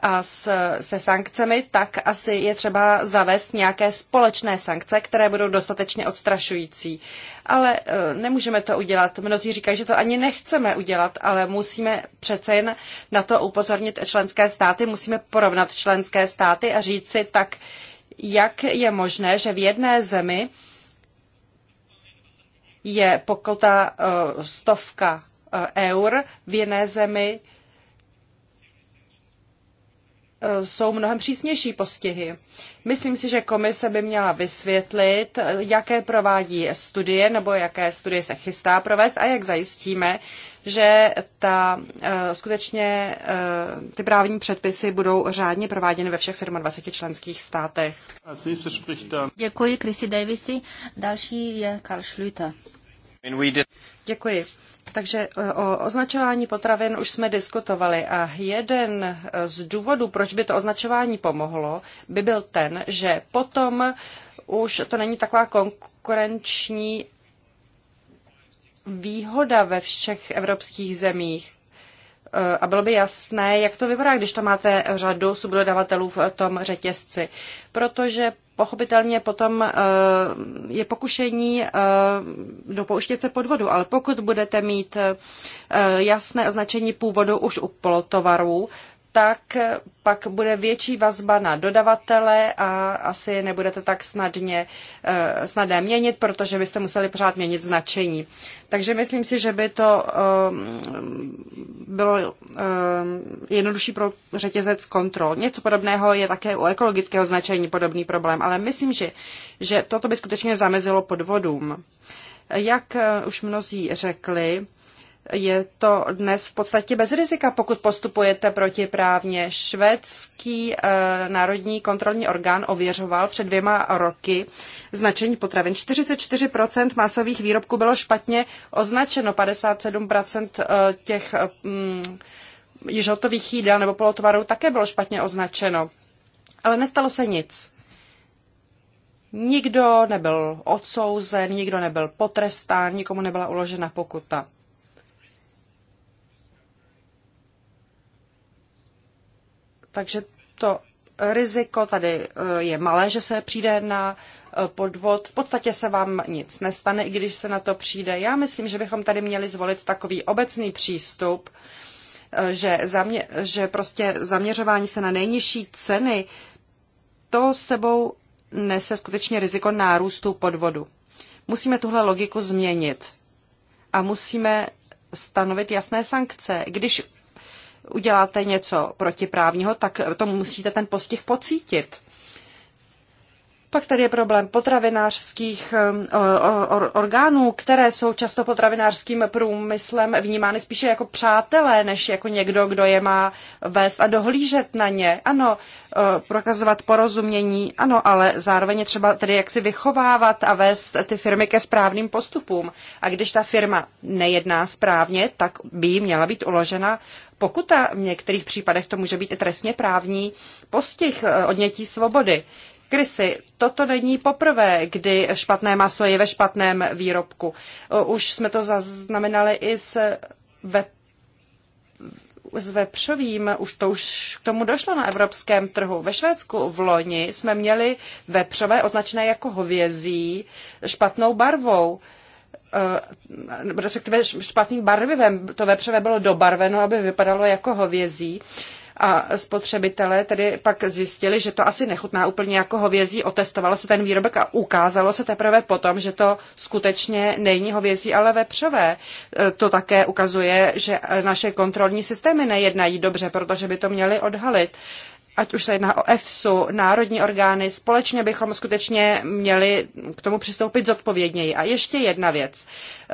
a s, se sankcemi, tak asi je třeba zavést nějaké společné sankce, které budou dostatečně odstrašující. Ale e, nemůžeme to udělat. Mnozí říkají, že to ani nechceme udělat, ale musíme přece jen na to upozornit členské státy, musíme porovnat členské státy a říct si tak, jak je možné, že v jedné zemi je pokuta eh, stovka eh, eur, v jiné zemi jsou mnohem přísnější postihy. Myslím si, že komise by měla vysvětlit, jaké provádí studie nebo jaké studie se chystá provést a jak zajistíme, že ta, eh, skutečně eh, ty právní předpisy budou řádně prováděny ve všech 27 členských státech. Děkuji, Chrissy Davisy. Další je Karl Schlüter. Děkuji. Takže e, o označování potravin už jsme diskutovali a jeden e, z důvodů, proč by to označování pomohlo, by byl ten, že potom už to není taková konkurenční výhoda ve všech evropských zemích. Eh, a bylo by jasné, jak to vypadá, když tam máte řadu subdodavatelů v tom řetězci. Protože pochopitelně potom eh, je pokušení eh, dopouštět se podvodu, ale pokud budete mít jasné označení původu už u polotovarů, tak pak bude větší vazba na dodavatele a asi nebudete tak snadně, eh, snadné měnit, protože byste museli pořád měnit značení. Takže myslím si, že by to eh, bylo eh, jednodušší pro řetězec kontrol. Něco podobného je také u ekologického značení podobný problém, ale myslím, že, že toto by skutečně zamezilo podvodům. Jak už mnozí řekli, je to dnes v podstatě bez rizika, pokud postupujete protiprávně. Švédský e, národní kontrolní orgán ověřoval před dvěma roky značení potravin. 44% masových výrobků bylo špatně označeno, 57% eh, těch mm, jižotových jídel nebo polotovarů také bylo špatně označeno. Ale nestalo se nic. Nikdo nebyl odsouzen, nikdo nebyl potrestán, nikomu nebyla uložena pokuta. Takže to riziko tady eh, je malé, že se přijde na eh, podvod. V podstatě se vám nic nestane, i když se na to přijde. Já myslím, že bychom tady měli zvolit takový obecný přístup, eh, že, zamě, že prostě zaměřování se na nejnižší ceny, to sebou nese skutečně riziko nárůstu podvodu. Musíme tuhle logiku změnit a musíme stanovit jasné sankce. Když uděláte něco protiprávního, tak to musíte ten postih pocítit. Pak tady je problém potravinářských eh, orgánů, které jsou často potravinářským průmyslem vnímány spíše jako přátelé, než jako někdo, kdo je má vést a dohlížet na ně. Ano, eh, prokazovat porozumění, ano, ale zároveň je třeba tedy jaksi vychovávat a vést ty firmy ke správným postupům. A když ta firma nejedná správně, tak by jí měla být uložena pokuta. V některých případech to může být i trestně právní postih eh, odnětí svobody. Krysy, toto není poprvé, kdy špatné maso je ve špatném výrobku. Už jsme to zaznamenali i s, ve, s vepřovým, už to už k tomu došlo na evropském trhu. Ve Švédsku v loni jsme měli vepřové označené jako hovězí špatnou barvou e, respektive špatným barvivem. To vepřové bylo dobarveno, aby vypadalo jako hovězí a spotřebitelé tedy pak zjistili, že to asi nechutná úplně jako hovězí, Otestovalo se ten výrobek a ukázalo se teprve potom, že to skutečně není hovězí, ale vepřové. E, to také ukazuje, že naše kontrolní systémy nejednají dobře, protože by to měli odhalit ať už se jedná o EFSU, národní orgány, společně bychom skutečně měli k tomu přistoupit zodpovědněji. A ještě jedna věc.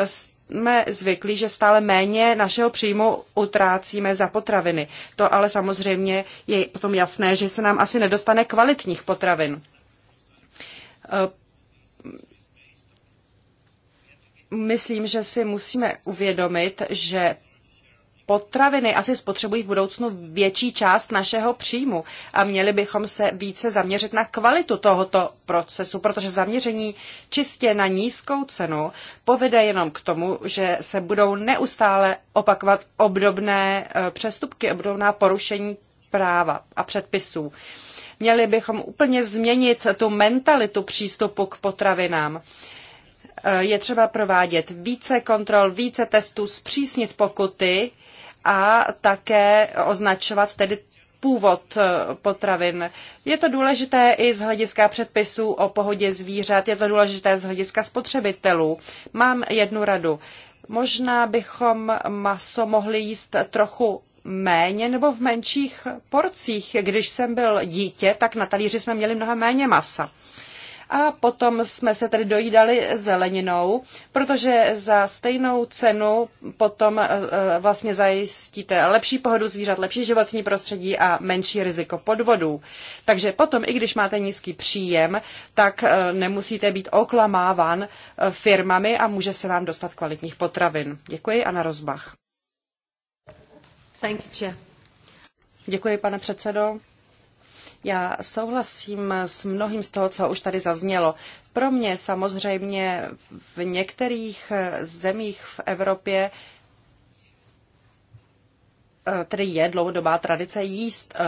Z jsme zvyklí, že stále méně našeho příjmu utrácíme za potraviny. To ale samozřejmě je potom jasné, že se nám asi nedostane kvalitních potravin. Myslím, že si musíme uvědomit, že potraviny asi spotřebují v budoucnu větší část našeho příjmu a měli bychom se více zaměřit na kvalitu tohoto procesu, protože zaměření čistě na nízkou cenu povede jenom k tomu, že se budou neustále opakovat obdobné eh, přestupky, obdobná porušení práva a předpisů. Měli bychom úplně změnit tu mentalitu přístupu k potravinám eh, je třeba provádět více kontrol, více testů, zpřísnit pokuty a také označovat tedy původ eh, potravin. Je to důležité i z hlediska předpisů o pohodě zvířat, je to důležité z hlediska spotřebitelů. Mám jednu radu. Možná bychom maso mohli jíst trochu méně nebo v menších porcích. Když jsem byl dítě, tak na talíři jsme měli mnohem méně masa. A potom jsme se tedy dojídali zeleninou, protože za stejnou cenu potom eh, eh, vlastně zajistíte lepší pohodu zvířat, lepší životní prostředí a menší riziko podvodů. Takže potom, i když máte nízký příjem, tak eh, nemusíte být oklamáván firmami a může se vám dostat kvalitních potravin. Děkuji, na Rozbach. Thank you, Děkuji, pane předsedo. Já souhlasím s mnohým z toho, co už tady zaznělo. Pro mě samozřejmě v některých eh, zemích v Evropě eh, tedy je dlouhodobá tradice jíst eh,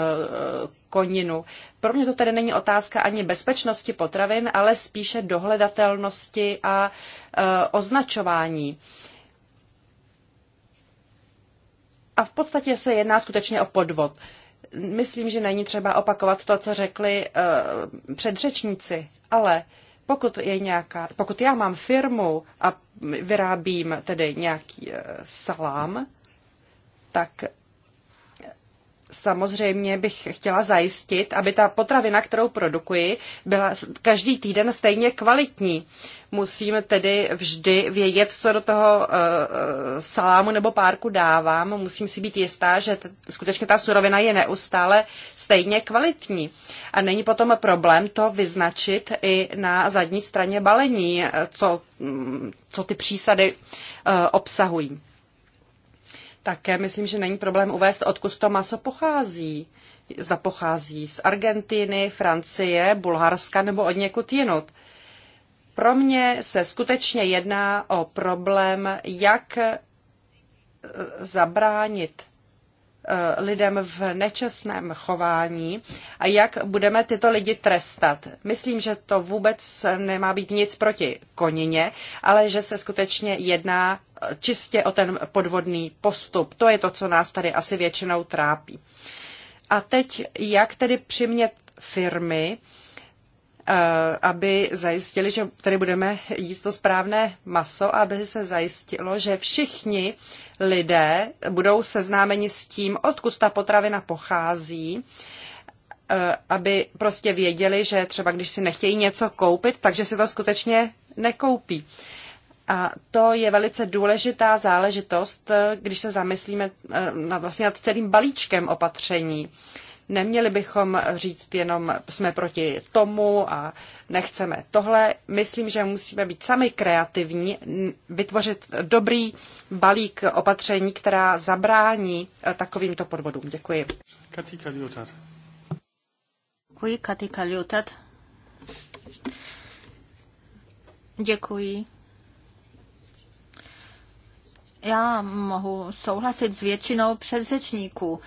koninu. Pro mě to tedy není otázka ani bezpečnosti potravin, ale spíše dohledatelnosti a označování. A v podstatě se jedná skutečně o podvod myslím, že není třeba opakovat to, co řekli eh, předřečníci, ale pokud, je nějaká, pokud já mám firmu a vyrábím tedy nějaký eh, salám, tak samozřejmě bych chtěla zajistit, aby ta potravina, kterou produkuji, byla každý týden stejně kvalitní. Musím tedy vždy vědět, co do toho uh, salámu nebo párku dávám. Musím si být jistá, že t- skutečně ta surovina je neustále stejně kvalitní. A není potom problém to vyznačit i na zadní straně balení, eh, co, mm, co ty přísady uh, obsahují. Také myslím, že není problém uvést, odkud to maso pochází. Zda pochází z Argentiny, Francie, Bulharska nebo od někud jinut. Pro mě se skutečně jedná o problém, jak eh, zabránit eh, lidem v nečestném chování a jak budeme tyto lidi trestat. Myslím, že to vůbec nemá být nic proti konině, ale že se skutečně jedná čistě o ten podvodný postup. To je to, co nás tady asi většinou trápí. A teď, jak tedy přimět firmy, eh, aby zajistili, že tady budeme jíst to správné maso, aby se zajistilo, že všichni lidé budou seznámeni s tím, odkud ta potravina pochází, eh, aby prostě věděli, že třeba když si nechtějí něco koupit, takže si to skutečně nekoupí. A to je velice důležitá záležitost, když se zamyslíme eh, nad, vlastně nad celým balíčkem opatření. Neměli bychom říct jenom, jsme proti tomu a nechceme tohle. Myslím, že musíme být sami kreativní, vytvořit dobrý balík opatření, která zabrání eh, takovýmto podvodům. Děkuji. Katika Liotat. Děkuji, Katika Liotat. Děkuji já mohu souhlasit s většinou předřečníků.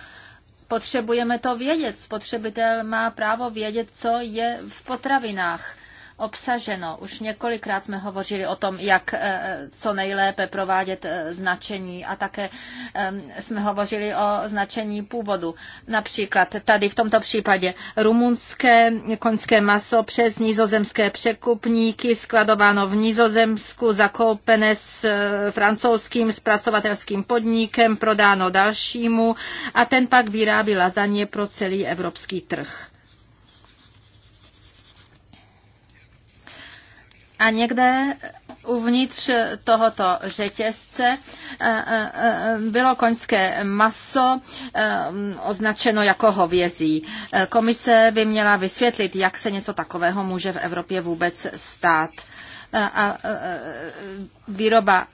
Potřebujeme to vědět. Spotřebitel má právo vědět, co je v potravinách obsaženo. Už několikrát jsme hovořili o tom, jak eh, co nejlépe provádět eh, značení a také ehm, jsme hovořili o značení původu. Například tady v tomto případě rumunské koňské maso přes nizozemské překupníky skladováno v Nizozemsku, zakoupené s eh, francouzským zpracovatelským podnikem, prodáno dalšímu a ten pak vyrábí lazaně pro celý evropský trh. A někde uvnitř tohoto řetězce eh, eh, eh, bylo koňské maso označeno jako hovězí. Komise by měla vysvětlit, jak se něco takového může v Evropě vůbec stát a výroba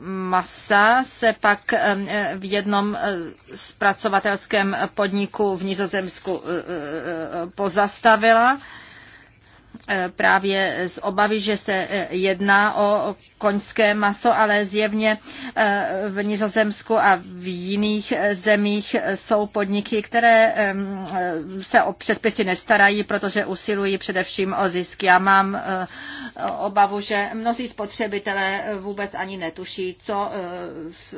masa se pak v jednom zpracovatelském podniku v Nizozemsku pozastavila Eh, právě z obavy, že se eh, jedná o koňské maso, ale zjevně eh, v Nizozemsku a v jiných zemích jsou podniky, které se o předpisy nestarají, protože usilují především o zisk. Já mám obavu, že mnozí spotřebitelé vůbec ani netuší, co v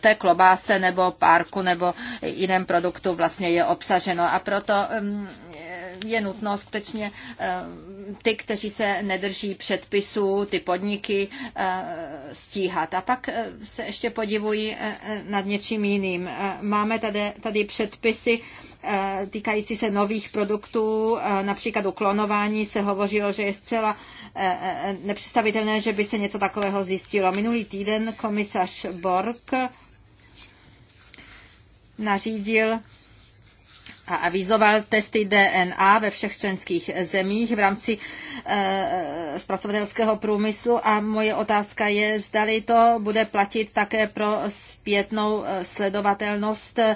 té klobáse nebo párku nebo jiném produktu vlastně je obsaženo. A proto je nutno skutečně eh, ty, kteří se nedrží předpisů, ty podniky eh, stíhat. A pak eh, se ještě podivuji nad něčím jiným. Máme tady, tady předpisy týkající se nových produktů, například u klonování se hovořilo, že je zcela nepředstavitelné, že by se něco takového zjistilo. Minulý týden komisař Borg nařídil a avizoval testy DNA ve všech členských zemích v rámci e, zpracovatelského průmyslu a moje otázka je, zdali to bude platit také pro zpětnou eh, sledovatelnost eh,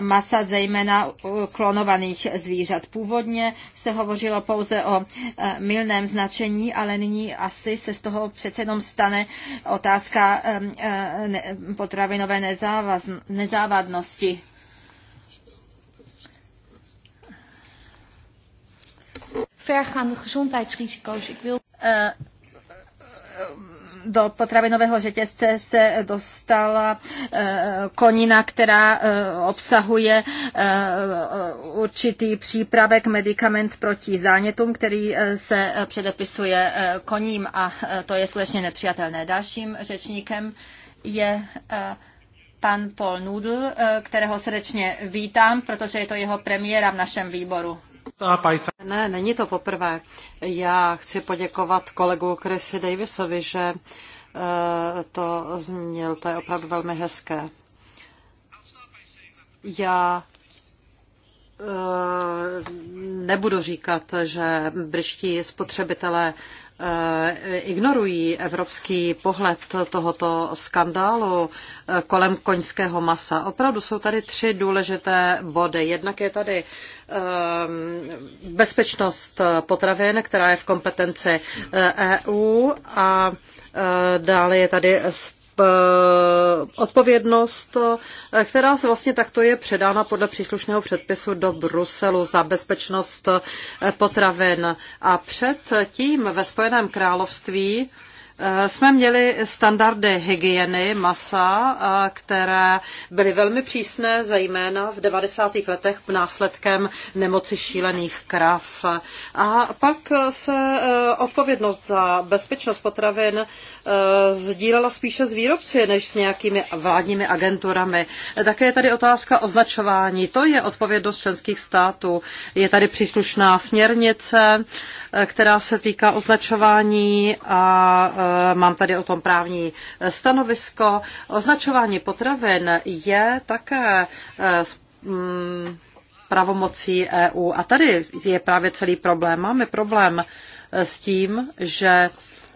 masa, zejména klonovaných zvířat. Původně se hovořilo pouze o e, milném značení, ale nyní asi se z toho přece jenom stane otázka e, potravinové nezávazn- nezávadnosti. vergaande gezondheidsrisico's. Ik wil... Uh, do potravinového řetězce se dostala eh, konina, která obsahuje určitý přípravek, medicament proti zánětům, který se předepisuje koním a to je skutečně nepřijatelné. Dalším řečníkem je pan Paul Nudl, kterého srdečně vítám, protože je to jeho premiéra v našem výboru. Ne, není to poprvé. Já chci poděkovat kolegu Chrisi Davisovi, že eh, to zmínil. To je opravdu velmi hezké. Já eh, nebudu říkat, že britští spotřebitelé Eh, ignorují evropský pohled tohoto skandálu eh, kolem koňského masa. Opravdu jsou tady tři důležité body. Jednak je tady eh, bezpečnost potravin, která je v kompetenci EU e a dále je tady Eh, odpovědnost, eh, která se vlastně takto je předána podle příslušného předpisu do Bruselu za bezpečnost eh, potravin. A předtím ve Spojeném království Eh, jsme měli standardy hygieny masa, eh, které byly velmi přísné, zejména v 90. letech následkem nemoci šílených krav. A pak se eh, odpovědnost za bezpečnost potravin sdílela spíše s výrobci, než s nějakými vládními agenturami. Také je tady otázka označování. To je odpovědnost členských států. Je tady příslušná směrnice, která se týká označování a Eh, mám tady o tom právní eh, stanovisko. Označování potravin je také eh, mm, pravomocí EU. A tady je právě celý problém. Máme problém s tím, že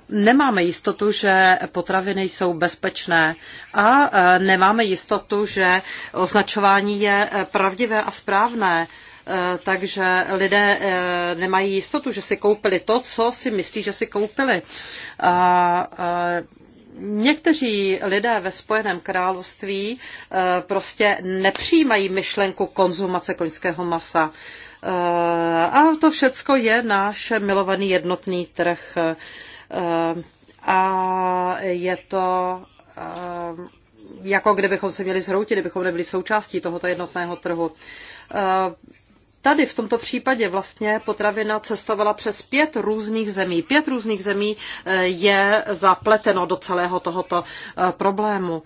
nemáme jistotu, že potraviny jsou bezpečné a nemáme jistotu, že označování je pravdivé a správné. Eh, takže lidé eh, nemají jistotu, že si koupili to, co si myslí, že si koupili. A eh, někteří lidé ve Spojeném království prostě nepřijímají myšlenku konzumace koňského masa. A to všecko je náš milovaný jednotný trh. A je to jako kdybychom se měli zhroutit, kdybychom nebyli součástí tohoto jednotného trhu. Tady v tomto případě vlastně potravina cestovala přes pět různých zemí. Pět různých zemí eh, je zapleteno do celého tohoto eh, problému.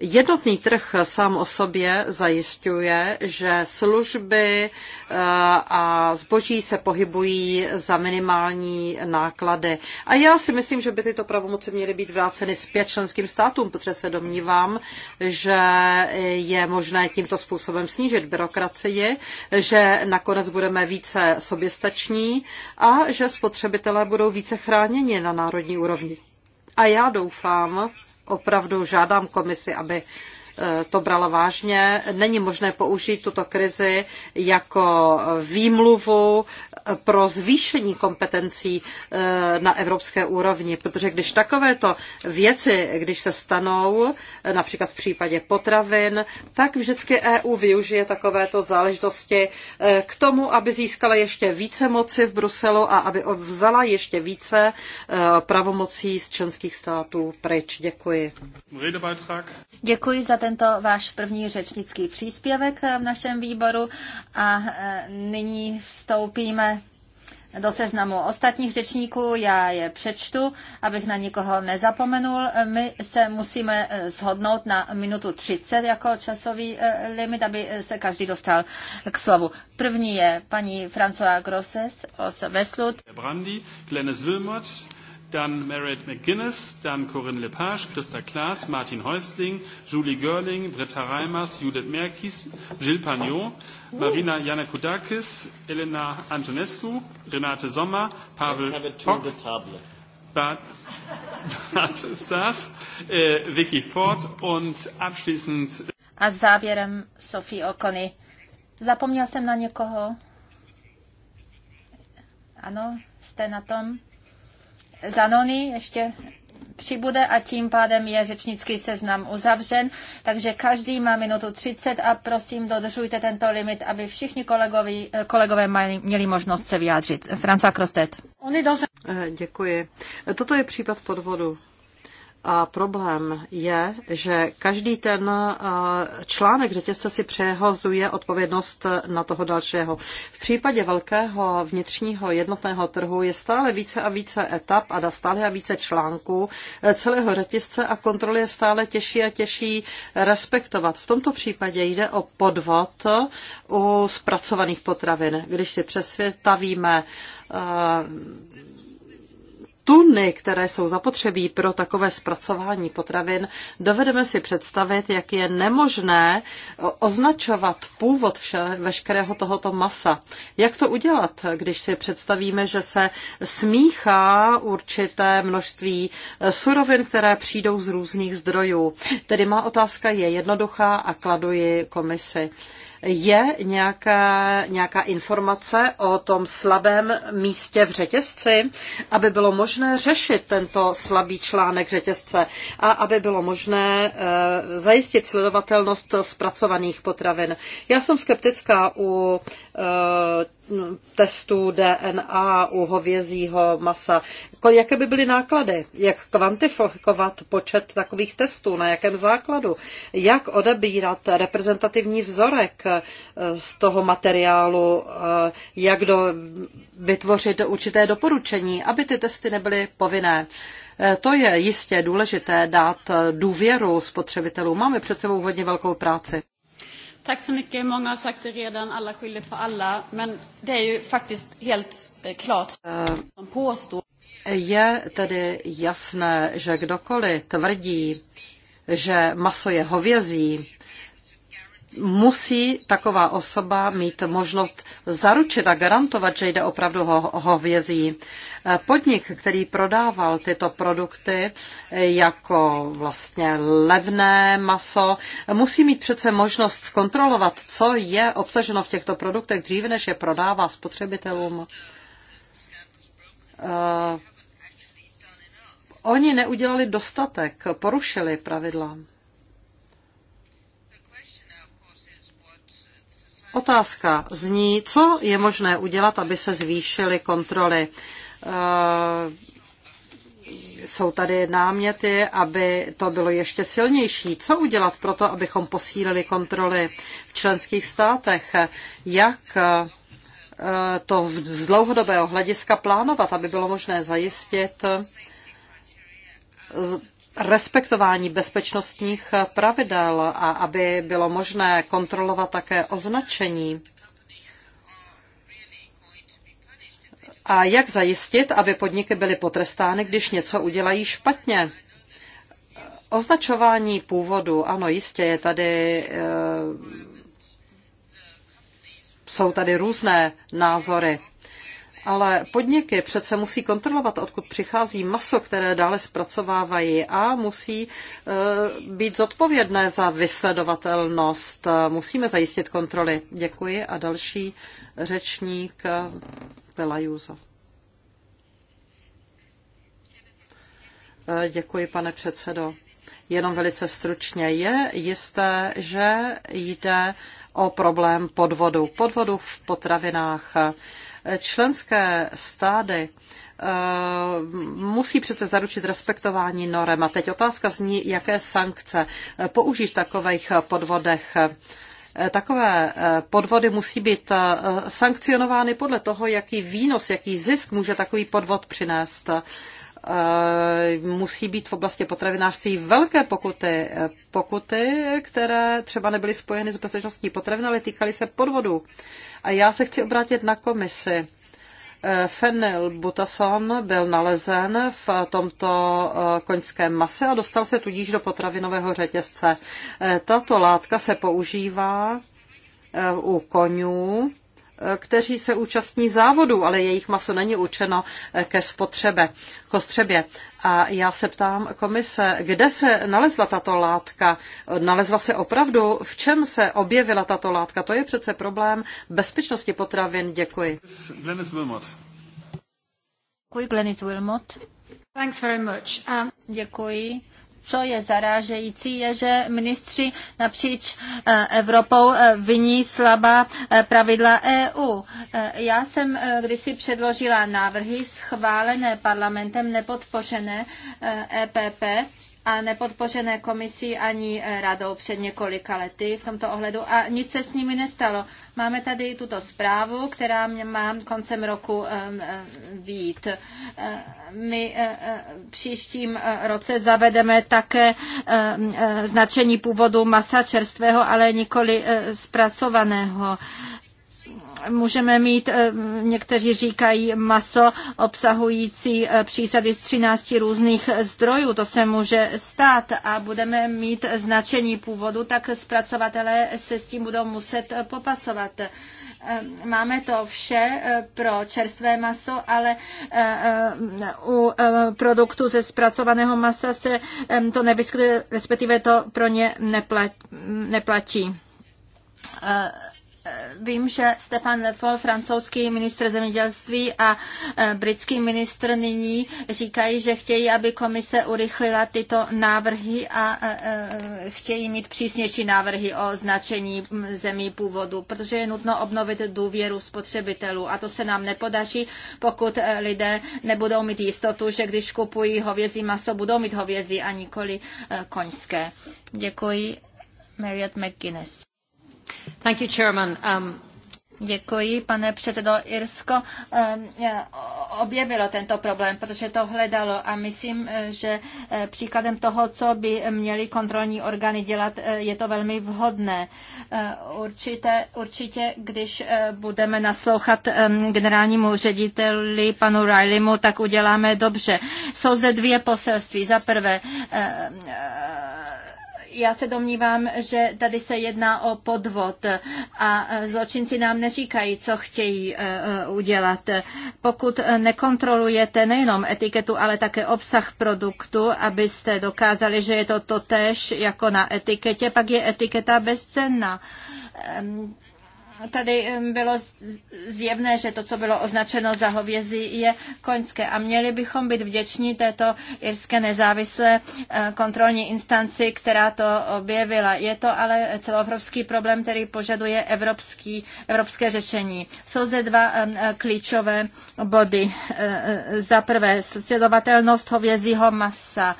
Jednotný trh sám o sobě zajišťuje, že služby eh, a zboží se pohybují za minimální náklady. A já si myslím, že by tyto pravomoci měly být vráceny zpět členským státům, protože se domnívám, že je možné tímto způsobem snížit byrokracii, že nakonec budeme více soběstační a že spotřebitelé budou více chráněni na národní úrovni. A já doufám, opravdu žádám komisi, aby e, to brala vážně. Není možné použít tuto krizi jako e, výmluvu pro zvýšení kompetencí eh, na evropské úrovni, protože když takovéto věci, když se stanou, eh, například v případě potravin, tak vždycky EU využije takovéto záležitosti eh, k tomu, aby získala ještě více moci v Bruselu a aby vzala ještě více pravomocí z členských států pryč. Děkuji. Děkuji za tento váš první řečnický příspěvek v našem výboru a nyní vstoupíme do seznamu ostatních řečníků, já je přečtu, abych na nikoho nezapomenul. My se musíme eh, shodnout na minutu 30 jako časový eh, limit, aby eh, se každý dostal k slovu. První je paní François Grosses z Veslut. Brandy, Glenis Wilmot, dann Meredith McGuinness, dann Corinne Lepage, Christa Klaas, Martin Häusling, Julie Görling, Britta Reimers, Judith Merkis, Gilles Pagnot, Marina Janakudakis, Elena Antonescu, Renate Sommer, Pavel Pock, Bart, Bart Stas, äh, Vicky Ford und abschließend... A závěrem Sophie Okony. Zapomněl jsem na někoho? Ano, jste na tom? Zanony ještě přibude a tím pádem je řečnický seznam uzavřen. Takže každý má minutu 30 a prosím dodržujte tento limit, aby všichni kolegovi, eh, kolegové měli možnost se vyjádřit. Francova Krostet. Eh, děkuji. Toto je případ podvodu. A problém je, že každý ten článek řetězce si přehozuje odpovědnost na toho dalšího. V případě velkého vnitřního jednotného trhu je stále více a více etap a stále a více článků celého řetězce a kontroly je stále těžší a těžší respektovat. V tomto případě jde o podvod u zpracovaných potravin. Když si přesvětavíme tuny, které jsou zapotřebí pro takové zpracování potravin, dovedeme si představit, jak je nemožné označovat původ vše, veškerého tohoto masa. Jak to udělat, když si představíme, že se smíchá určité množství eh, surovin, které přijdou z různých zdrojů. Tedy má otázka je jednoduchá a kladuji komisi. Je nějaká, nějaká informace o tom slabém místě v řetězci, aby bylo možné řešit tento slabý článek řetězce a aby bylo možné eh, zajistit sledovatelnost zpracovaných potravin. Já jsem skeptická u eh, Eh, testů DNA u hovězího masa. Jaké by byly náklady? Jak kvantifikovat počet takových testů? Na jakém základu? Jak odebírat reprezentativní vzorek eh, z toho materiálu? Eh, jak do, vytvořit určité doporučení, aby ty testy nebyly povinné? To je jistě důležité dát důvěru spotřebitelům. Máme před sebou hodně velkou práci. Tack så mycket. Många har sagt det redan, alla skyller på alla. Men det är ju faktiskt helt eh, klart eh, som påstår. Je tedy jasné, že kdokoliv tvrdí, že maso je hovězí, musí taková osoba mít možnost zaručit a garantovat, že jde opravdu ho hovězí. Podnik, který prodával tyto produkty jako vlastně levné maso, musí mít přece možnost zkontrolovat, co je obsaženo v těchto produktech dříve, než je prodává spotřebitelům. Eh, oni neudělali dostatek, porušili pravidla. Otázka zní, co je možné udělat, aby se zvýšily kontroly. Eh, jsou tady náměty, aby to bylo ještě silnější. Co udělat pro to, abychom posílili kontroly v členských státech? Jak eh, to z dlouhodobého hlediska plánovat, aby bylo možné zajistit eh, respektování bezpečnostních pravidel a aby bylo možné kontrolovat také označení? A jak zajistit, aby podniky byly potrestány, když něco udělají špatně? Označování původu, ano, jistě je tady, eh, jsou tady různé názory, ale podniky přece musí kontrolovat, odkud přichází maso, které dále zpracovávají a musí eh, být zodpovědné za vysledovatelnost. Musíme zajistit kontroly. Děkuji a další řečník Pelajuza. Děkuji, pane předsedo. Jenom velice stručně. Je jisté, že jde o problém podvodu. Podvodu v potravinách. Členské stády eh, musí přece zaručit respektování norem. A teď otázka zní, jaké sankce použít v takových podvodech. Eh, takové eh, podvody musí být eh, sankcionovány podle toho, jaký výnos, jaký zisk může takový podvod přinést musí být v oblasti potravinářství velké pokuty. Pokuty, které třeba nebyly spojeny s bezpečností potravin, ale týkaly se podvodu. A já se chci obrátit na komisi. Fenyl butason byl nalezen v tomto eh, koňském mase a dostal se tudíž do potravinového řetězce. Eh, tato látka se používá eh, u koňů, kteří se účastní závodů, ale jejich maso není určeno ke spotřebe, a já se ptám komise, kde se nalezla tato látka? Nalezla se opravdu? V čem se objevila tato látka? To je přece problém bezpečnosti potravin. Děkuji. Glenis Wilmot. Děkuji, Glenis Wilmot. Thanks very much. Um... Děkuji co je zarážející, je, že ministři napříč eh, Evropou eh, viní slabá eh, pravidla EU. Já jsem kdysi předložila návrhy schválené parlamentem, nepodpořené EPP, e a nepodpořené komisí ani eh, radou před několika lety v tomto ohledu a nic se s nimi nestalo. Máme tady tuto zprávu, která mě má koncem roku být. Eh, my eh, příštím roce zavedeme také značení původu masa čerstvého, ale nikoli zpracovaného můžeme mít, eh, někteří říkají, maso obsahující eh, přísady z 13 různých zdrojů. To se může stát a budeme mít značení původu, tak zpracovatelé se s tím budou muset eh, popasovat máme to vše pro čerstvé maso, ale u produktu ze zpracovaného masa se to nevyskytuje, respektive to pro ně neplatí. Vím, že Stefan Le Foll, francouzský ministr zemědělství a e, britský ministr nyní říkají, že chtějí, aby komise urychlila tyto návrhy a e, e, chtějí mít přísnější návrhy o značení zemí původu, protože je nutno obnovit důvěru spotřebitelů a to se nám nepodaří, pokud lidé nebudou mít jistotu, že když kupují hovězí maso, budou mít hovězí a nikoli koňské. Děkuji. Marriott McGuinness. Um, Děkuji, pane předsedo. Irsko um, e, objevilo tento problém, protože to hledalo a myslím, e, že e, příkladem toho, co by měly kontrolní orgány dělat, je to velmi vhodné. Určitě, určitě když budeme naslouchat generálnímu řediteli panu Rileymu, tak uděláme dobře. Jsou zde dvě poselství. Za prvé, já se domnívám, že tady se jedná o podvod a e, zločinci nám neříkají, co chtějí e, e, udělat. Pokud nekontrolujete nejenom etiketu, ale také obsah produktu, abyste dokázali, že je to totéž jako na etiketě, pak je etiketa bezcenná tady bylo zjevné, že to, co bylo označeno za hovězí, je koňské. A měli bychom být vděční této irské nezávislé eh, kontrolní instanci, která to objevila. Je to ale celoevropský problém, který požaduje evropský, evropské řešení. Jsou zde dva eh, klíčové body. Eh, za prvé, sledovatelnost hovězího masa.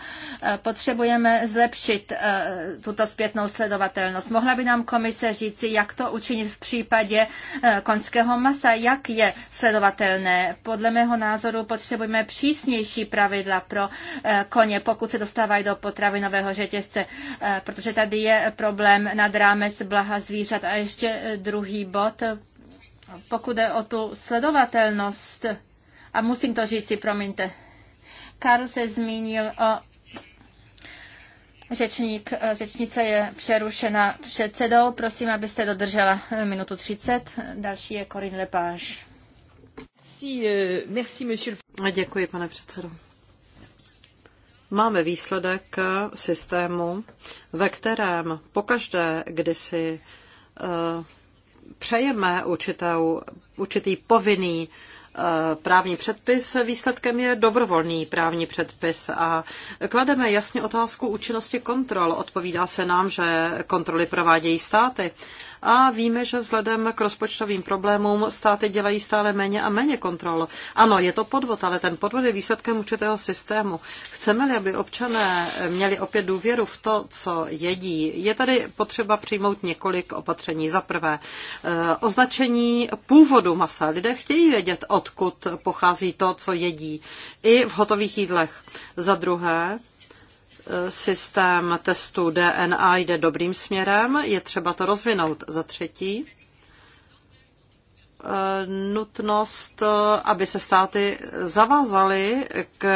Potřebujeme zlepšit tuto zpětnou sledovatelnost. Mohla by nám komise říci, jak to učinit v případě, případě eh, konského masa, jak je sledovatelné. Podle mého názoru potřebujeme přísnější pravidla pro eh, koně, pokud se dostávají do potravinového řetězce, eh, protože tady je problém nad rámec blaha zvířat. A ještě druhý bod, pokud je o tu sledovatelnost, a musím to říct si, promiňte, Karl se zmínil o Řečník, eh, řečnice je přerušena předsedou. Prosím, abyste dodržela eh, minutu 30. Další je Corinne Lepage. Eh, Děkuji, pane předsedo. Máme výsledek systému, ve kterém pokaždé, kdy si přejeme určitou, určitý povinný Eh, právní předpis, výsledkem je dobrovolný právní předpis a klademe jasně otázku účinnosti kontrol. Odpovídá se nám, že kontroly provádějí státy, a víme, že vzhledem k rozpočtovým problémům státy dělají stále méně a méně kontrol. Ano, je to podvod, ale ten podvod je výsledkem určitého systému. Chceme-li, aby občané měli opět důvěru v to, co jedí, je tady potřeba přijmout několik opatření. Za prvé, eh, označení původu masa. Lidé chtějí vědět, odkud pochází to, co jedí, i v hotových jídlech. Za druhé, systém testů DNA jde dobrým směrem, je třeba to rozvinout. Za třetí, nutnost, aby se státy zavázaly k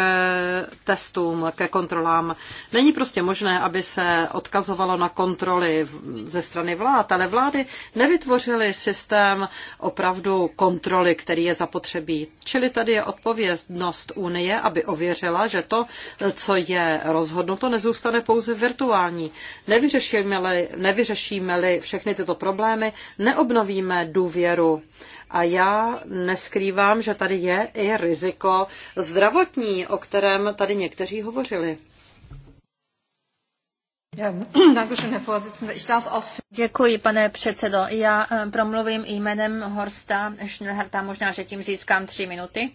testům, ke kontrolám. Není prostě možné, aby se odkazovalo na kontroly ze strany vlád, ale vlády nevytvořily systém opravdu kontroly, který je zapotřebí. Čili tady je odpovědnost Unie, aby ověřila, že to, co je rozhodnuto, nezůstane pouze virtuální. Nevyřešíme-li, nevyřešíme-li všechny tyto problémy, neobnovíme důvěru a já neskrývám, že tady je i riziko zdravotní, o kterém tady někteří hovořili. Děkuji, pane předsedo. Já eh, promluvím jménem Horsta Schnellharta, možná, že tím získám tři minuty.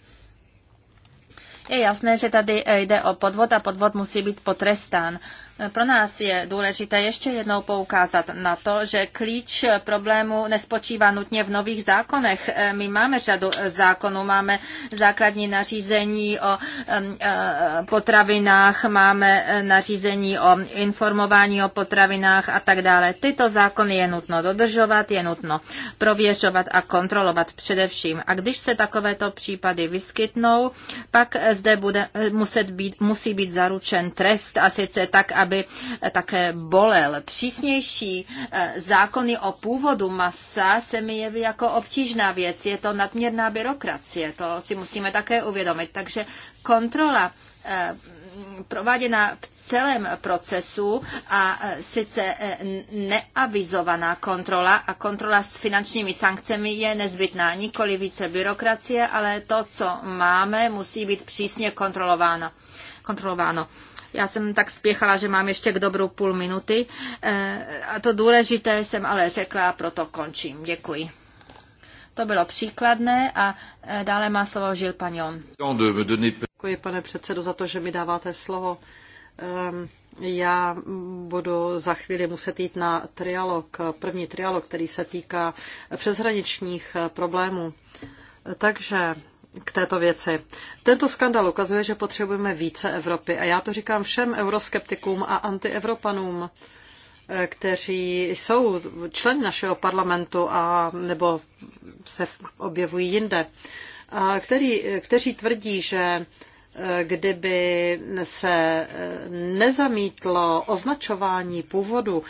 Je jasné, že tady eh, jde o podvod a podvod musí být potrestán. Pro nás je důležité ještě jednou poukázat na to, že klíč problému nespočívá nutně v nových zákonech. E, my máme řadu e, zákonů, máme základní nařízení o e, potravinách, máme nařízení o informování o potravinách a tak dále. Tyto zákony je nutno dodržovat, je nutno prověřovat a kontrolovat především. A když se takovéto případy vyskytnou, pak zde bude muset být, musí být zaručen trest a sice tak, aby aby také bolel. Přísnější eh, zákony o původu masa se mi jeví jako obtížná věc. Je to nadměrná byrokracie, to si musíme také uvědomit. Takže kontrola eh, prováděna v celém procesu a eh, sice neavizovaná kontrola a kontrola s finančními sankcemi je nezbytná. Nikoli více byrokracie, ale to, co máme, musí být přísně kontrolováno. kontrolováno. Já jsem tak spěchala, že mám ještě k dobru půl minuty. Eh, a to důležité jsem ale řekla, a proto končím. Děkuji. To bylo příkladné a eh, dále má slovo Žil Panion. Děkuji, pane předsedo, za to, že mi dáváte slovo. Ehm, já budu za chvíli muset jít na trialog, první trialog, který se týká přeshraničních problémů. Takže k této věci. Tento skandal ukazuje, že potřebujeme více Evropy a já to říkám všem euroskeptikům a antievropanům, eh, kteří jsou členy našeho parlamentu a nebo se objevují jinde, a který, kteří tvrdí, že eh, kdyby se eh, nezamítlo označování původu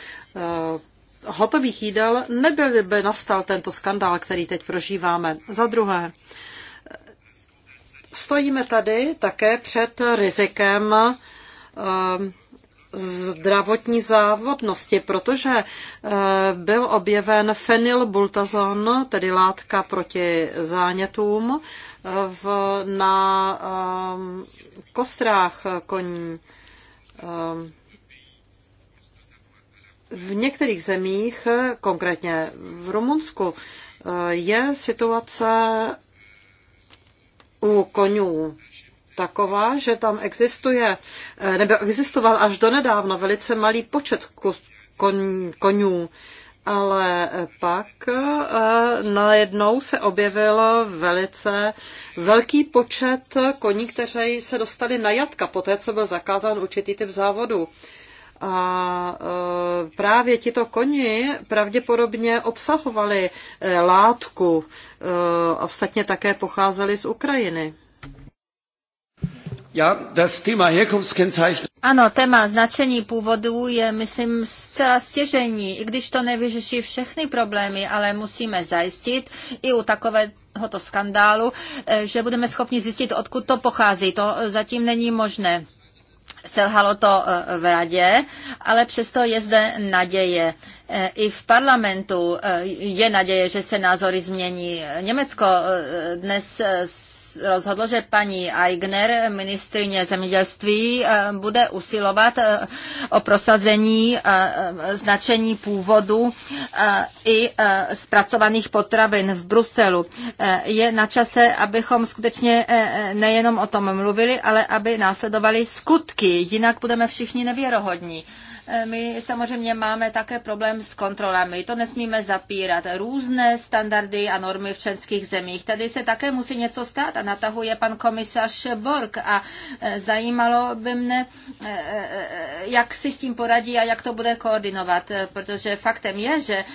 hotových jídel, nebyl by nastal tento skandál, který teď prožíváme. Za druhé, Stojíme tady také před rizikem eh, zdravotní závodnosti, protože eh, byl objeven fenylbultazon, tedy látka proti zánětům, eh, v, na kostrách koní. v některých zemích, konkrétně v Rumunsku, je situace u konňů taková, že tam existuje, eh, nebo existoval až donedávna velice malý počet kon, konňů, ale pak eh, najednou se objevil velice velký počet koní, kteří se dostali na jatka, poté co byl zakázán určitý typ závodu. A e, právě tito koni pravděpodobně obsahovali e, látku e, a ostatně také pocházeli z Ukrajiny. Ano, téma značení původu je, myslím, zcela stěžení, i když to nevyřeší všechny problémy, ale musíme zajistit i u takové skandálu, že budeme schopni zjistit, odkud to pochází. To zatím není možné. Selhalo to eh, v radě, ale přesto je zde naděje. Eh, I v parlamentu eh, je naděje, že se názory změní. Německo dnes rozhodlo, že paní Aigner, ministrině zemědělství, eh, bude usilovat eh, o prosazení eh, značení původu i zpracovaných potravin v Bruselu. Je na čase, abychom skutečně nejenom o tom mluvili, ale aby následovaly skutky, jinak budeme všichni nevěrohodní. My samozřejmě máme také problém s kontrolami. To nesmíme zapírat. Různé standardy a normy v členských zemích. Tady se také musí něco stát a natahuje pan komisař Borg a e, zajímalo by mne, e, e, jak si s tím poradí a jak to bude koordinovat, protože faktem je, že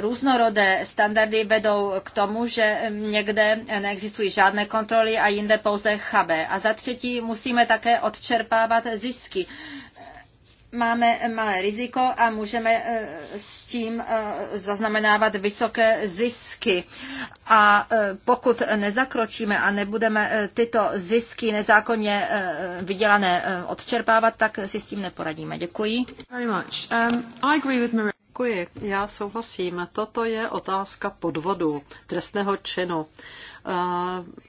různorodé standardy vedou k tomu, že někde neexistují žádné kontroly a jinde pouze chabé. A za třetí musíme také odčerpávat zisky máme malé riziko a můžeme eh, s tím eh, zaznamenávat vysoké zisky. A eh, pokud nezakročíme a nebudeme tyto zisky nezákonně vydělané odčerpávat, tak si s tím neporadíme. Děkuji. Very much. Um, I agree with Marie. Děkuji. Já souhlasím. Toto je otázka podvodu, trestného činu.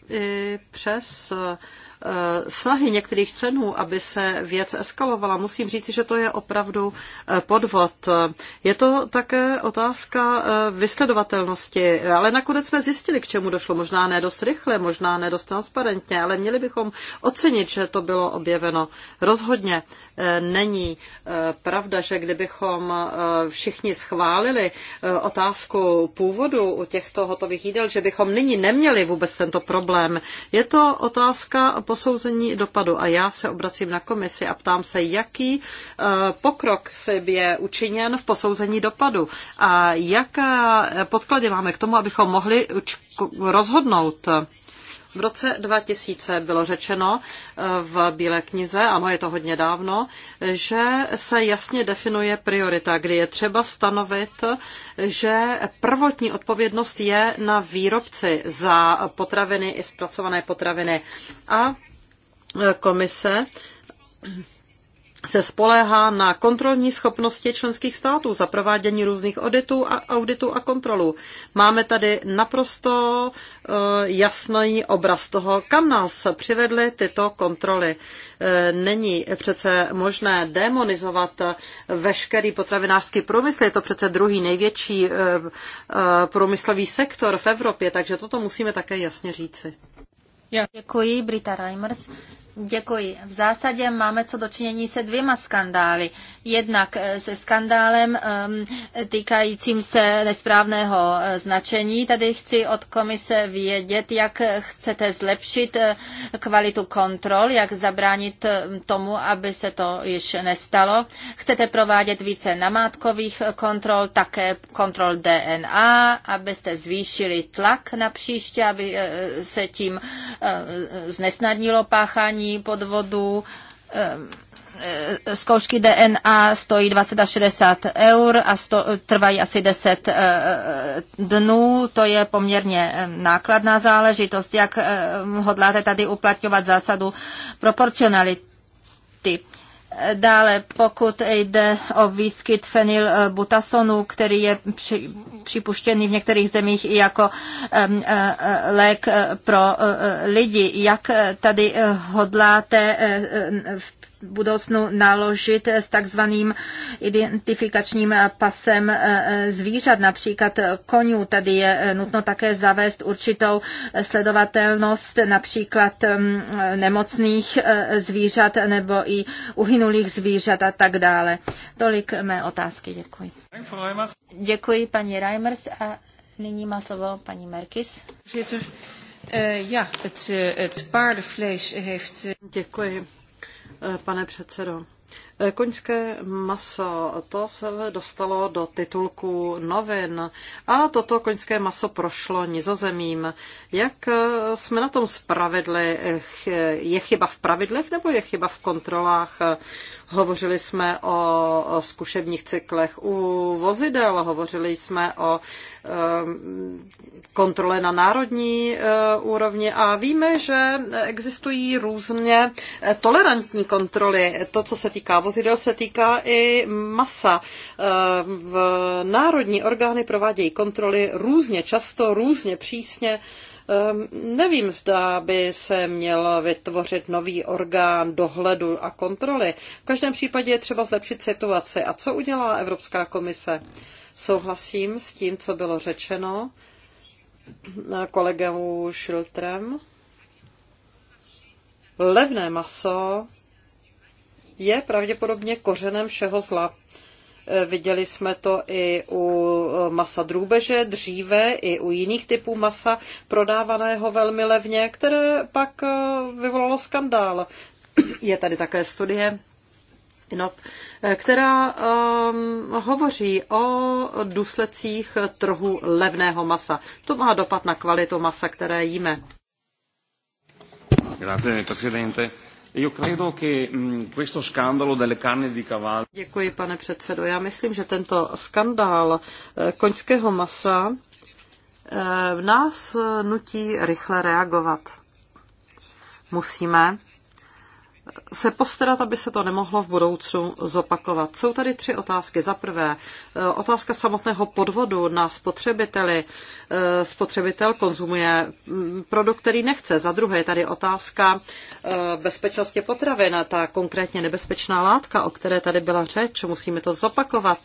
I přes Eh, snahy některých členů, aby se věc eskalovala, musím říct, že to je opravdu eh, podvod. Je to také otázka eh, vysledovatelnosti, ale nakonec jsme zjistili, k čemu došlo. Možná ne dost rychle, možná ne dost transparentně, ale měli bychom ocenit, že to bylo objeveno rozhodně. Není eh, pravda, že kdybychom eh, všichni schválili eh, otázku původu u těchto hotových jídel, že bychom nyní neměli vůbec tento problém. Je to otázka posouzení dopadu a já se obracím na komisi a ptám se, jaký pokrok se je učiněn v posouzení dopadu a jaká podklady máme k tomu, abychom mohli rozhodnout v roce 2000 bylo řečeno eh, v Bílé knize, ano, je to hodně dávno, že se jasně definuje priorita, kdy je třeba stanovit, že prvotní odpovědnost je na výrobci za potraviny i zpracované potraviny. A eh, komise se spoléhá na kontrolní schopnosti členských států za provádění různých auditů a, auditů a kontrolů. Máme tady naprosto eh, jasný obraz toho, kam nás přivedly tyto kontroly. Eh, není přece možné demonizovat veškerý potravinářský průmysl, je to přece druhý největší eh, průmyslový sektor v Evropě, takže toto musíme také jasně říci. Děkuji, Brita Reimers. Děkuji. V zásadě máme co dočinění se dvěma skandály. Jednak eh, se skandálem ehm, týkajícím se nesprávného eh, značení. Tady chci od komise vědět, jak chcete zlepšit eh, kvalitu kontrol, jak zabránit ehm, tomu, aby se to již nestalo. Chcete provádět více namátkových kontrol, také kontrol DNA, abyste zvýšili tlak na příště, aby se tím znesnadnilo páchání odhalení podvodu eh, eh, zkoušky DNA stojí 20 až 60 eur a sto, trvají asi 10 eh, dnů. To je poměrně nákladná záležitost. Jak hodláte tady uplatňovat zásadu proporcionality? Dále, pokud jde o výskyt fenylbutasonu, který je při, připuštěný v některých zemích i jako um, lék pro e, e, lidi, jak tady hodláte v e, budoucnu naložit s takzvaným identifikačním pasem eh, eh, zvířat, například konňů. Tady je eh, nutno také zavést určitou sledovatelnost například mm, nemocných zvířat nebo i uhynulých zvířat a tak dále. Tolik mé otázky. Děkuji. Děkuji paní Reimers a nyní má slovo paní Merkis. Voorzitter, Děkuji Eh, pane předsedo. Eh, koňské maso, to se dostalo do titulku novin a toto koňské maso prošlo nizozemím. Jak eh, jsme na tom spravedli? Je chyba v pravidlech nebo je chyba v kontrolách? Hovořili jsme o zkušebních cyklech u vozidel, hovořili jsme o ehm, kontrole na národní eh, úrovni a víme, že existují různě eh, tolerantní kontroly. To, co se týká vozidel, se týká i masa. Ehm, v národní orgány provádějí kontroly různě často, různě přísně Ehm, nevím, zda by se měl vytvořit nový orgán dohledu a kontroly. V každém případě je třeba zlepšit situaci. A co udělá Evropská komise? Souhlasím s tím, co bylo řečeno eh, kolegou Šiltrem. Levné maso je pravděpodobně kořenem všeho zla. Eh, viděli jsme to i u eh, masa drůbeže dříve, i u jiných typů masa prodávaného velmi levně, které pak eh, vyvolalo skandál. Je tady také studie No, která um, hovoří o důsledcích trhu levného masa. To má dopad na kvalitu masa, které jíme. Grazie, presidente. E Děkuji, pane předsedo. Já myslím, že tento skandál eh, koňského masa eh, nás nutí rychle reagovat. Musíme se postarat, aby se to nemohlo v budoucnu zopakovat. Jsou tady tři otázky. Za prvé, e, otázka samotného podvodu na spotřebiteli. E, spotřebitel konzumuje mm, produkt, který nechce. Za druhé, je tady otázka e, bezpečnosti potravin, ta konkrétně nebezpečná látka, o které tady byla řeč. Musíme to zopakovat.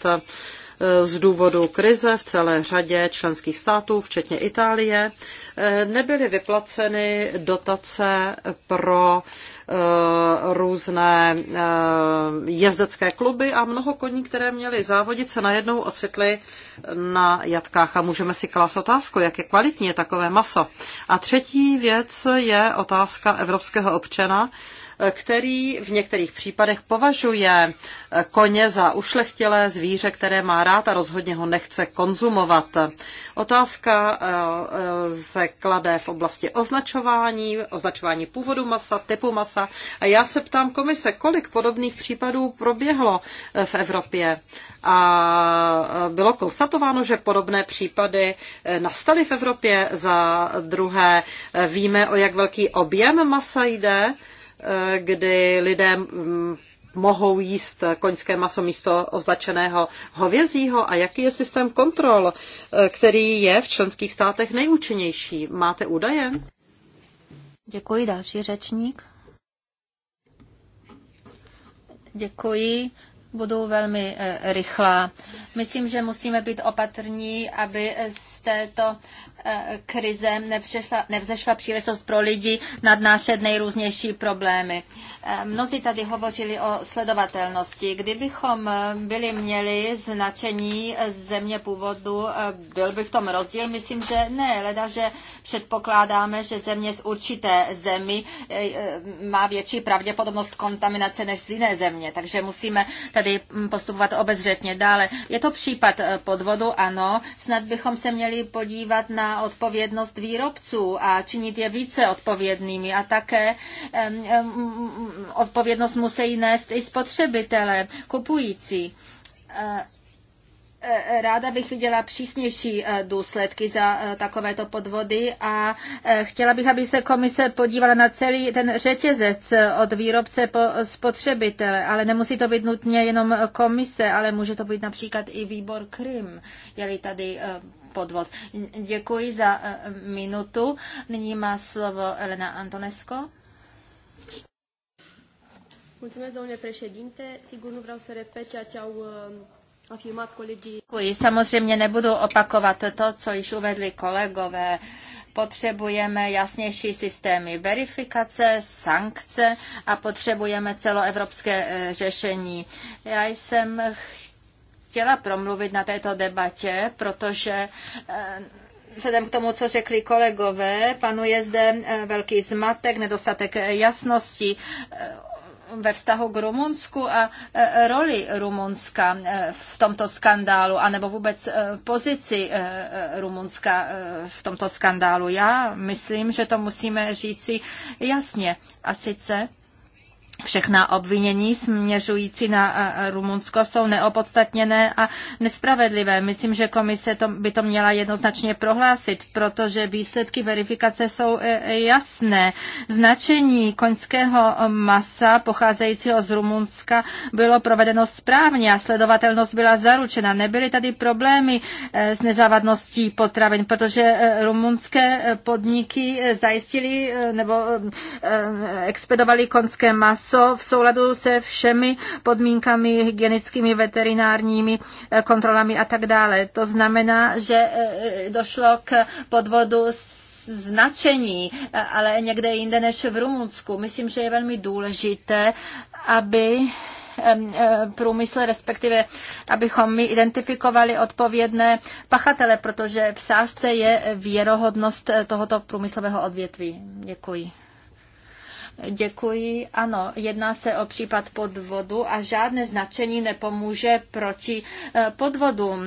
Eh, z důvodu krize v celé řadě členských států, včetně Itálie, eh, nebyly vyplaceny dotace pro eh, různé jezdecké kluby a mnoho koní, které měly závodit, se najednou ocitly na jatkách a můžeme si klást otázku, jak je kvalitní je takové maso. A třetí věc je otázka evropského občana, který v některých případech považuje koně za ušlechtilé zvíře, které má rád a rozhodně ho nechce konzumovat. Otázka eh, eh, se klade v oblasti označování, označování původu masa, typu masa. A já se ptám komise, kolik podobných případů proběhlo eh, v Evropě. A bylo konstatováno, že podobné případy nastaly v Evropě. Za druhé víme, o jak velký objem masa jde. Eh, kdy lidé mm, mohou jíst koňské maso místo označeného hovězího a jaký je systém kontrol, eh, který je v členských státech nejúčinnější. Máte údaje? Děkuji, další řečník. Děkuji budu velmi eh, rychlá. Myslím, že musíme být opatrní, aby této eh, krize nevzešla, nevzešla příležitost pro lidi nadnášet nejrůznější problémy. Eh, mnozí tady hovořili o sledovatelnosti. Kdybychom eh, byli měli značení země původu, byl by v tom rozdíl? Myslím, že ne, leda, že předpokládáme, že země z určité zemi má větší pravděpodobnost kontaminace než z jiné země, takže musíme tady hm, postupovat obezřetně. Dále, je to případ podvodu, ano, snad bychom se měli měli podívat na odpovědnost výrobců a činit je více odpovědnými a také odpovědnost musí nést i spotřebitele, kupující e, e, ráda bych viděla přísnější e, důsledky za takovéto podvody a chtěla bych, aby se komise podívala na celý ten řetězec od výrobce po spotřebitele, ale nemusí to být nutně jenom komise, ale může to být například i výbor Krym, je-li tady podvod. Děkuji za eh, minutu. Nyní má slovo Elena Antonesko. Mulțumesc, domnule președinte. Sigur, nu vreau să repet ceea ce au eh, afirmat colegii. Děkuji. Samozřejmě nebudu opakovat to, co již uvedli kolegové potřebujeme jasnější systémy verifikace, sankce a potřebujeme celoevropské eh, řešení. Já jsem chtěla promluvit na této debatě, protože eh, vzhledem k tomu, co řekli kolegové, panuje zde eh, velký zmatek, nedostatek jasnosti eh, ve vztahu k Rumunsku a roli Rumunska v tomto skandálu, anebo vůbec pozici Rumunska v tomto skandálu. Já myslím, že to musíme říci jasně. A sice Všechna obvinění směřující na eh, eh, Rumunsko jsou neopodstatněné a nespravedlivé. Myslím, že komise to, by to měla jednoznačně prohlásit, protože výsledky verifikace jsou eh, jasné. Značení koňského masa pocházejícího z Rumunska bylo provedeno správně a sledovatelnost byla zaručena. Nebyly tady problémy s nezávadností potravin, protože rumunské podniky zajistili nebo expedovali koňské maso co v souladu se všemi podmínkami hygienickými, veterinárními eh, kontrolami a tak dále. To znamená, že eh, eh, došlo k podvodu značení, ale někde jinde než v Rumunsku. Myslím, že je velmi důležité, aby průmysl, respektive abychom my identifikovali odpovědné pachatele, protože v sázce je věrohodnost tohoto průmyslového odvětví. Děkuji. Děkuji. Ano, jedná se o případ podvodu a žádné značení nepomůže proti eh, podvodům.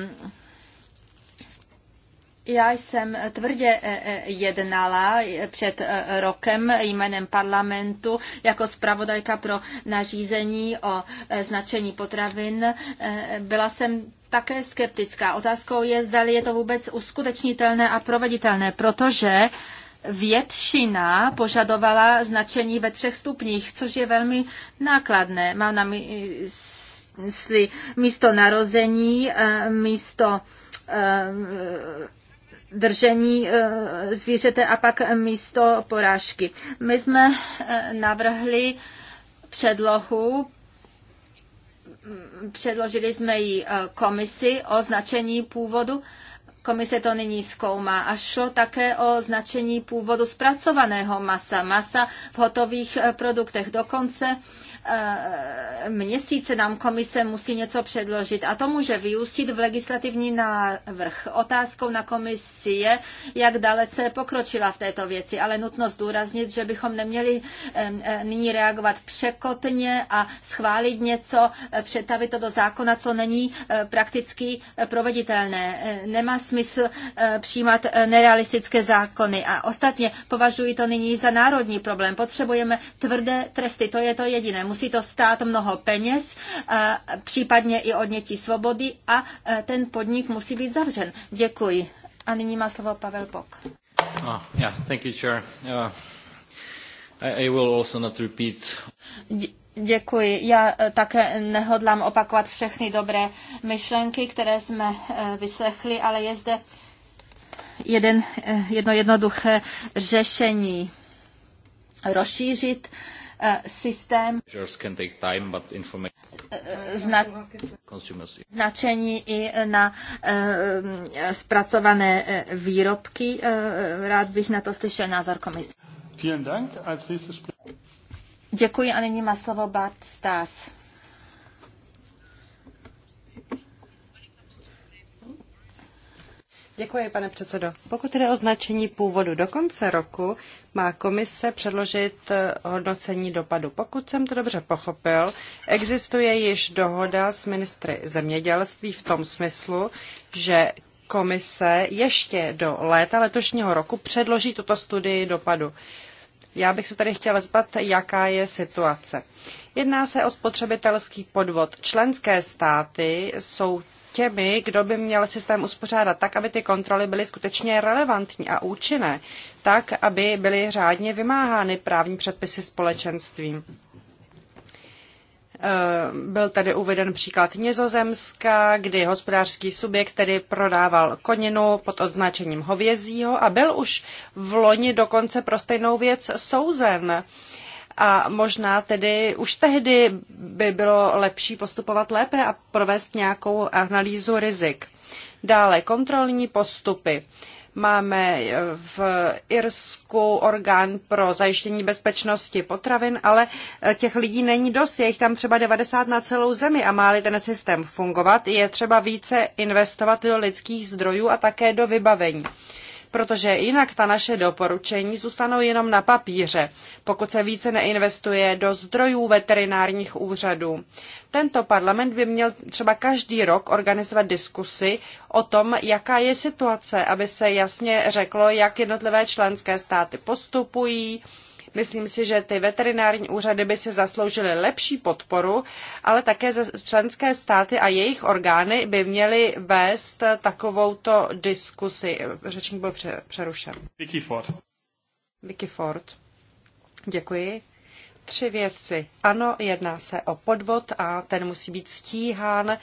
Já jsem tvrdě eh, eh, jednala před rokem jménem parlamentu jako zpravodajka pro nařízení o značení potravin. Byla jsem také skeptická. Otázkou je, zda je to vůbec uskutečnitelné a proveditelné, protože většina požadovala značení ve třech stupních, což je velmi nákladné. Mám na mysli místo narození, eh, místo eh, držení eh, zvířete a pak místo porážky. My jsme navrhli předlohu předložili jsme ji komisi o značení původu Komise to nyní zkoumá a šlo také o značení původu zpracovaného masa, masa v hotových eh, produktech. Dokonce Eh, měsíce nám komise musí něco předložit a to může vyústit v legislativní návrh. Otázkou na komisi je, jak dalece pokročila v této věci, ale nutno zdůraznit, že bychom neměli eh, eh, nyní reagovat překotně a schválit něco, přetavit to do zákona, co není prakticky proveditelné. Nemá smysl přijímat nerealistické zákony a ostatně považuji to nyní za národní problém. Potřebujeme tvrdé tresty, to je to jediné Musí to stát mnoho peněz, eh, případně i odnětí svobody a eh, ten podnik musí být zavřen. Děkuji. A nyní má slovo Pavel Bok. Ah, yeah, thank you, Chair. Uh, I, will also not repeat. Děkuji. Já eh, také nehodlám opakovat všechny dobré myšlenky, které jsme vyslechli, ale je zde jeden, jedno jednoduché řešení. Rozšířit Eh, systém eh, značení i na eh, zpracované výrobky. Rád bych na to slyšel názor komise. Děkuji a nyní má slovo Bart Stas. Děkuji, pane předsedo. Pokud jde o značení původu do konce roku, má komise předložit eh, hodnocení dopadu. Pokud jsem to dobře pochopil, existuje již dohoda s ministry zemědělství v tom smyslu, že komise ještě do léta letošního roku předloží tuto studii dopadu. Já bych se tady chtěla zbat, jaká je situace. Jedná se o spotřebitelský podvod. Členské státy jsou těmi, kdo by měl systém uspořádat tak, aby ty kontroly byly skutečně relevantní a účinné, tak, aby byly řádně vymáhány právní předpisy společenstvím. Eh, byl tady uveden příklad Nizozemska, kdy hospodářský subjekt tedy prodával koninu pod označením hovězího a byl už v loni dokonce pro stejnou věc souzen. Uh, a možná tedy už tehdy by bylo lepší postupovat lépe a provést nějakou analýzu rizik. Dále kontrolní postupy. Máme eh, v Irsku orgán pro zajištění bezpečnosti potravin, ale eh, těch lidí není dost, je jich tam třeba 90 na celou zemi a má-li ten systém fungovat, je třeba více investovat do lidských zdrojů a také do vybavení protože jinak ta naše doporučení zůstanou jenom na papíře, pokud se více neinvestuje do zdrojů veterinárních úřadů. Tento parlament by měl třeba každý rok organizovat diskusy o tom, jaká je situace, aby se jasně řeklo, jak jednotlivé členské státy postupují, Myslím si, že ty veterinární úřady by si zasloužily lepší podporu, ale také členské státy a jejich orgány by měly vést takovouto diskusi. Řečník byl přerušen. Vicky Ford. Vicky Ford. Děkuji tři věci. Ano, jedná se o podvod a ten musí být stíhán eh,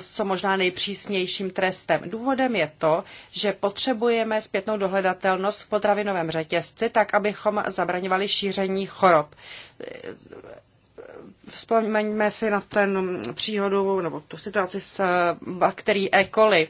s co možná nejpřísnějším trestem. Důvodem je to, že potřebujeme zpětnou dohledatelnost v potravinovém řetězci, tak abychom zabraňovali šíření chorob. Eh, vzpomeňme si na ten příhodu nebo tu situaci s eh, bakterií E. coli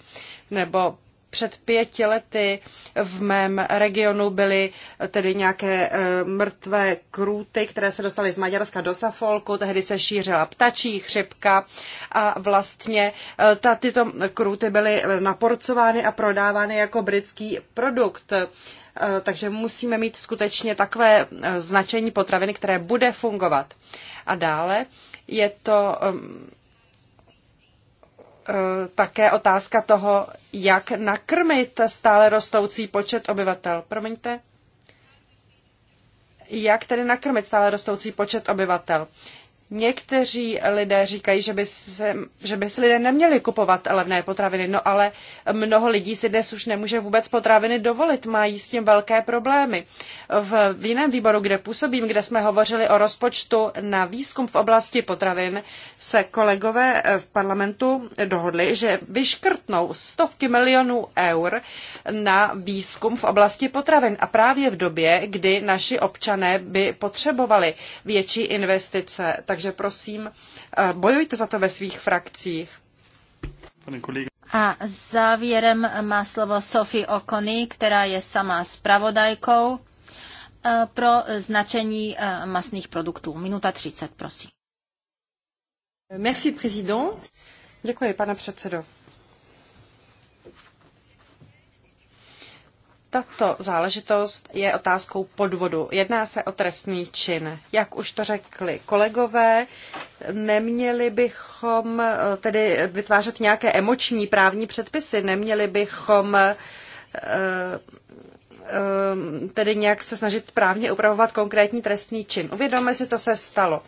nebo před pěti lety v mém regionu byly eh, tedy nějaké eh, mrtvé krůty, které se dostaly z Maďarska do Safolku, tehdy se šířila ptačí chřipka a vlastně eh, ta, tyto krůty byly naporcovány a prodávány jako britský produkt. Takže musíme mít skutečně takové značení potraviny, které bude fungovat. A dále je to ehm, Eh, také otázka toho, jak nakrmit stále rostoucí počet obyvatel. Promiňte. Jak tedy nakrmit stále rostoucí počet obyvatel? Někteří lidé říkají, že by, se, že by si lidé neměli kupovat levné potraviny, no ale mnoho lidí si dnes už nemůže vůbec potraviny dovolit, mají s tím velké problémy. V, v jiném výboru, kde působím, kde jsme hovořili o rozpočtu na výzkum v oblasti potravin, se kolegové eh, v parlamentu dohodli, že vyškrtnou stovky milionů eur na výzkum v oblasti potravin a právě v době, kdy naši občané by potřebovali větší investice. Tak takže prosím, eh, bojujte za to ve svých frakcích. A závěrem má slovo Sophie Okony, která je sama zpravodajkou eh, pro značení eh, masných produktů. Minuta 30, prosím. Merci, Děkuji, pane předsedo. tato záležitost je otázkou podvodu. Jedná se o trestný čin. Jak už to řekli kolegové, neměli bychom eh, tedy vytvářet nějaké emoční právní předpisy, neměli bychom eh, eh, tedy nějak se snažit právně upravovat konkrétní trestný čin. Uvědomme si, co se stalo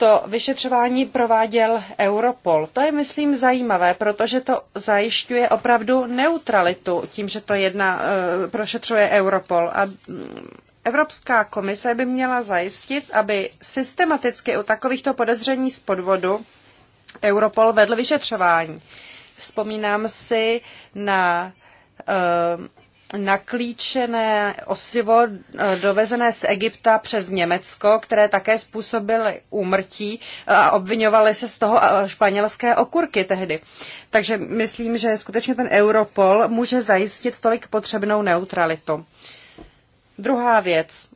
to vyšetřování prováděl Europol. To je, myslím, zajímavé, protože to zajišťuje opravdu neutralitu tím, že to jedna eh, prošetřuje Europol. A mm, Evropská komise by měla zajistit, aby systematicky u takovýchto podezření z podvodu Europol vedl vyšetřování. Vzpomínám si na eh, naklíčené osivo eh, dovezené z Egypta přes Německo, které také způsobily úmrtí eh, a obvinovaly se z toho eh, španělské okurky tehdy. Takže myslím, že skutečně ten Europol může zajistit tolik potřebnou neutralitu. Druhá věc.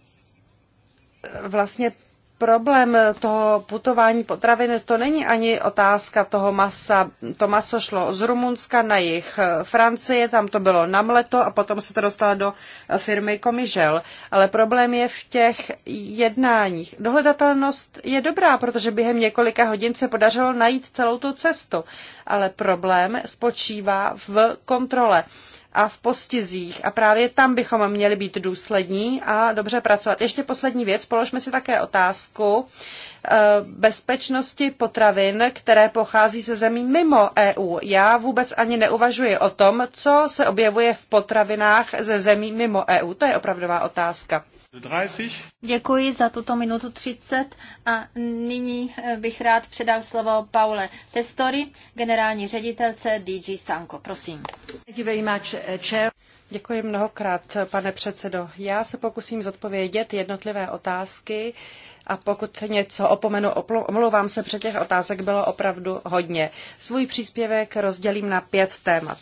Vlastně problém toho putování potravin, to není ani otázka toho masa. To maso šlo z Rumunska na jich Francie, tam to bylo na mleto a potom se to dostalo do firmy Komižel. Ale problém je v těch jednáních. Dohledatelnost je dobrá, protože během několika hodin se podařilo najít celou tu cestu. Ale problém spočívá v kontrole a v postizích. A právě tam bychom měli být důslední a dobře pracovat. Ještě poslední věc, položme si také otázku eh, bezpečnosti potravin, které pochází ze zemí mimo EU. Já vůbec ani neuvažuji o tom, co se objevuje v potravinách ze zemí mimo EU. To je opravdová otázka. Děkuji za tuto minutu 30 a nyní eh, bych rád předal slovo Paule Testory, generální ředitelce DG Sanko. Prosím. Eh, Děkuji mnohokrát, pane předsedo. Já se pokusím zodpovědět jednotlivé otázky a pokud něco opomenu, omlouvám se, před těch otázek bylo opravdu hodně. Svůj příspěvek rozdělím na pět témat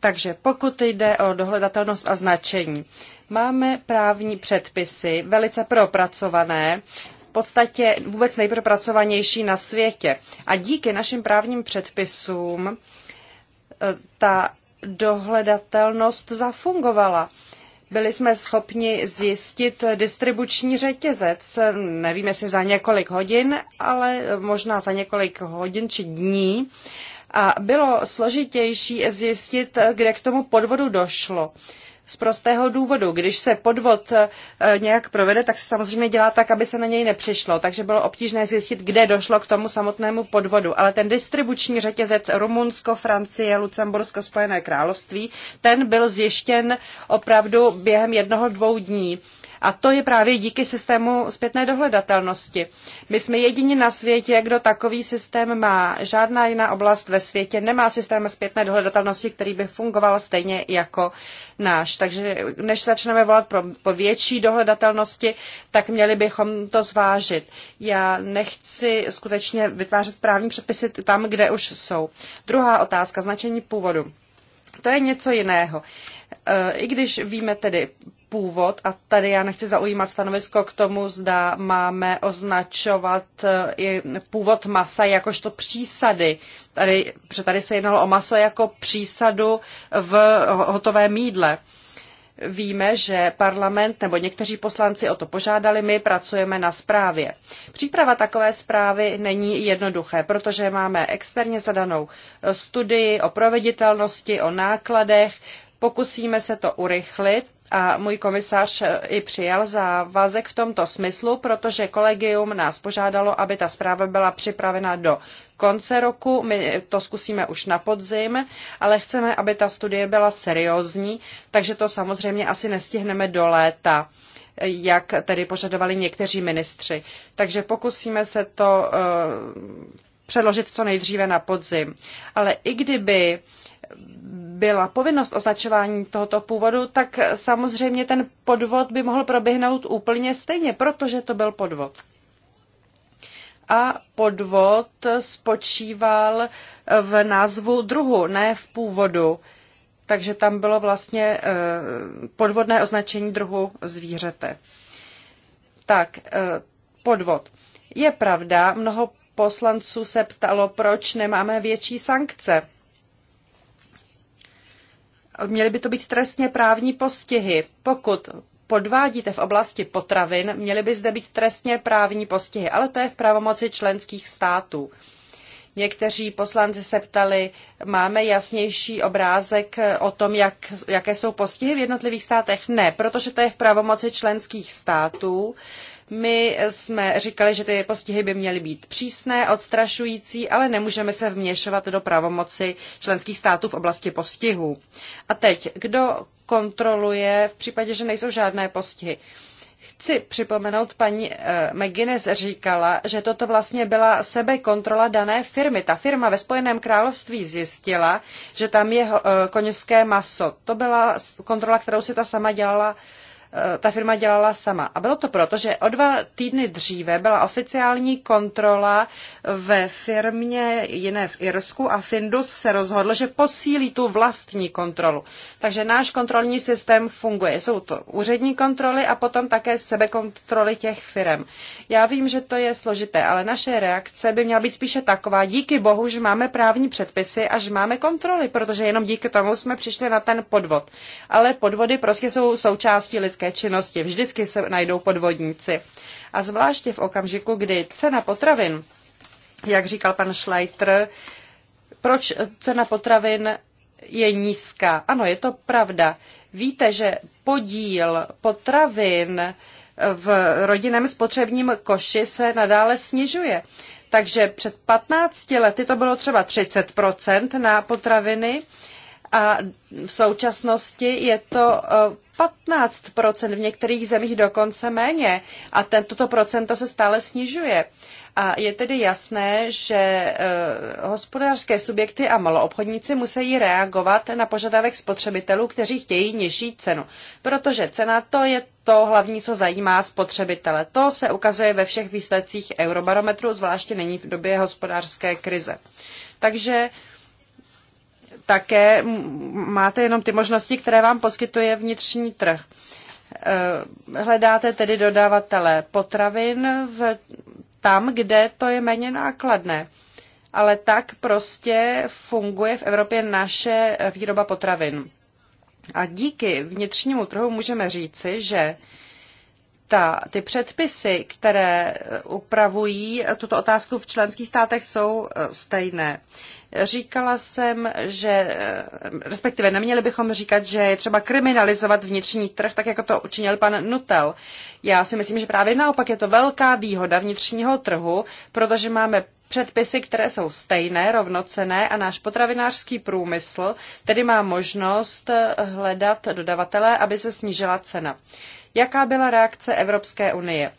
takže pokud jde o dohledatelnost a značení, máme právní předpisy velice propracované, v podstatě vůbec nejpropracovanější na světě. A díky našim právním předpisům e, ta dohledatelnost zafungovala. Byli jsme schopni zjistit distribuční řetězec, nevím jestli za několik hodin, ale možná za několik hodin či dní a bylo složitější zjistit, kde k tomu podvodu došlo. Z prostého důvodu, když se podvod eh, nějak provede, tak se samozřejmě dělá tak, aby se na něj nepřišlo. Takže bylo obtížné zjistit, kde došlo k tomu samotnému podvodu. Ale ten distribuční řetězec Rumunsko, Francie, Lucembursko, Spojené království, ten byl zjištěn opravdu během jednoho, dvou dní a to je právě díky systému zpětné dohledatelnosti. My jsme jediní na světě, kdo takový systém má. Žádná jiná oblast ve světě nemá systém zpětné dohledatelnosti, který by fungoval stejně jako náš. Takže než začneme volat pro, po větší dohledatelnosti, tak měli bychom to zvážit. Já nechci skutečně vytvářet právní předpisy tam, kde už jsou. Druhá otázka, značení původu. To je něco jiného. E, I když víme tedy původ a tady já nechci zaujímat stanovisko k tomu, zda máme označovat eh, i původ masa jakožto přísady. Tady, protože tady se jednalo o maso jako přísadu v hotovém jídle. Víme, že parlament nebo někteří poslanci o to požádali, my pracujeme na zprávě. Příprava takové zprávy není jednoduché, protože máme externě zadanou eh, studii o proveditelnosti, o nákladech, Pokusíme se to urychlit a můj komisař i přijal závazek v tomto smyslu, protože kolegium nás požádalo, aby ta zpráva byla připravena do konce roku. My to zkusíme už na podzim, ale chceme, aby ta studie byla seriózní, takže to samozřejmě asi nestihneme do léta jak tedy požadovali někteří ministři. Takže pokusíme se to eh, předložit co nejdříve na podzim. Ale i kdyby byla povinnost označování tohoto původu, tak samozřejmě ten podvod by mohl proběhnout úplně stejně, protože to byl podvod. A podvod spočíval v názvu druhu, ne v původu. Takže tam bylo vlastně eh, podvodné označení druhu zvířete. Tak, eh, podvod. Je pravda, mnoho poslanců se ptalo, proč nemáme větší sankce Měly by to být trestně právní postihy. Pokud podvádíte v oblasti potravin, měly by zde být trestně právní postihy, ale to je v pravomoci členských států. Někteří poslanci se ptali, máme jasnější obrázek o tom, jak, jaké jsou postihy v jednotlivých státech? Ne, protože to je v pravomoci členských států. My jsme říkali, že ty postihy by měly být přísné, odstrašující, ale nemůžeme se vměšovat do pravomoci členských států v oblasti postihů. A teď, kdo kontroluje v případě, že nejsou žádné postihy? Chci připomenout, paní eh, McGuinness říkala, že toto vlastně byla sebekontrola dané firmy. Ta firma ve Spojeném království zjistila, že tam je eh, koněské maso. To byla kontrola, kterou si ta sama dělala Eh, ta firma dělala sama. A bylo to proto, že o dva týdny dříve byla oficiální kontrola ve firmě jiné v Irsku a Findus se rozhodl, že posílí tu vlastní kontrolu. Takže náš kontrolní systém funguje. Jsou to úřední kontroly a potom také sebekontroly těch firm. Já vím, že to je složité, ale naše reakce by měla být spíše taková. Díky bohu, že máme právní předpisy a že máme kontroly, protože jenom díky tomu jsme přišli na ten podvod. Ale podvody prostě jsou součástí lidské hospodářské činnosti. Vždycky se najdou podvodníci. A zvláště v okamžiku, kdy cena potravin, jak říkal pan Schleiter, proč cena potravin je nízká. Ano, je to pravda. Víte, že podíl potravin v rodinném spotřebním koši se nadále snižuje. Takže před 15 lety to bylo třeba 30% na potraviny a v současnosti je to eh, 15%, v některých zemích dokonce méně a tento toto procento se stále snižuje. A je tedy jasné, že e, hospodářské subjekty a maloobchodníci musí reagovat na požadavek spotřebitelů, kteří chtějí nižší cenu. Protože cena to je to hlavní, co zajímá spotřebitele. To se ukazuje ve všech výsledcích eurobarometru, zvláště není v době hospodářské krize. Takže také máte jenom ty možnosti, které vám poskytuje vnitřní trh. Eh, hledáte tedy dodavatele potravin v, tam, kde to je méně nákladné. Ale tak prostě funguje v Evropě naše výroba potravin. A díky vnitřnímu trhu můžeme říci, že ta, ty předpisy, které eh, upravují tuto otázku v členských státech, jsou eh, stejné. Říkala jsem, že, eh, respektive neměli bychom říkat, že je třeba kriminalizovat vnitřní trh, tak jako to učinil pan Nutel. Já si myslím, že právě naopak je to velká výhoda vnitřního trhu, protože máme předpisy, které jsou stejné, rovnocené a náš potravinářský průmysl tedy má možnost eh, hledat dodavatele, aby se snížila cena. Jaká byla reakce Evropské unie?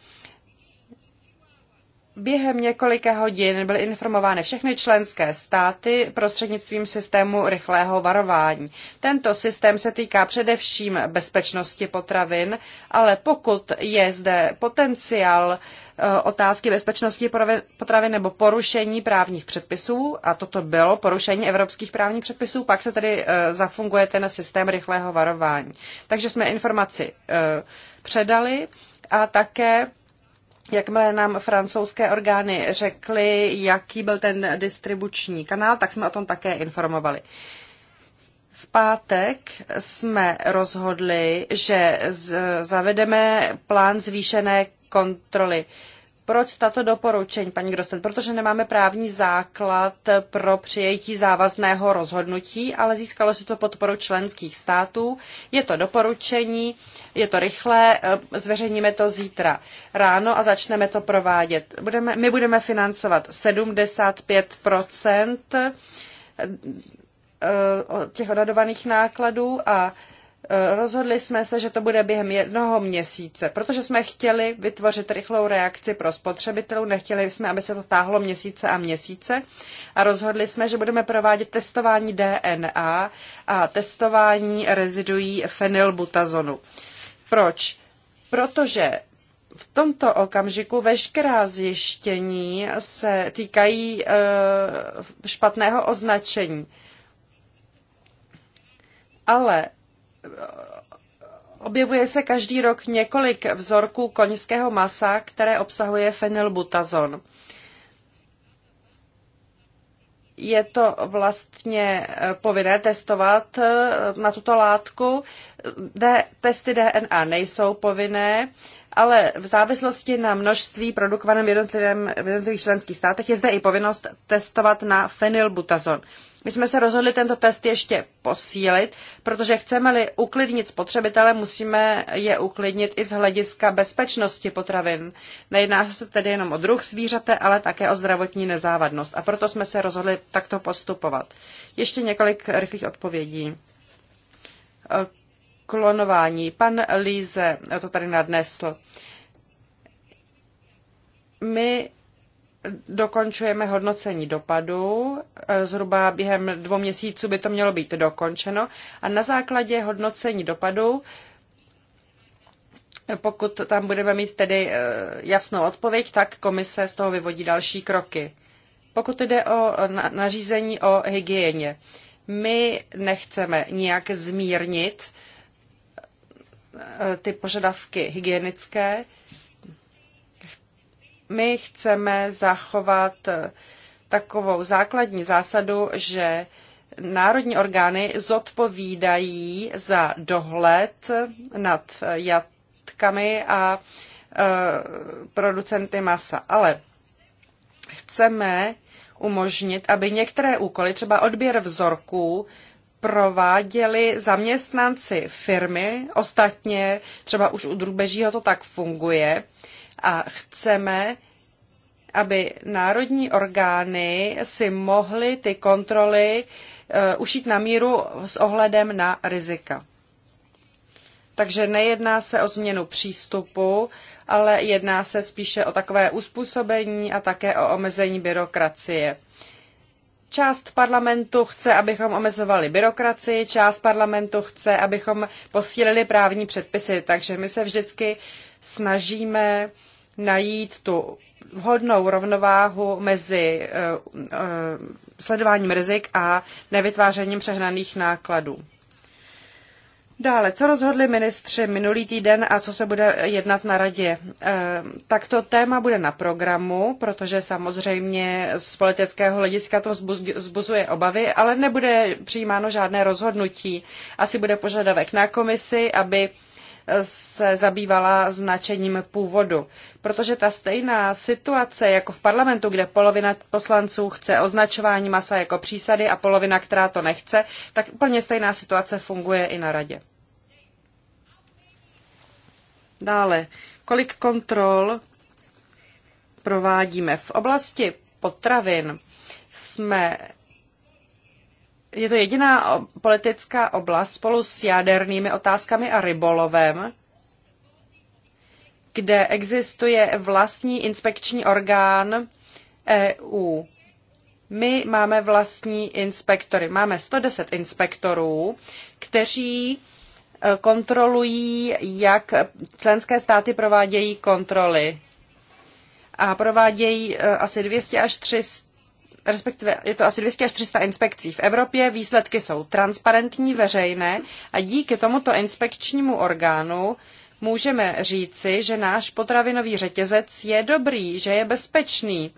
Během několika hodin byly informovány všechny členské státy prostřednictvím systému rychlého varování. Tento systém se týká především bezpečnosti potravin, ale pokud je zde potenciál e, otázky bezpečnosti potravin nebo porušení právních předpisů, a toto bylo porušení evropských právních předpisů, pak se tedy e, zafunguje ten systém rychlého varování. Takže jsme informaci e, předali a také Jakmile nám francouzské orgány řekly, jaký byl ten distribuční kanál, tak jsme o tom také informovali. V pátek jsme rozhodli, že zavedeme plán zvýšené kontroly. Proč tato doporučení, paní Grosten? Protože nemáme právní základ pro přijetí závazného rozhodnutí, ale získalo se to podporu členských států. Je to doporučení, je to rychlé, eh, zveřejníme to zítra ráno a začneme to provádět. Budeme, my budeme financovat 75 eh, těch odhadovaných nákladů a Eh, rozhodli jsme se, že to bude během jednoho měsíce, protože jsme chtěli vytvořit rychlou reakci pro spotřebitelů, nechtěli jsme, aby se to táhlo měsíce a měsíce a rozhodli jsme, že budeme provádět testování DNA a testování reziduí fenylbutazonu. Proč? Protože v tomto okamžiku veškerá zjištění se týkají eh, špatného označení. Ale objevuje se každý rok několik vzorků koňského masa, které obsahuje fenylbutazon. Je to vlastně eh, povinné testovat eh, na tuto látku. D- testy DNA nejsou povinné, ale v závislosti na množství produkovaném v, jednotlivých členských státech je zde i povinnost testovat na fenylbutazon. My jsme se rozhodli tento test ještě posílit, protože chceme-li uklidnit spotřebitele, musíme je uklidnit i z hlediska bezpečnosti potravin. Nejedná se tedy jenom o druh zvířete, ale také o zdravotní nezávadnost. A proto jsme se rozhodli takto postupovat. Ještě několik rychlých odpovědí. E, klonování. Pan Líze to tady nadnesl. My dokončujeme hodnocení dopadu. E, Zhruba během dvou měsíců by to mělo být dokončeno. A na základě hodnocení dopadu, pokud tam budeme mít tedy e, jasnou odpověď, tak komise z toho vyvodí další kroky. Pokud jde o nařízení o hygieně, my nechceme nijak zmírnit e, ty požadavky hygienické, my chceme zachovat eh, takovou základní zásadu, že národní orgány zodpovídají za dohled nad jatkami a eh, producenty masa. Ale chceme umožnit, aby některé úkoly, třeba odběr vzorků, prováděli zaměstnanci firmy. Ostatně třeba už u drubežího to tak funguje a chceme, aby národní orgány si mohly ty kontroly eh, ušít na míru s ohledem na rizika. Takže nejedná se o změnu přístupu, ale jedná se spíše o takové uspůsobení a také o omezení byrokracie. Část parlamentu chce, abychom omezovali byrokracii, část parlamentu chce, abychom posílili právní předpisy, takže my se vždycky snažíme najít tu vhodnou rovnováhu mezi eh, eh, sledováním rizik a nevytvářením přehnaných nákladů. Dále, co rozhodli ministři minulý týden a co se bude jednat na radě? Eh, tak to téma bude na programu, protože samozřejmě z politického hlediska to zbuzuje obavy, ale nebude přijímáno žádné rozhodnutí. Asi bude požadavek na komisi, aby se zabývala značením původu. Protože ta stejná situace jako v parlamentu, kde polovina poslanců chce označování masa jako přísady a polovina, která to nechce, tak úplně stejná situace funguje i na radě. Dále, kolik kontrol provádíme v oblasti potravin jsme je to jediná politická oblast spolu s jadernými otázkami a rybolovem, kde existuje vlastní inspekční orgán EU. My máme vlastní inspektory. Máme 110 inspektorů, kteří e, kontrolují, jak členské státy provádějí kontroly. A provádějí e, asi 200 až 300 respektive je to asi 200 až 300 inspekcí v Evropě, výsledky jsou transparentní, veřejné a díky tomuto inspekčnímu orgánu můžeme říci, že náš potravinový řetězec je dobrý, že je bezpečný.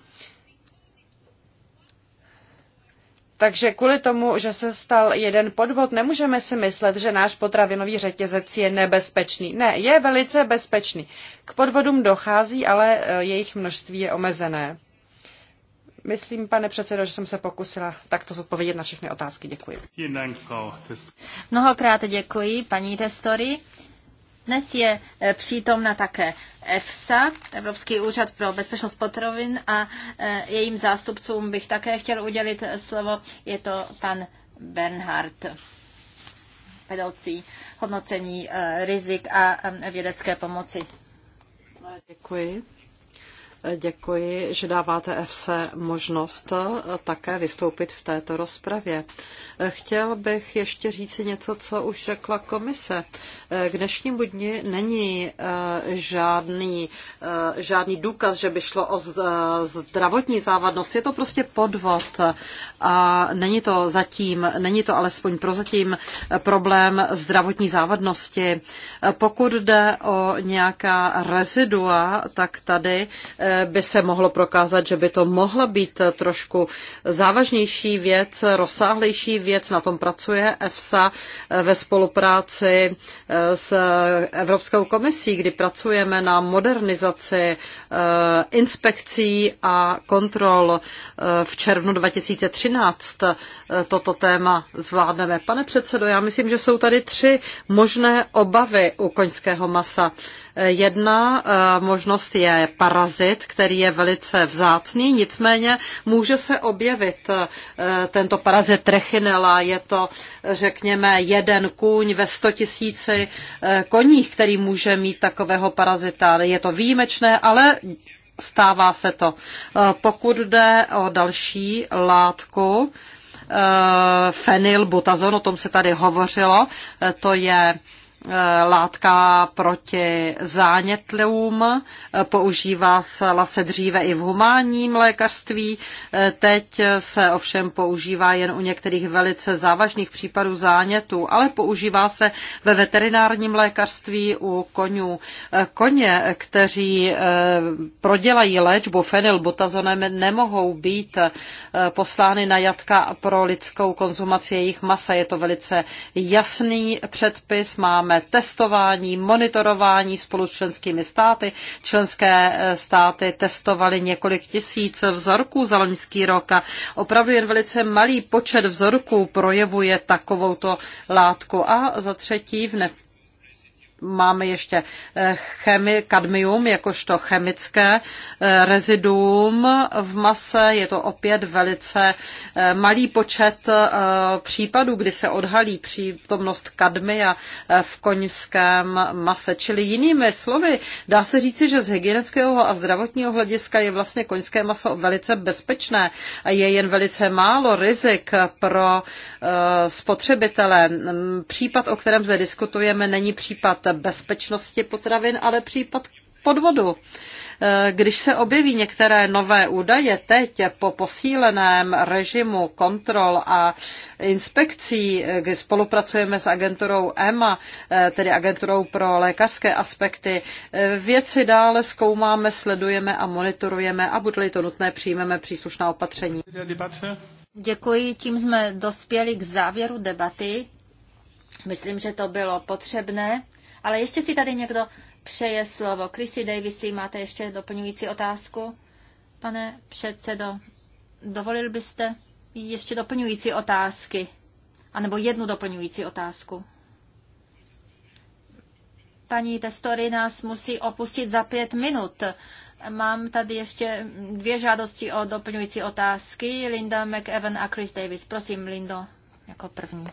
Takže kvůli tomu, že se stal jeden podvod, nemůžeme si myslet, že náš potravinový řetězec je nebezpečný. Ne, je velice bezpečný. K podvodům dochází, ale eh, jejich množství je omezené. Myslím, pane předsedo, že jsem se pokusila takto zodpovědět na všechny otázky. Děkuji. Mnohokrát děkuji, paní Testory. Dnes je eh, přítomna také EFSA, Evropský úřad pro bezpečnost potravin a eh, jejím zástupcům bych také chtěl udělit eh, slovo. Je to pan Bernhard, vedoucí hodnocení rizik a vědecké pomoci. Děkuji. Děkuji, že dáváte EFSE možnost eh, také vystoupit v této rozpravě. Chtěl bych ještě říci něco, co už řekla komise. K dnešnímu dní není eh, žádný, eh, žádný důkaz, že by šlo o eh, zdravotní závadnost. Je to prostě podvod a není to zatím, není to alespoň prozatím problém zdravotní závadnosti. Pokud jde o nějaká rezidua, tak tady by se mohlo prokázat, že by to mohla být trošku závažnější věc, rozsáhlejší věc, věc, na tom pracuje EFSA eh, ve spolupráci eh, s Evropskou komisí, kdy pracujeme na modernizaci eh, inspekcí a kontrol v červnu 2013. Toto téma zvládneme. Pane předsedo, já myslím, že jsou tady tři možné obavy u koňského masa. Jedna eh, možnost je parazit, který je velice vzácný, nicméně může se objevit eh, tento parazit trechinela. Je to, řekněme, jeden kůň ve 100 tisíci eh, koních, který může mít takového parazita. Je to výjimečné, ale stává se to. Pokud jde o další látku, fenylbutazon, o tom se tady hovořilo, to je Eh, látka proti zánětlům, eh, používá se dříve i v humánním lékařství, eh, teď se ovšem používá jen u některých velice závažných případů zánětů, ale používá se ve veterinárním lékařství u konů. Koně, kteří prodělají léčbu fenylbutazonem, nemohou být poslány na jatka pro lidskou konzumaci jejich masa. Je to velice jasný předpis, máme testování, monitorování spolu s členskými státy. Členské eh, státy testovaly několik tisíc vzorků za loňský rok a opravdu jen velice malý počet vzorků projevuje takovouto látku. A za třetí v ne- máme ještě eh, chemi, kadmium jakožto chemické eh, reziduum v mase. Je to opět velice eh, malý počet případů, kdy se odhalí přítomnost kadmia v koňském mase. Čili jinými slovy, dá se říci, že z hygienického a zdravotního hlediska je vlastně koňské maso velice bezpečné. Je jen velice málo rizik pro spotřebitele. Případ, o kterém zde diskutujeme, není případ bezpečnosti potravin, ale případ podvodu. Eh, když se objeví některé nové údaje teď po posíleném režimu kontrol a inspekcí, eh, kdy spolupracujeme s agenturou EMA, eh, tedy agenturou pro lékařské aspekty, věci dále zkoumáme, sledujeme a monitorujeme a bude-li to nutné, přijmeme příslušná opatření. Děkuji, tím jsme dospěli k závěru debaty. Myslím, že to bylo potřebné ale ještě si tady někdo přeje slovo. Chrissy Davisy, máte ještě doplňující otázku? Pane předsedo, dovolil byste ještě doplňující otázky? A nebo jednu doplňující otázku? Paní Testory nás musí opustit za pět minut. Mám tady ještě dvě žádosti o doplňující otázky. Linda McEwan a Chris Davis. Prosím, Lindo, jako první.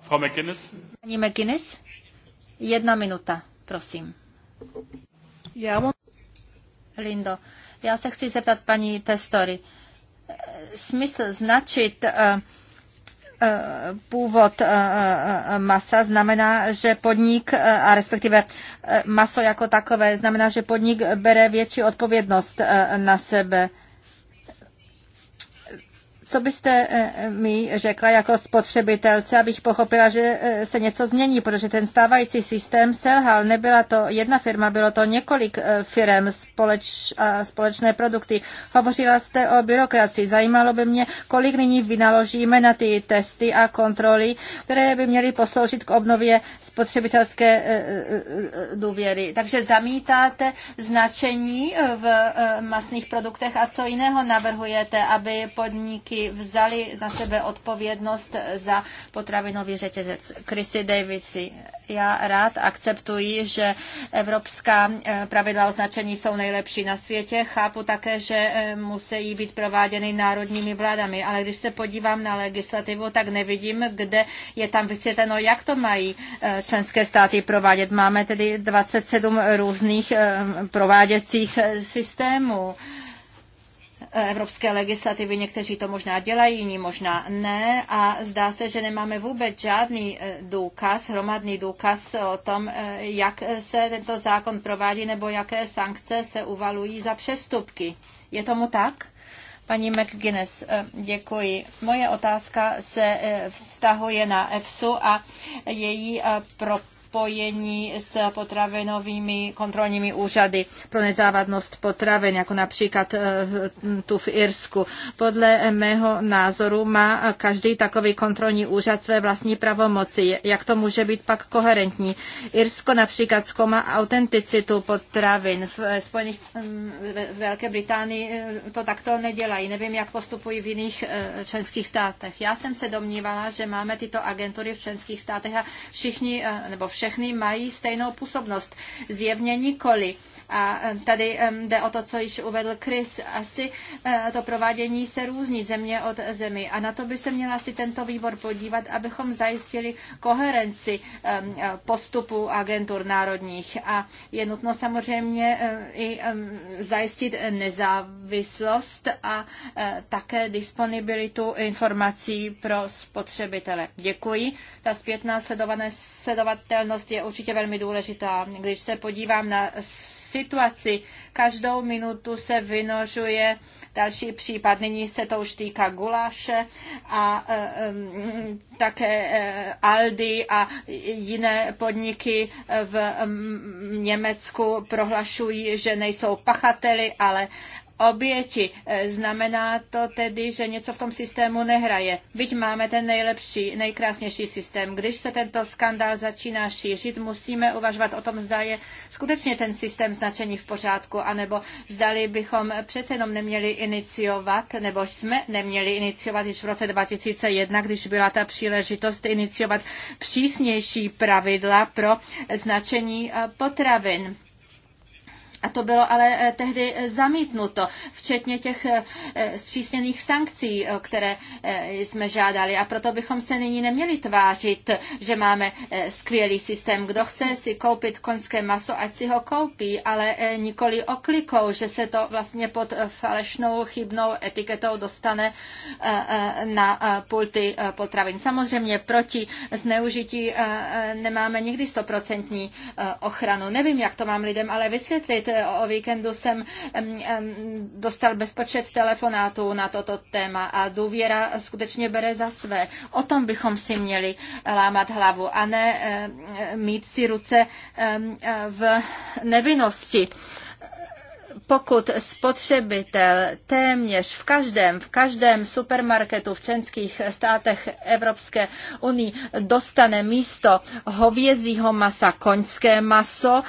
Frau McInnes. Paní McGuinness. Jedna minuta, prosím. Já mám... Lindo, já se chci zeptat paní Testory. Eh, smysl značit uh, původ masa znamená, že podnik, a respektive maso jako takové, znamená, že podnik bere větší odpovědnost na sebe. Co byste eh, mi řekla jako spotřebitelce, abych pochopila, že eh, se něco změní, protože ten stávající systém selhal. Nebyla to jedna firma, bylo to několik eh, firm společ, a společné produkty. Hovořila jste o byrokracii. Zajímalo by mě, kolik nyní vynaložíme na ty testy a kontroly, které by měly posloužit k obnově spotřebitelské důvěry. Takže zamítáte značení v masných produktech a co jiného navrhujete, aby podniky vzali na sebe odpovědnost za potravinový řetězec. Chrissy Davisy. Já rád akceptuji, že evropská eh, pravidla označení jsou nejlepší na světě. Chápu také, že eh, musí být prováděny národními vládami, ale když se podívám na legislativu, tak nevidím, kde je tam vysvětleno, jak to mají eh, členské státy provádět. Máme tedy 27 různých prováděcích systémů. Eh, evropské legislativy. Někteří to možná dělají, jiní možná ne. A zdá se, že nemáme vůbec žádný eh, důkaz, hromadný důkaz o tom, eh, jak se tento zákon provádí nebo jaké sankce se uvalují za přestupky. Je tomu tak? Paní McGuinness, děkuji. Moje otázka se vztahuje na EFSU a její pro spojení s potravinovými kontrolními úřady pro nezávadnost potravin, jako například eh, tu v Irsku. Podle mého názoru má každý takový kontrolní úřad své vlastní pravomoci. Jak to může být pak koherentní? Irsko například zkoumá autenticitu potravin. V eh, Spojených mm, v Velké Británii eh, to takto nedělají. Nevím, jak postupují v jiných členských státech. Já jsem se domnívala, že máme tyto agentury v členských státech a všichni, nebo všichni všechny mají stejnou působnost. Zjevně nikoli. A e, tady e, jde o to, co již uvedl Chris. Asi e, to provádění se různí země od zemi. A na to by se měl asi tento výbor podívat, abychom zajistili koherenci postupu agentur národních. A je nutno samozřejmě i zajistit nezávislost a také disponibilitu informací pro spotřebitele. Děkuji. Ta zpětná sledovatelnost je určitě velmi důležitá. Když se podívám na situaci. Každou minutu se vynožuje další případ. Nyní se to už týká guláše a eh, eh, také eh, Aldi a jiné podniky v mm, Německu prohlašují, že nejsou pachateli, ale oběti. E, znamená to tedy, že něco v tom systému nehraje. Byť máme ten nejlepší, nejkrásnější systém. Když se tento skandál začíná šířit, musíme uvažovat o tom, zda je skutečně ten systém značení v pořádku, anebo zdali bychom přece jenom neměli iniciovat, nebo jsme neměli iniciovat již v roce 2001, když byla ta příležitost iniciovat přísnější pravidla pro značení e, potravin. A to bylo ale eh, tehdy eh, zamítnuto, včetně těch eh, zpřísněných sankcí, které jsme žádali. A proto bychom se nyní neměli tvářit, že máme skvělý systém. Kdo chce si koupit konské maso, ať si ho koupí, ale nikoli oklikou, že se to vlastně pod falešnou chybnou etiketou dostane na pulty potravin. Samozřejmě proti zneužití nemáme nikdy stoprocentní ochranu. Nevím, jak to mám lidem ale vysvětlit, E, o víkendu jsem dostal bezpočet telefonátů na toto téma a důvěra skutečně bere za své. O tom bychom si měli lámat hlavu a ne e, mít si ruce e, v nevinnosti pokud spotřebitel téměř v každém, v každém supermarketu v členských státech Evropské unii dostane místo hovězího masa koňské maso,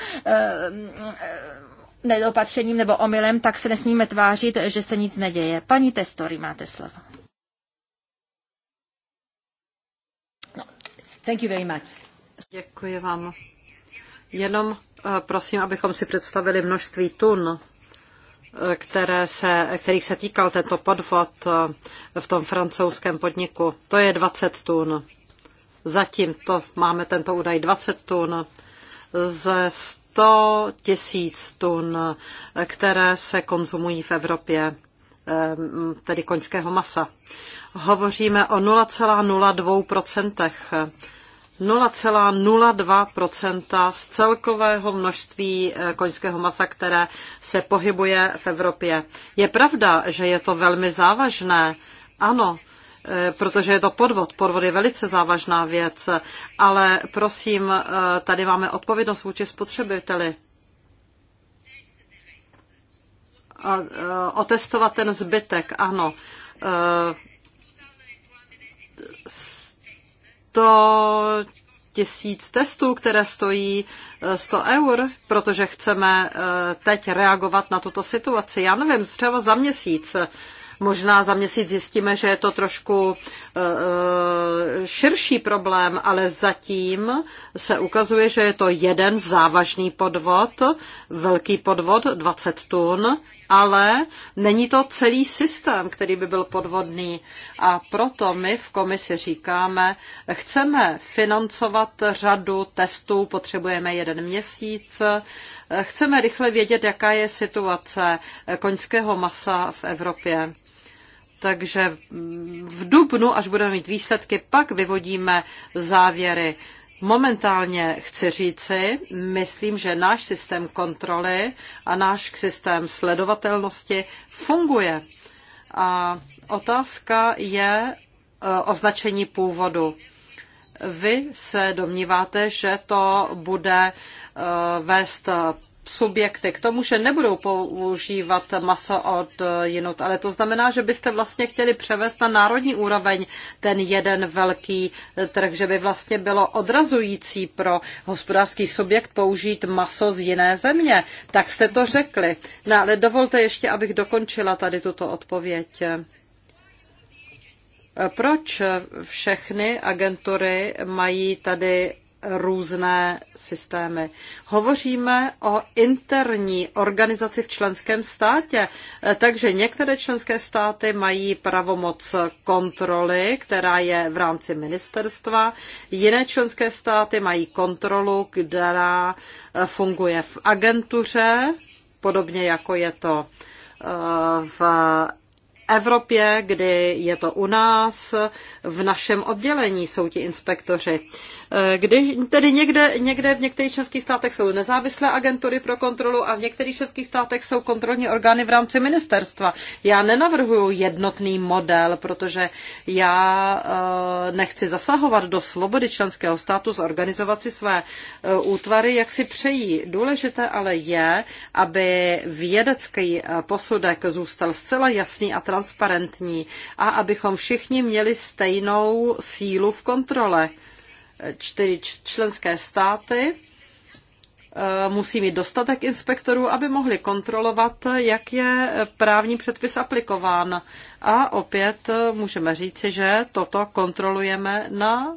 nedopatřením nebo omylem, tak se nesmíme tvářit, že se nic neděje. Paní Testory, máte slovo. No, thank you very much. Děkuji vám. Jenom eh, prosím, abychom si představili množství tun, eh, které se, kterých se týkal tento podvod eh, v tom francouzském podniku. To je 20 tun. Zatím to máme tento údaj 20 tun ze 100 tisíc tun, které se konzumují v Evropě, ehm, tedy koňského masa. Hovoříme o 0,02%. 0,02% z celkového množství eh, koňského masa, které se pohybuje v Evropě. Je pravda, že je to velmi závažné. Ano, Eh, protože je to podvod. Podvod je velice závažná věc, ale prosím, eh, tady máme odpovědnost vůči spotřebiteli. A, eh, otestovat ten zbytek, ano. To tisíc testů, které stojí 100 eur, protože chceme teď reagovat na tuto situaci. Já nevím, třeba za měsíc Možná za měsíc zjistíme, že je to trošku eh, eh, širší problém, ale zatím se ukazuje, že je to jeden závažný podvod, velký podvod, 20 tun, ale není to celý systém, který by byl podvodný. A proto my v komisi říkáme, chceme financovat řadu testů, potřebujeme jeden měsíc, chceme rychle vědět, jaká je situace koňského masa v Evropě. Takže v dubnu, až budeme mít výsledky, pak vyvodíme závěry. Momentálně chci říci, myslím, že náš systém kontroly a náš systém sledovatelnosti funguje. A otázka je e, označení původu. Vy se domníváte, že to bude e, vést subjekty k tomu, že nebudou používat maso od jinot, ale to znamená, že byste vlastně chtěli převést na národní úroveň ten jeden velký trh, že by vlastně bylo odrazující pro hospodářský subjekt použít maso z jiné země. Tak jste to řekli. No, ale dovolte ještě, abych dokončila tady tuto odpověď. Proč všechny agentury mají tady různé systémy. Hovoříme o interní organizaci v členském státě, eh, takže některé členské státy mají pravomoc kontroly, která je v rámci ministerstva, jiné členské státy mají kontrolu, která eh, funguje v agentuře, podobně jako je to eh, v Evropě, kdy je to u nás, v našem oddělení jsou ti inspektoři. Eh, když tedy někde, někde v některých členských státech jsou nezávislé agentury pro kontrolu a v některých členských státech jsou kontrolní orgány v rámci ministerstva. Já nenavrhuji jednotný model, protože já eh, nechci zasahovat do svobody členského státu zorganizovat si své eh, útvary, jak si přejí. Důležité ale je, aby vědecký posudek zůstal zcela jasný a transparentní a abychom všichni měli stejnou sílu v kontrole čtyři členské státy e, musí mít dostatek inspektorů, aby mohli kontrolovat, jak je právní předpis aplikován. A opět e, můžeme říci, že toto kontrolujeme na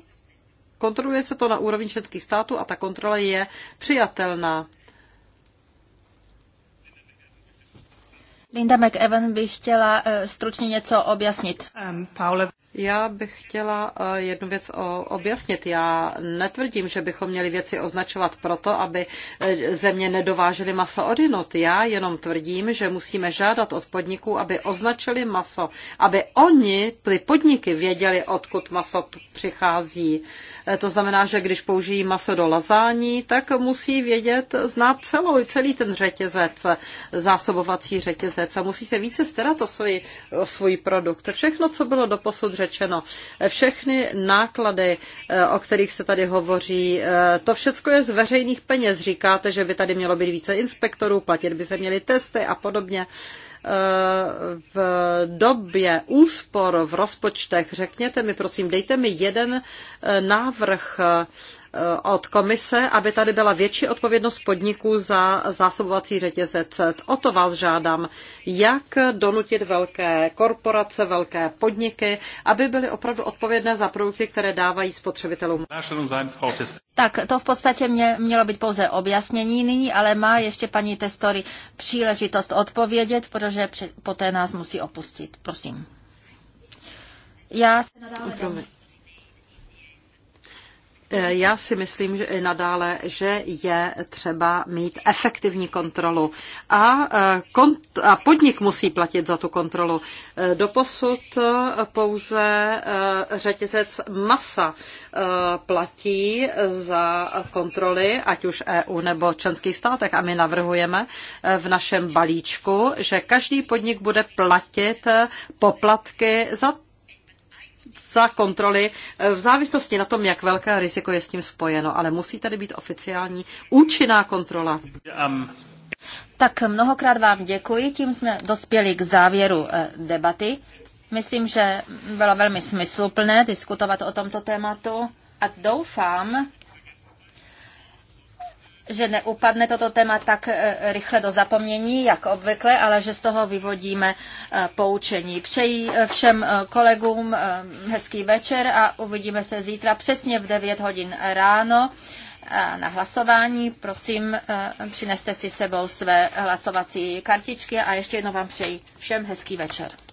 Kontroluje se to na úrovni členských států a ta kontrola je přijatelná. Linda McEvan by chtěla eh, stručně něco objasnit. Um, Paule. Já bych chtěla eh, jednu věc objasnit. Já netvrdím, že bychom měli věci označovat proto, aby eh, země nedovážely maso odinut. Já jenom tvrdím, že musíme žádat od podniků, aby označili maso, aby oni, ty podniky, věděli, odkud maso přichází Eh, to znamená, že když použijí maso do lazání, tak musí vědět, znát celou, celý ten řetězec, zásobovací řetězec a musí se více starat o svůj, o svůj produkt. Všechno, co bylo doposud řečeno, eh, všechny náklady, eh, o kterých se tady hovoří, to všechno je z veřejných peněz. Říkáte, že by tady mělo být více inspektorů, platit by se měly testy a podobně v době úspor v rozpočtech, řekněte mi prosím, dejte mi jeden eh, návrh Eh, od komise, aby tady byla větší odpovědnost podniků za zásobovací řetězec. E o to vás žádám, jak donutit velké korporace, velké podniky, aby byly opravdu odpovědné za produkty, které dávají spotřebitelům. Tak to v podstatě mě, mělo být pouze objasnění nyní, ale má ještě paní Testory příležitost odpovědět, protože poté nás musí opustit. Prosím. Já se nadále, E, já si myslím, že i nadále, že je třeba mít efektivní kontrolu a, e, kont- a podnik musí platit za tu kontrolu. E, doposud pouze řetězec masa platí za kontroly, ať už EU nebo členských státech. A my navrhujeme v našem balíčku, že každý podnik bude platit poplatky za za kontroly eh, v závislosti na tom, jak velké riziko je s tím spojeno, ale musí tady být oficiální účinná kontrola. Tak mnohokrát vám děkuji, tím jsme dospěli k závěru eh, debaty. Myslím, že bylo velmi smysluplné diskutovat o tomto tématu a doufám, že neupadne toto téma tak eh, rychle do zapomnění, jak obvykle, ale že z toho vyvodíme eh, poučení. Přeji eh, všem kolegům hezký večer a uvidíme se zítra přesně v 9 hodin ráno na hlasování. Prosím, přineste si sebou své hlasovací kartičky a ještě jednou vám přeji všem hezký večer.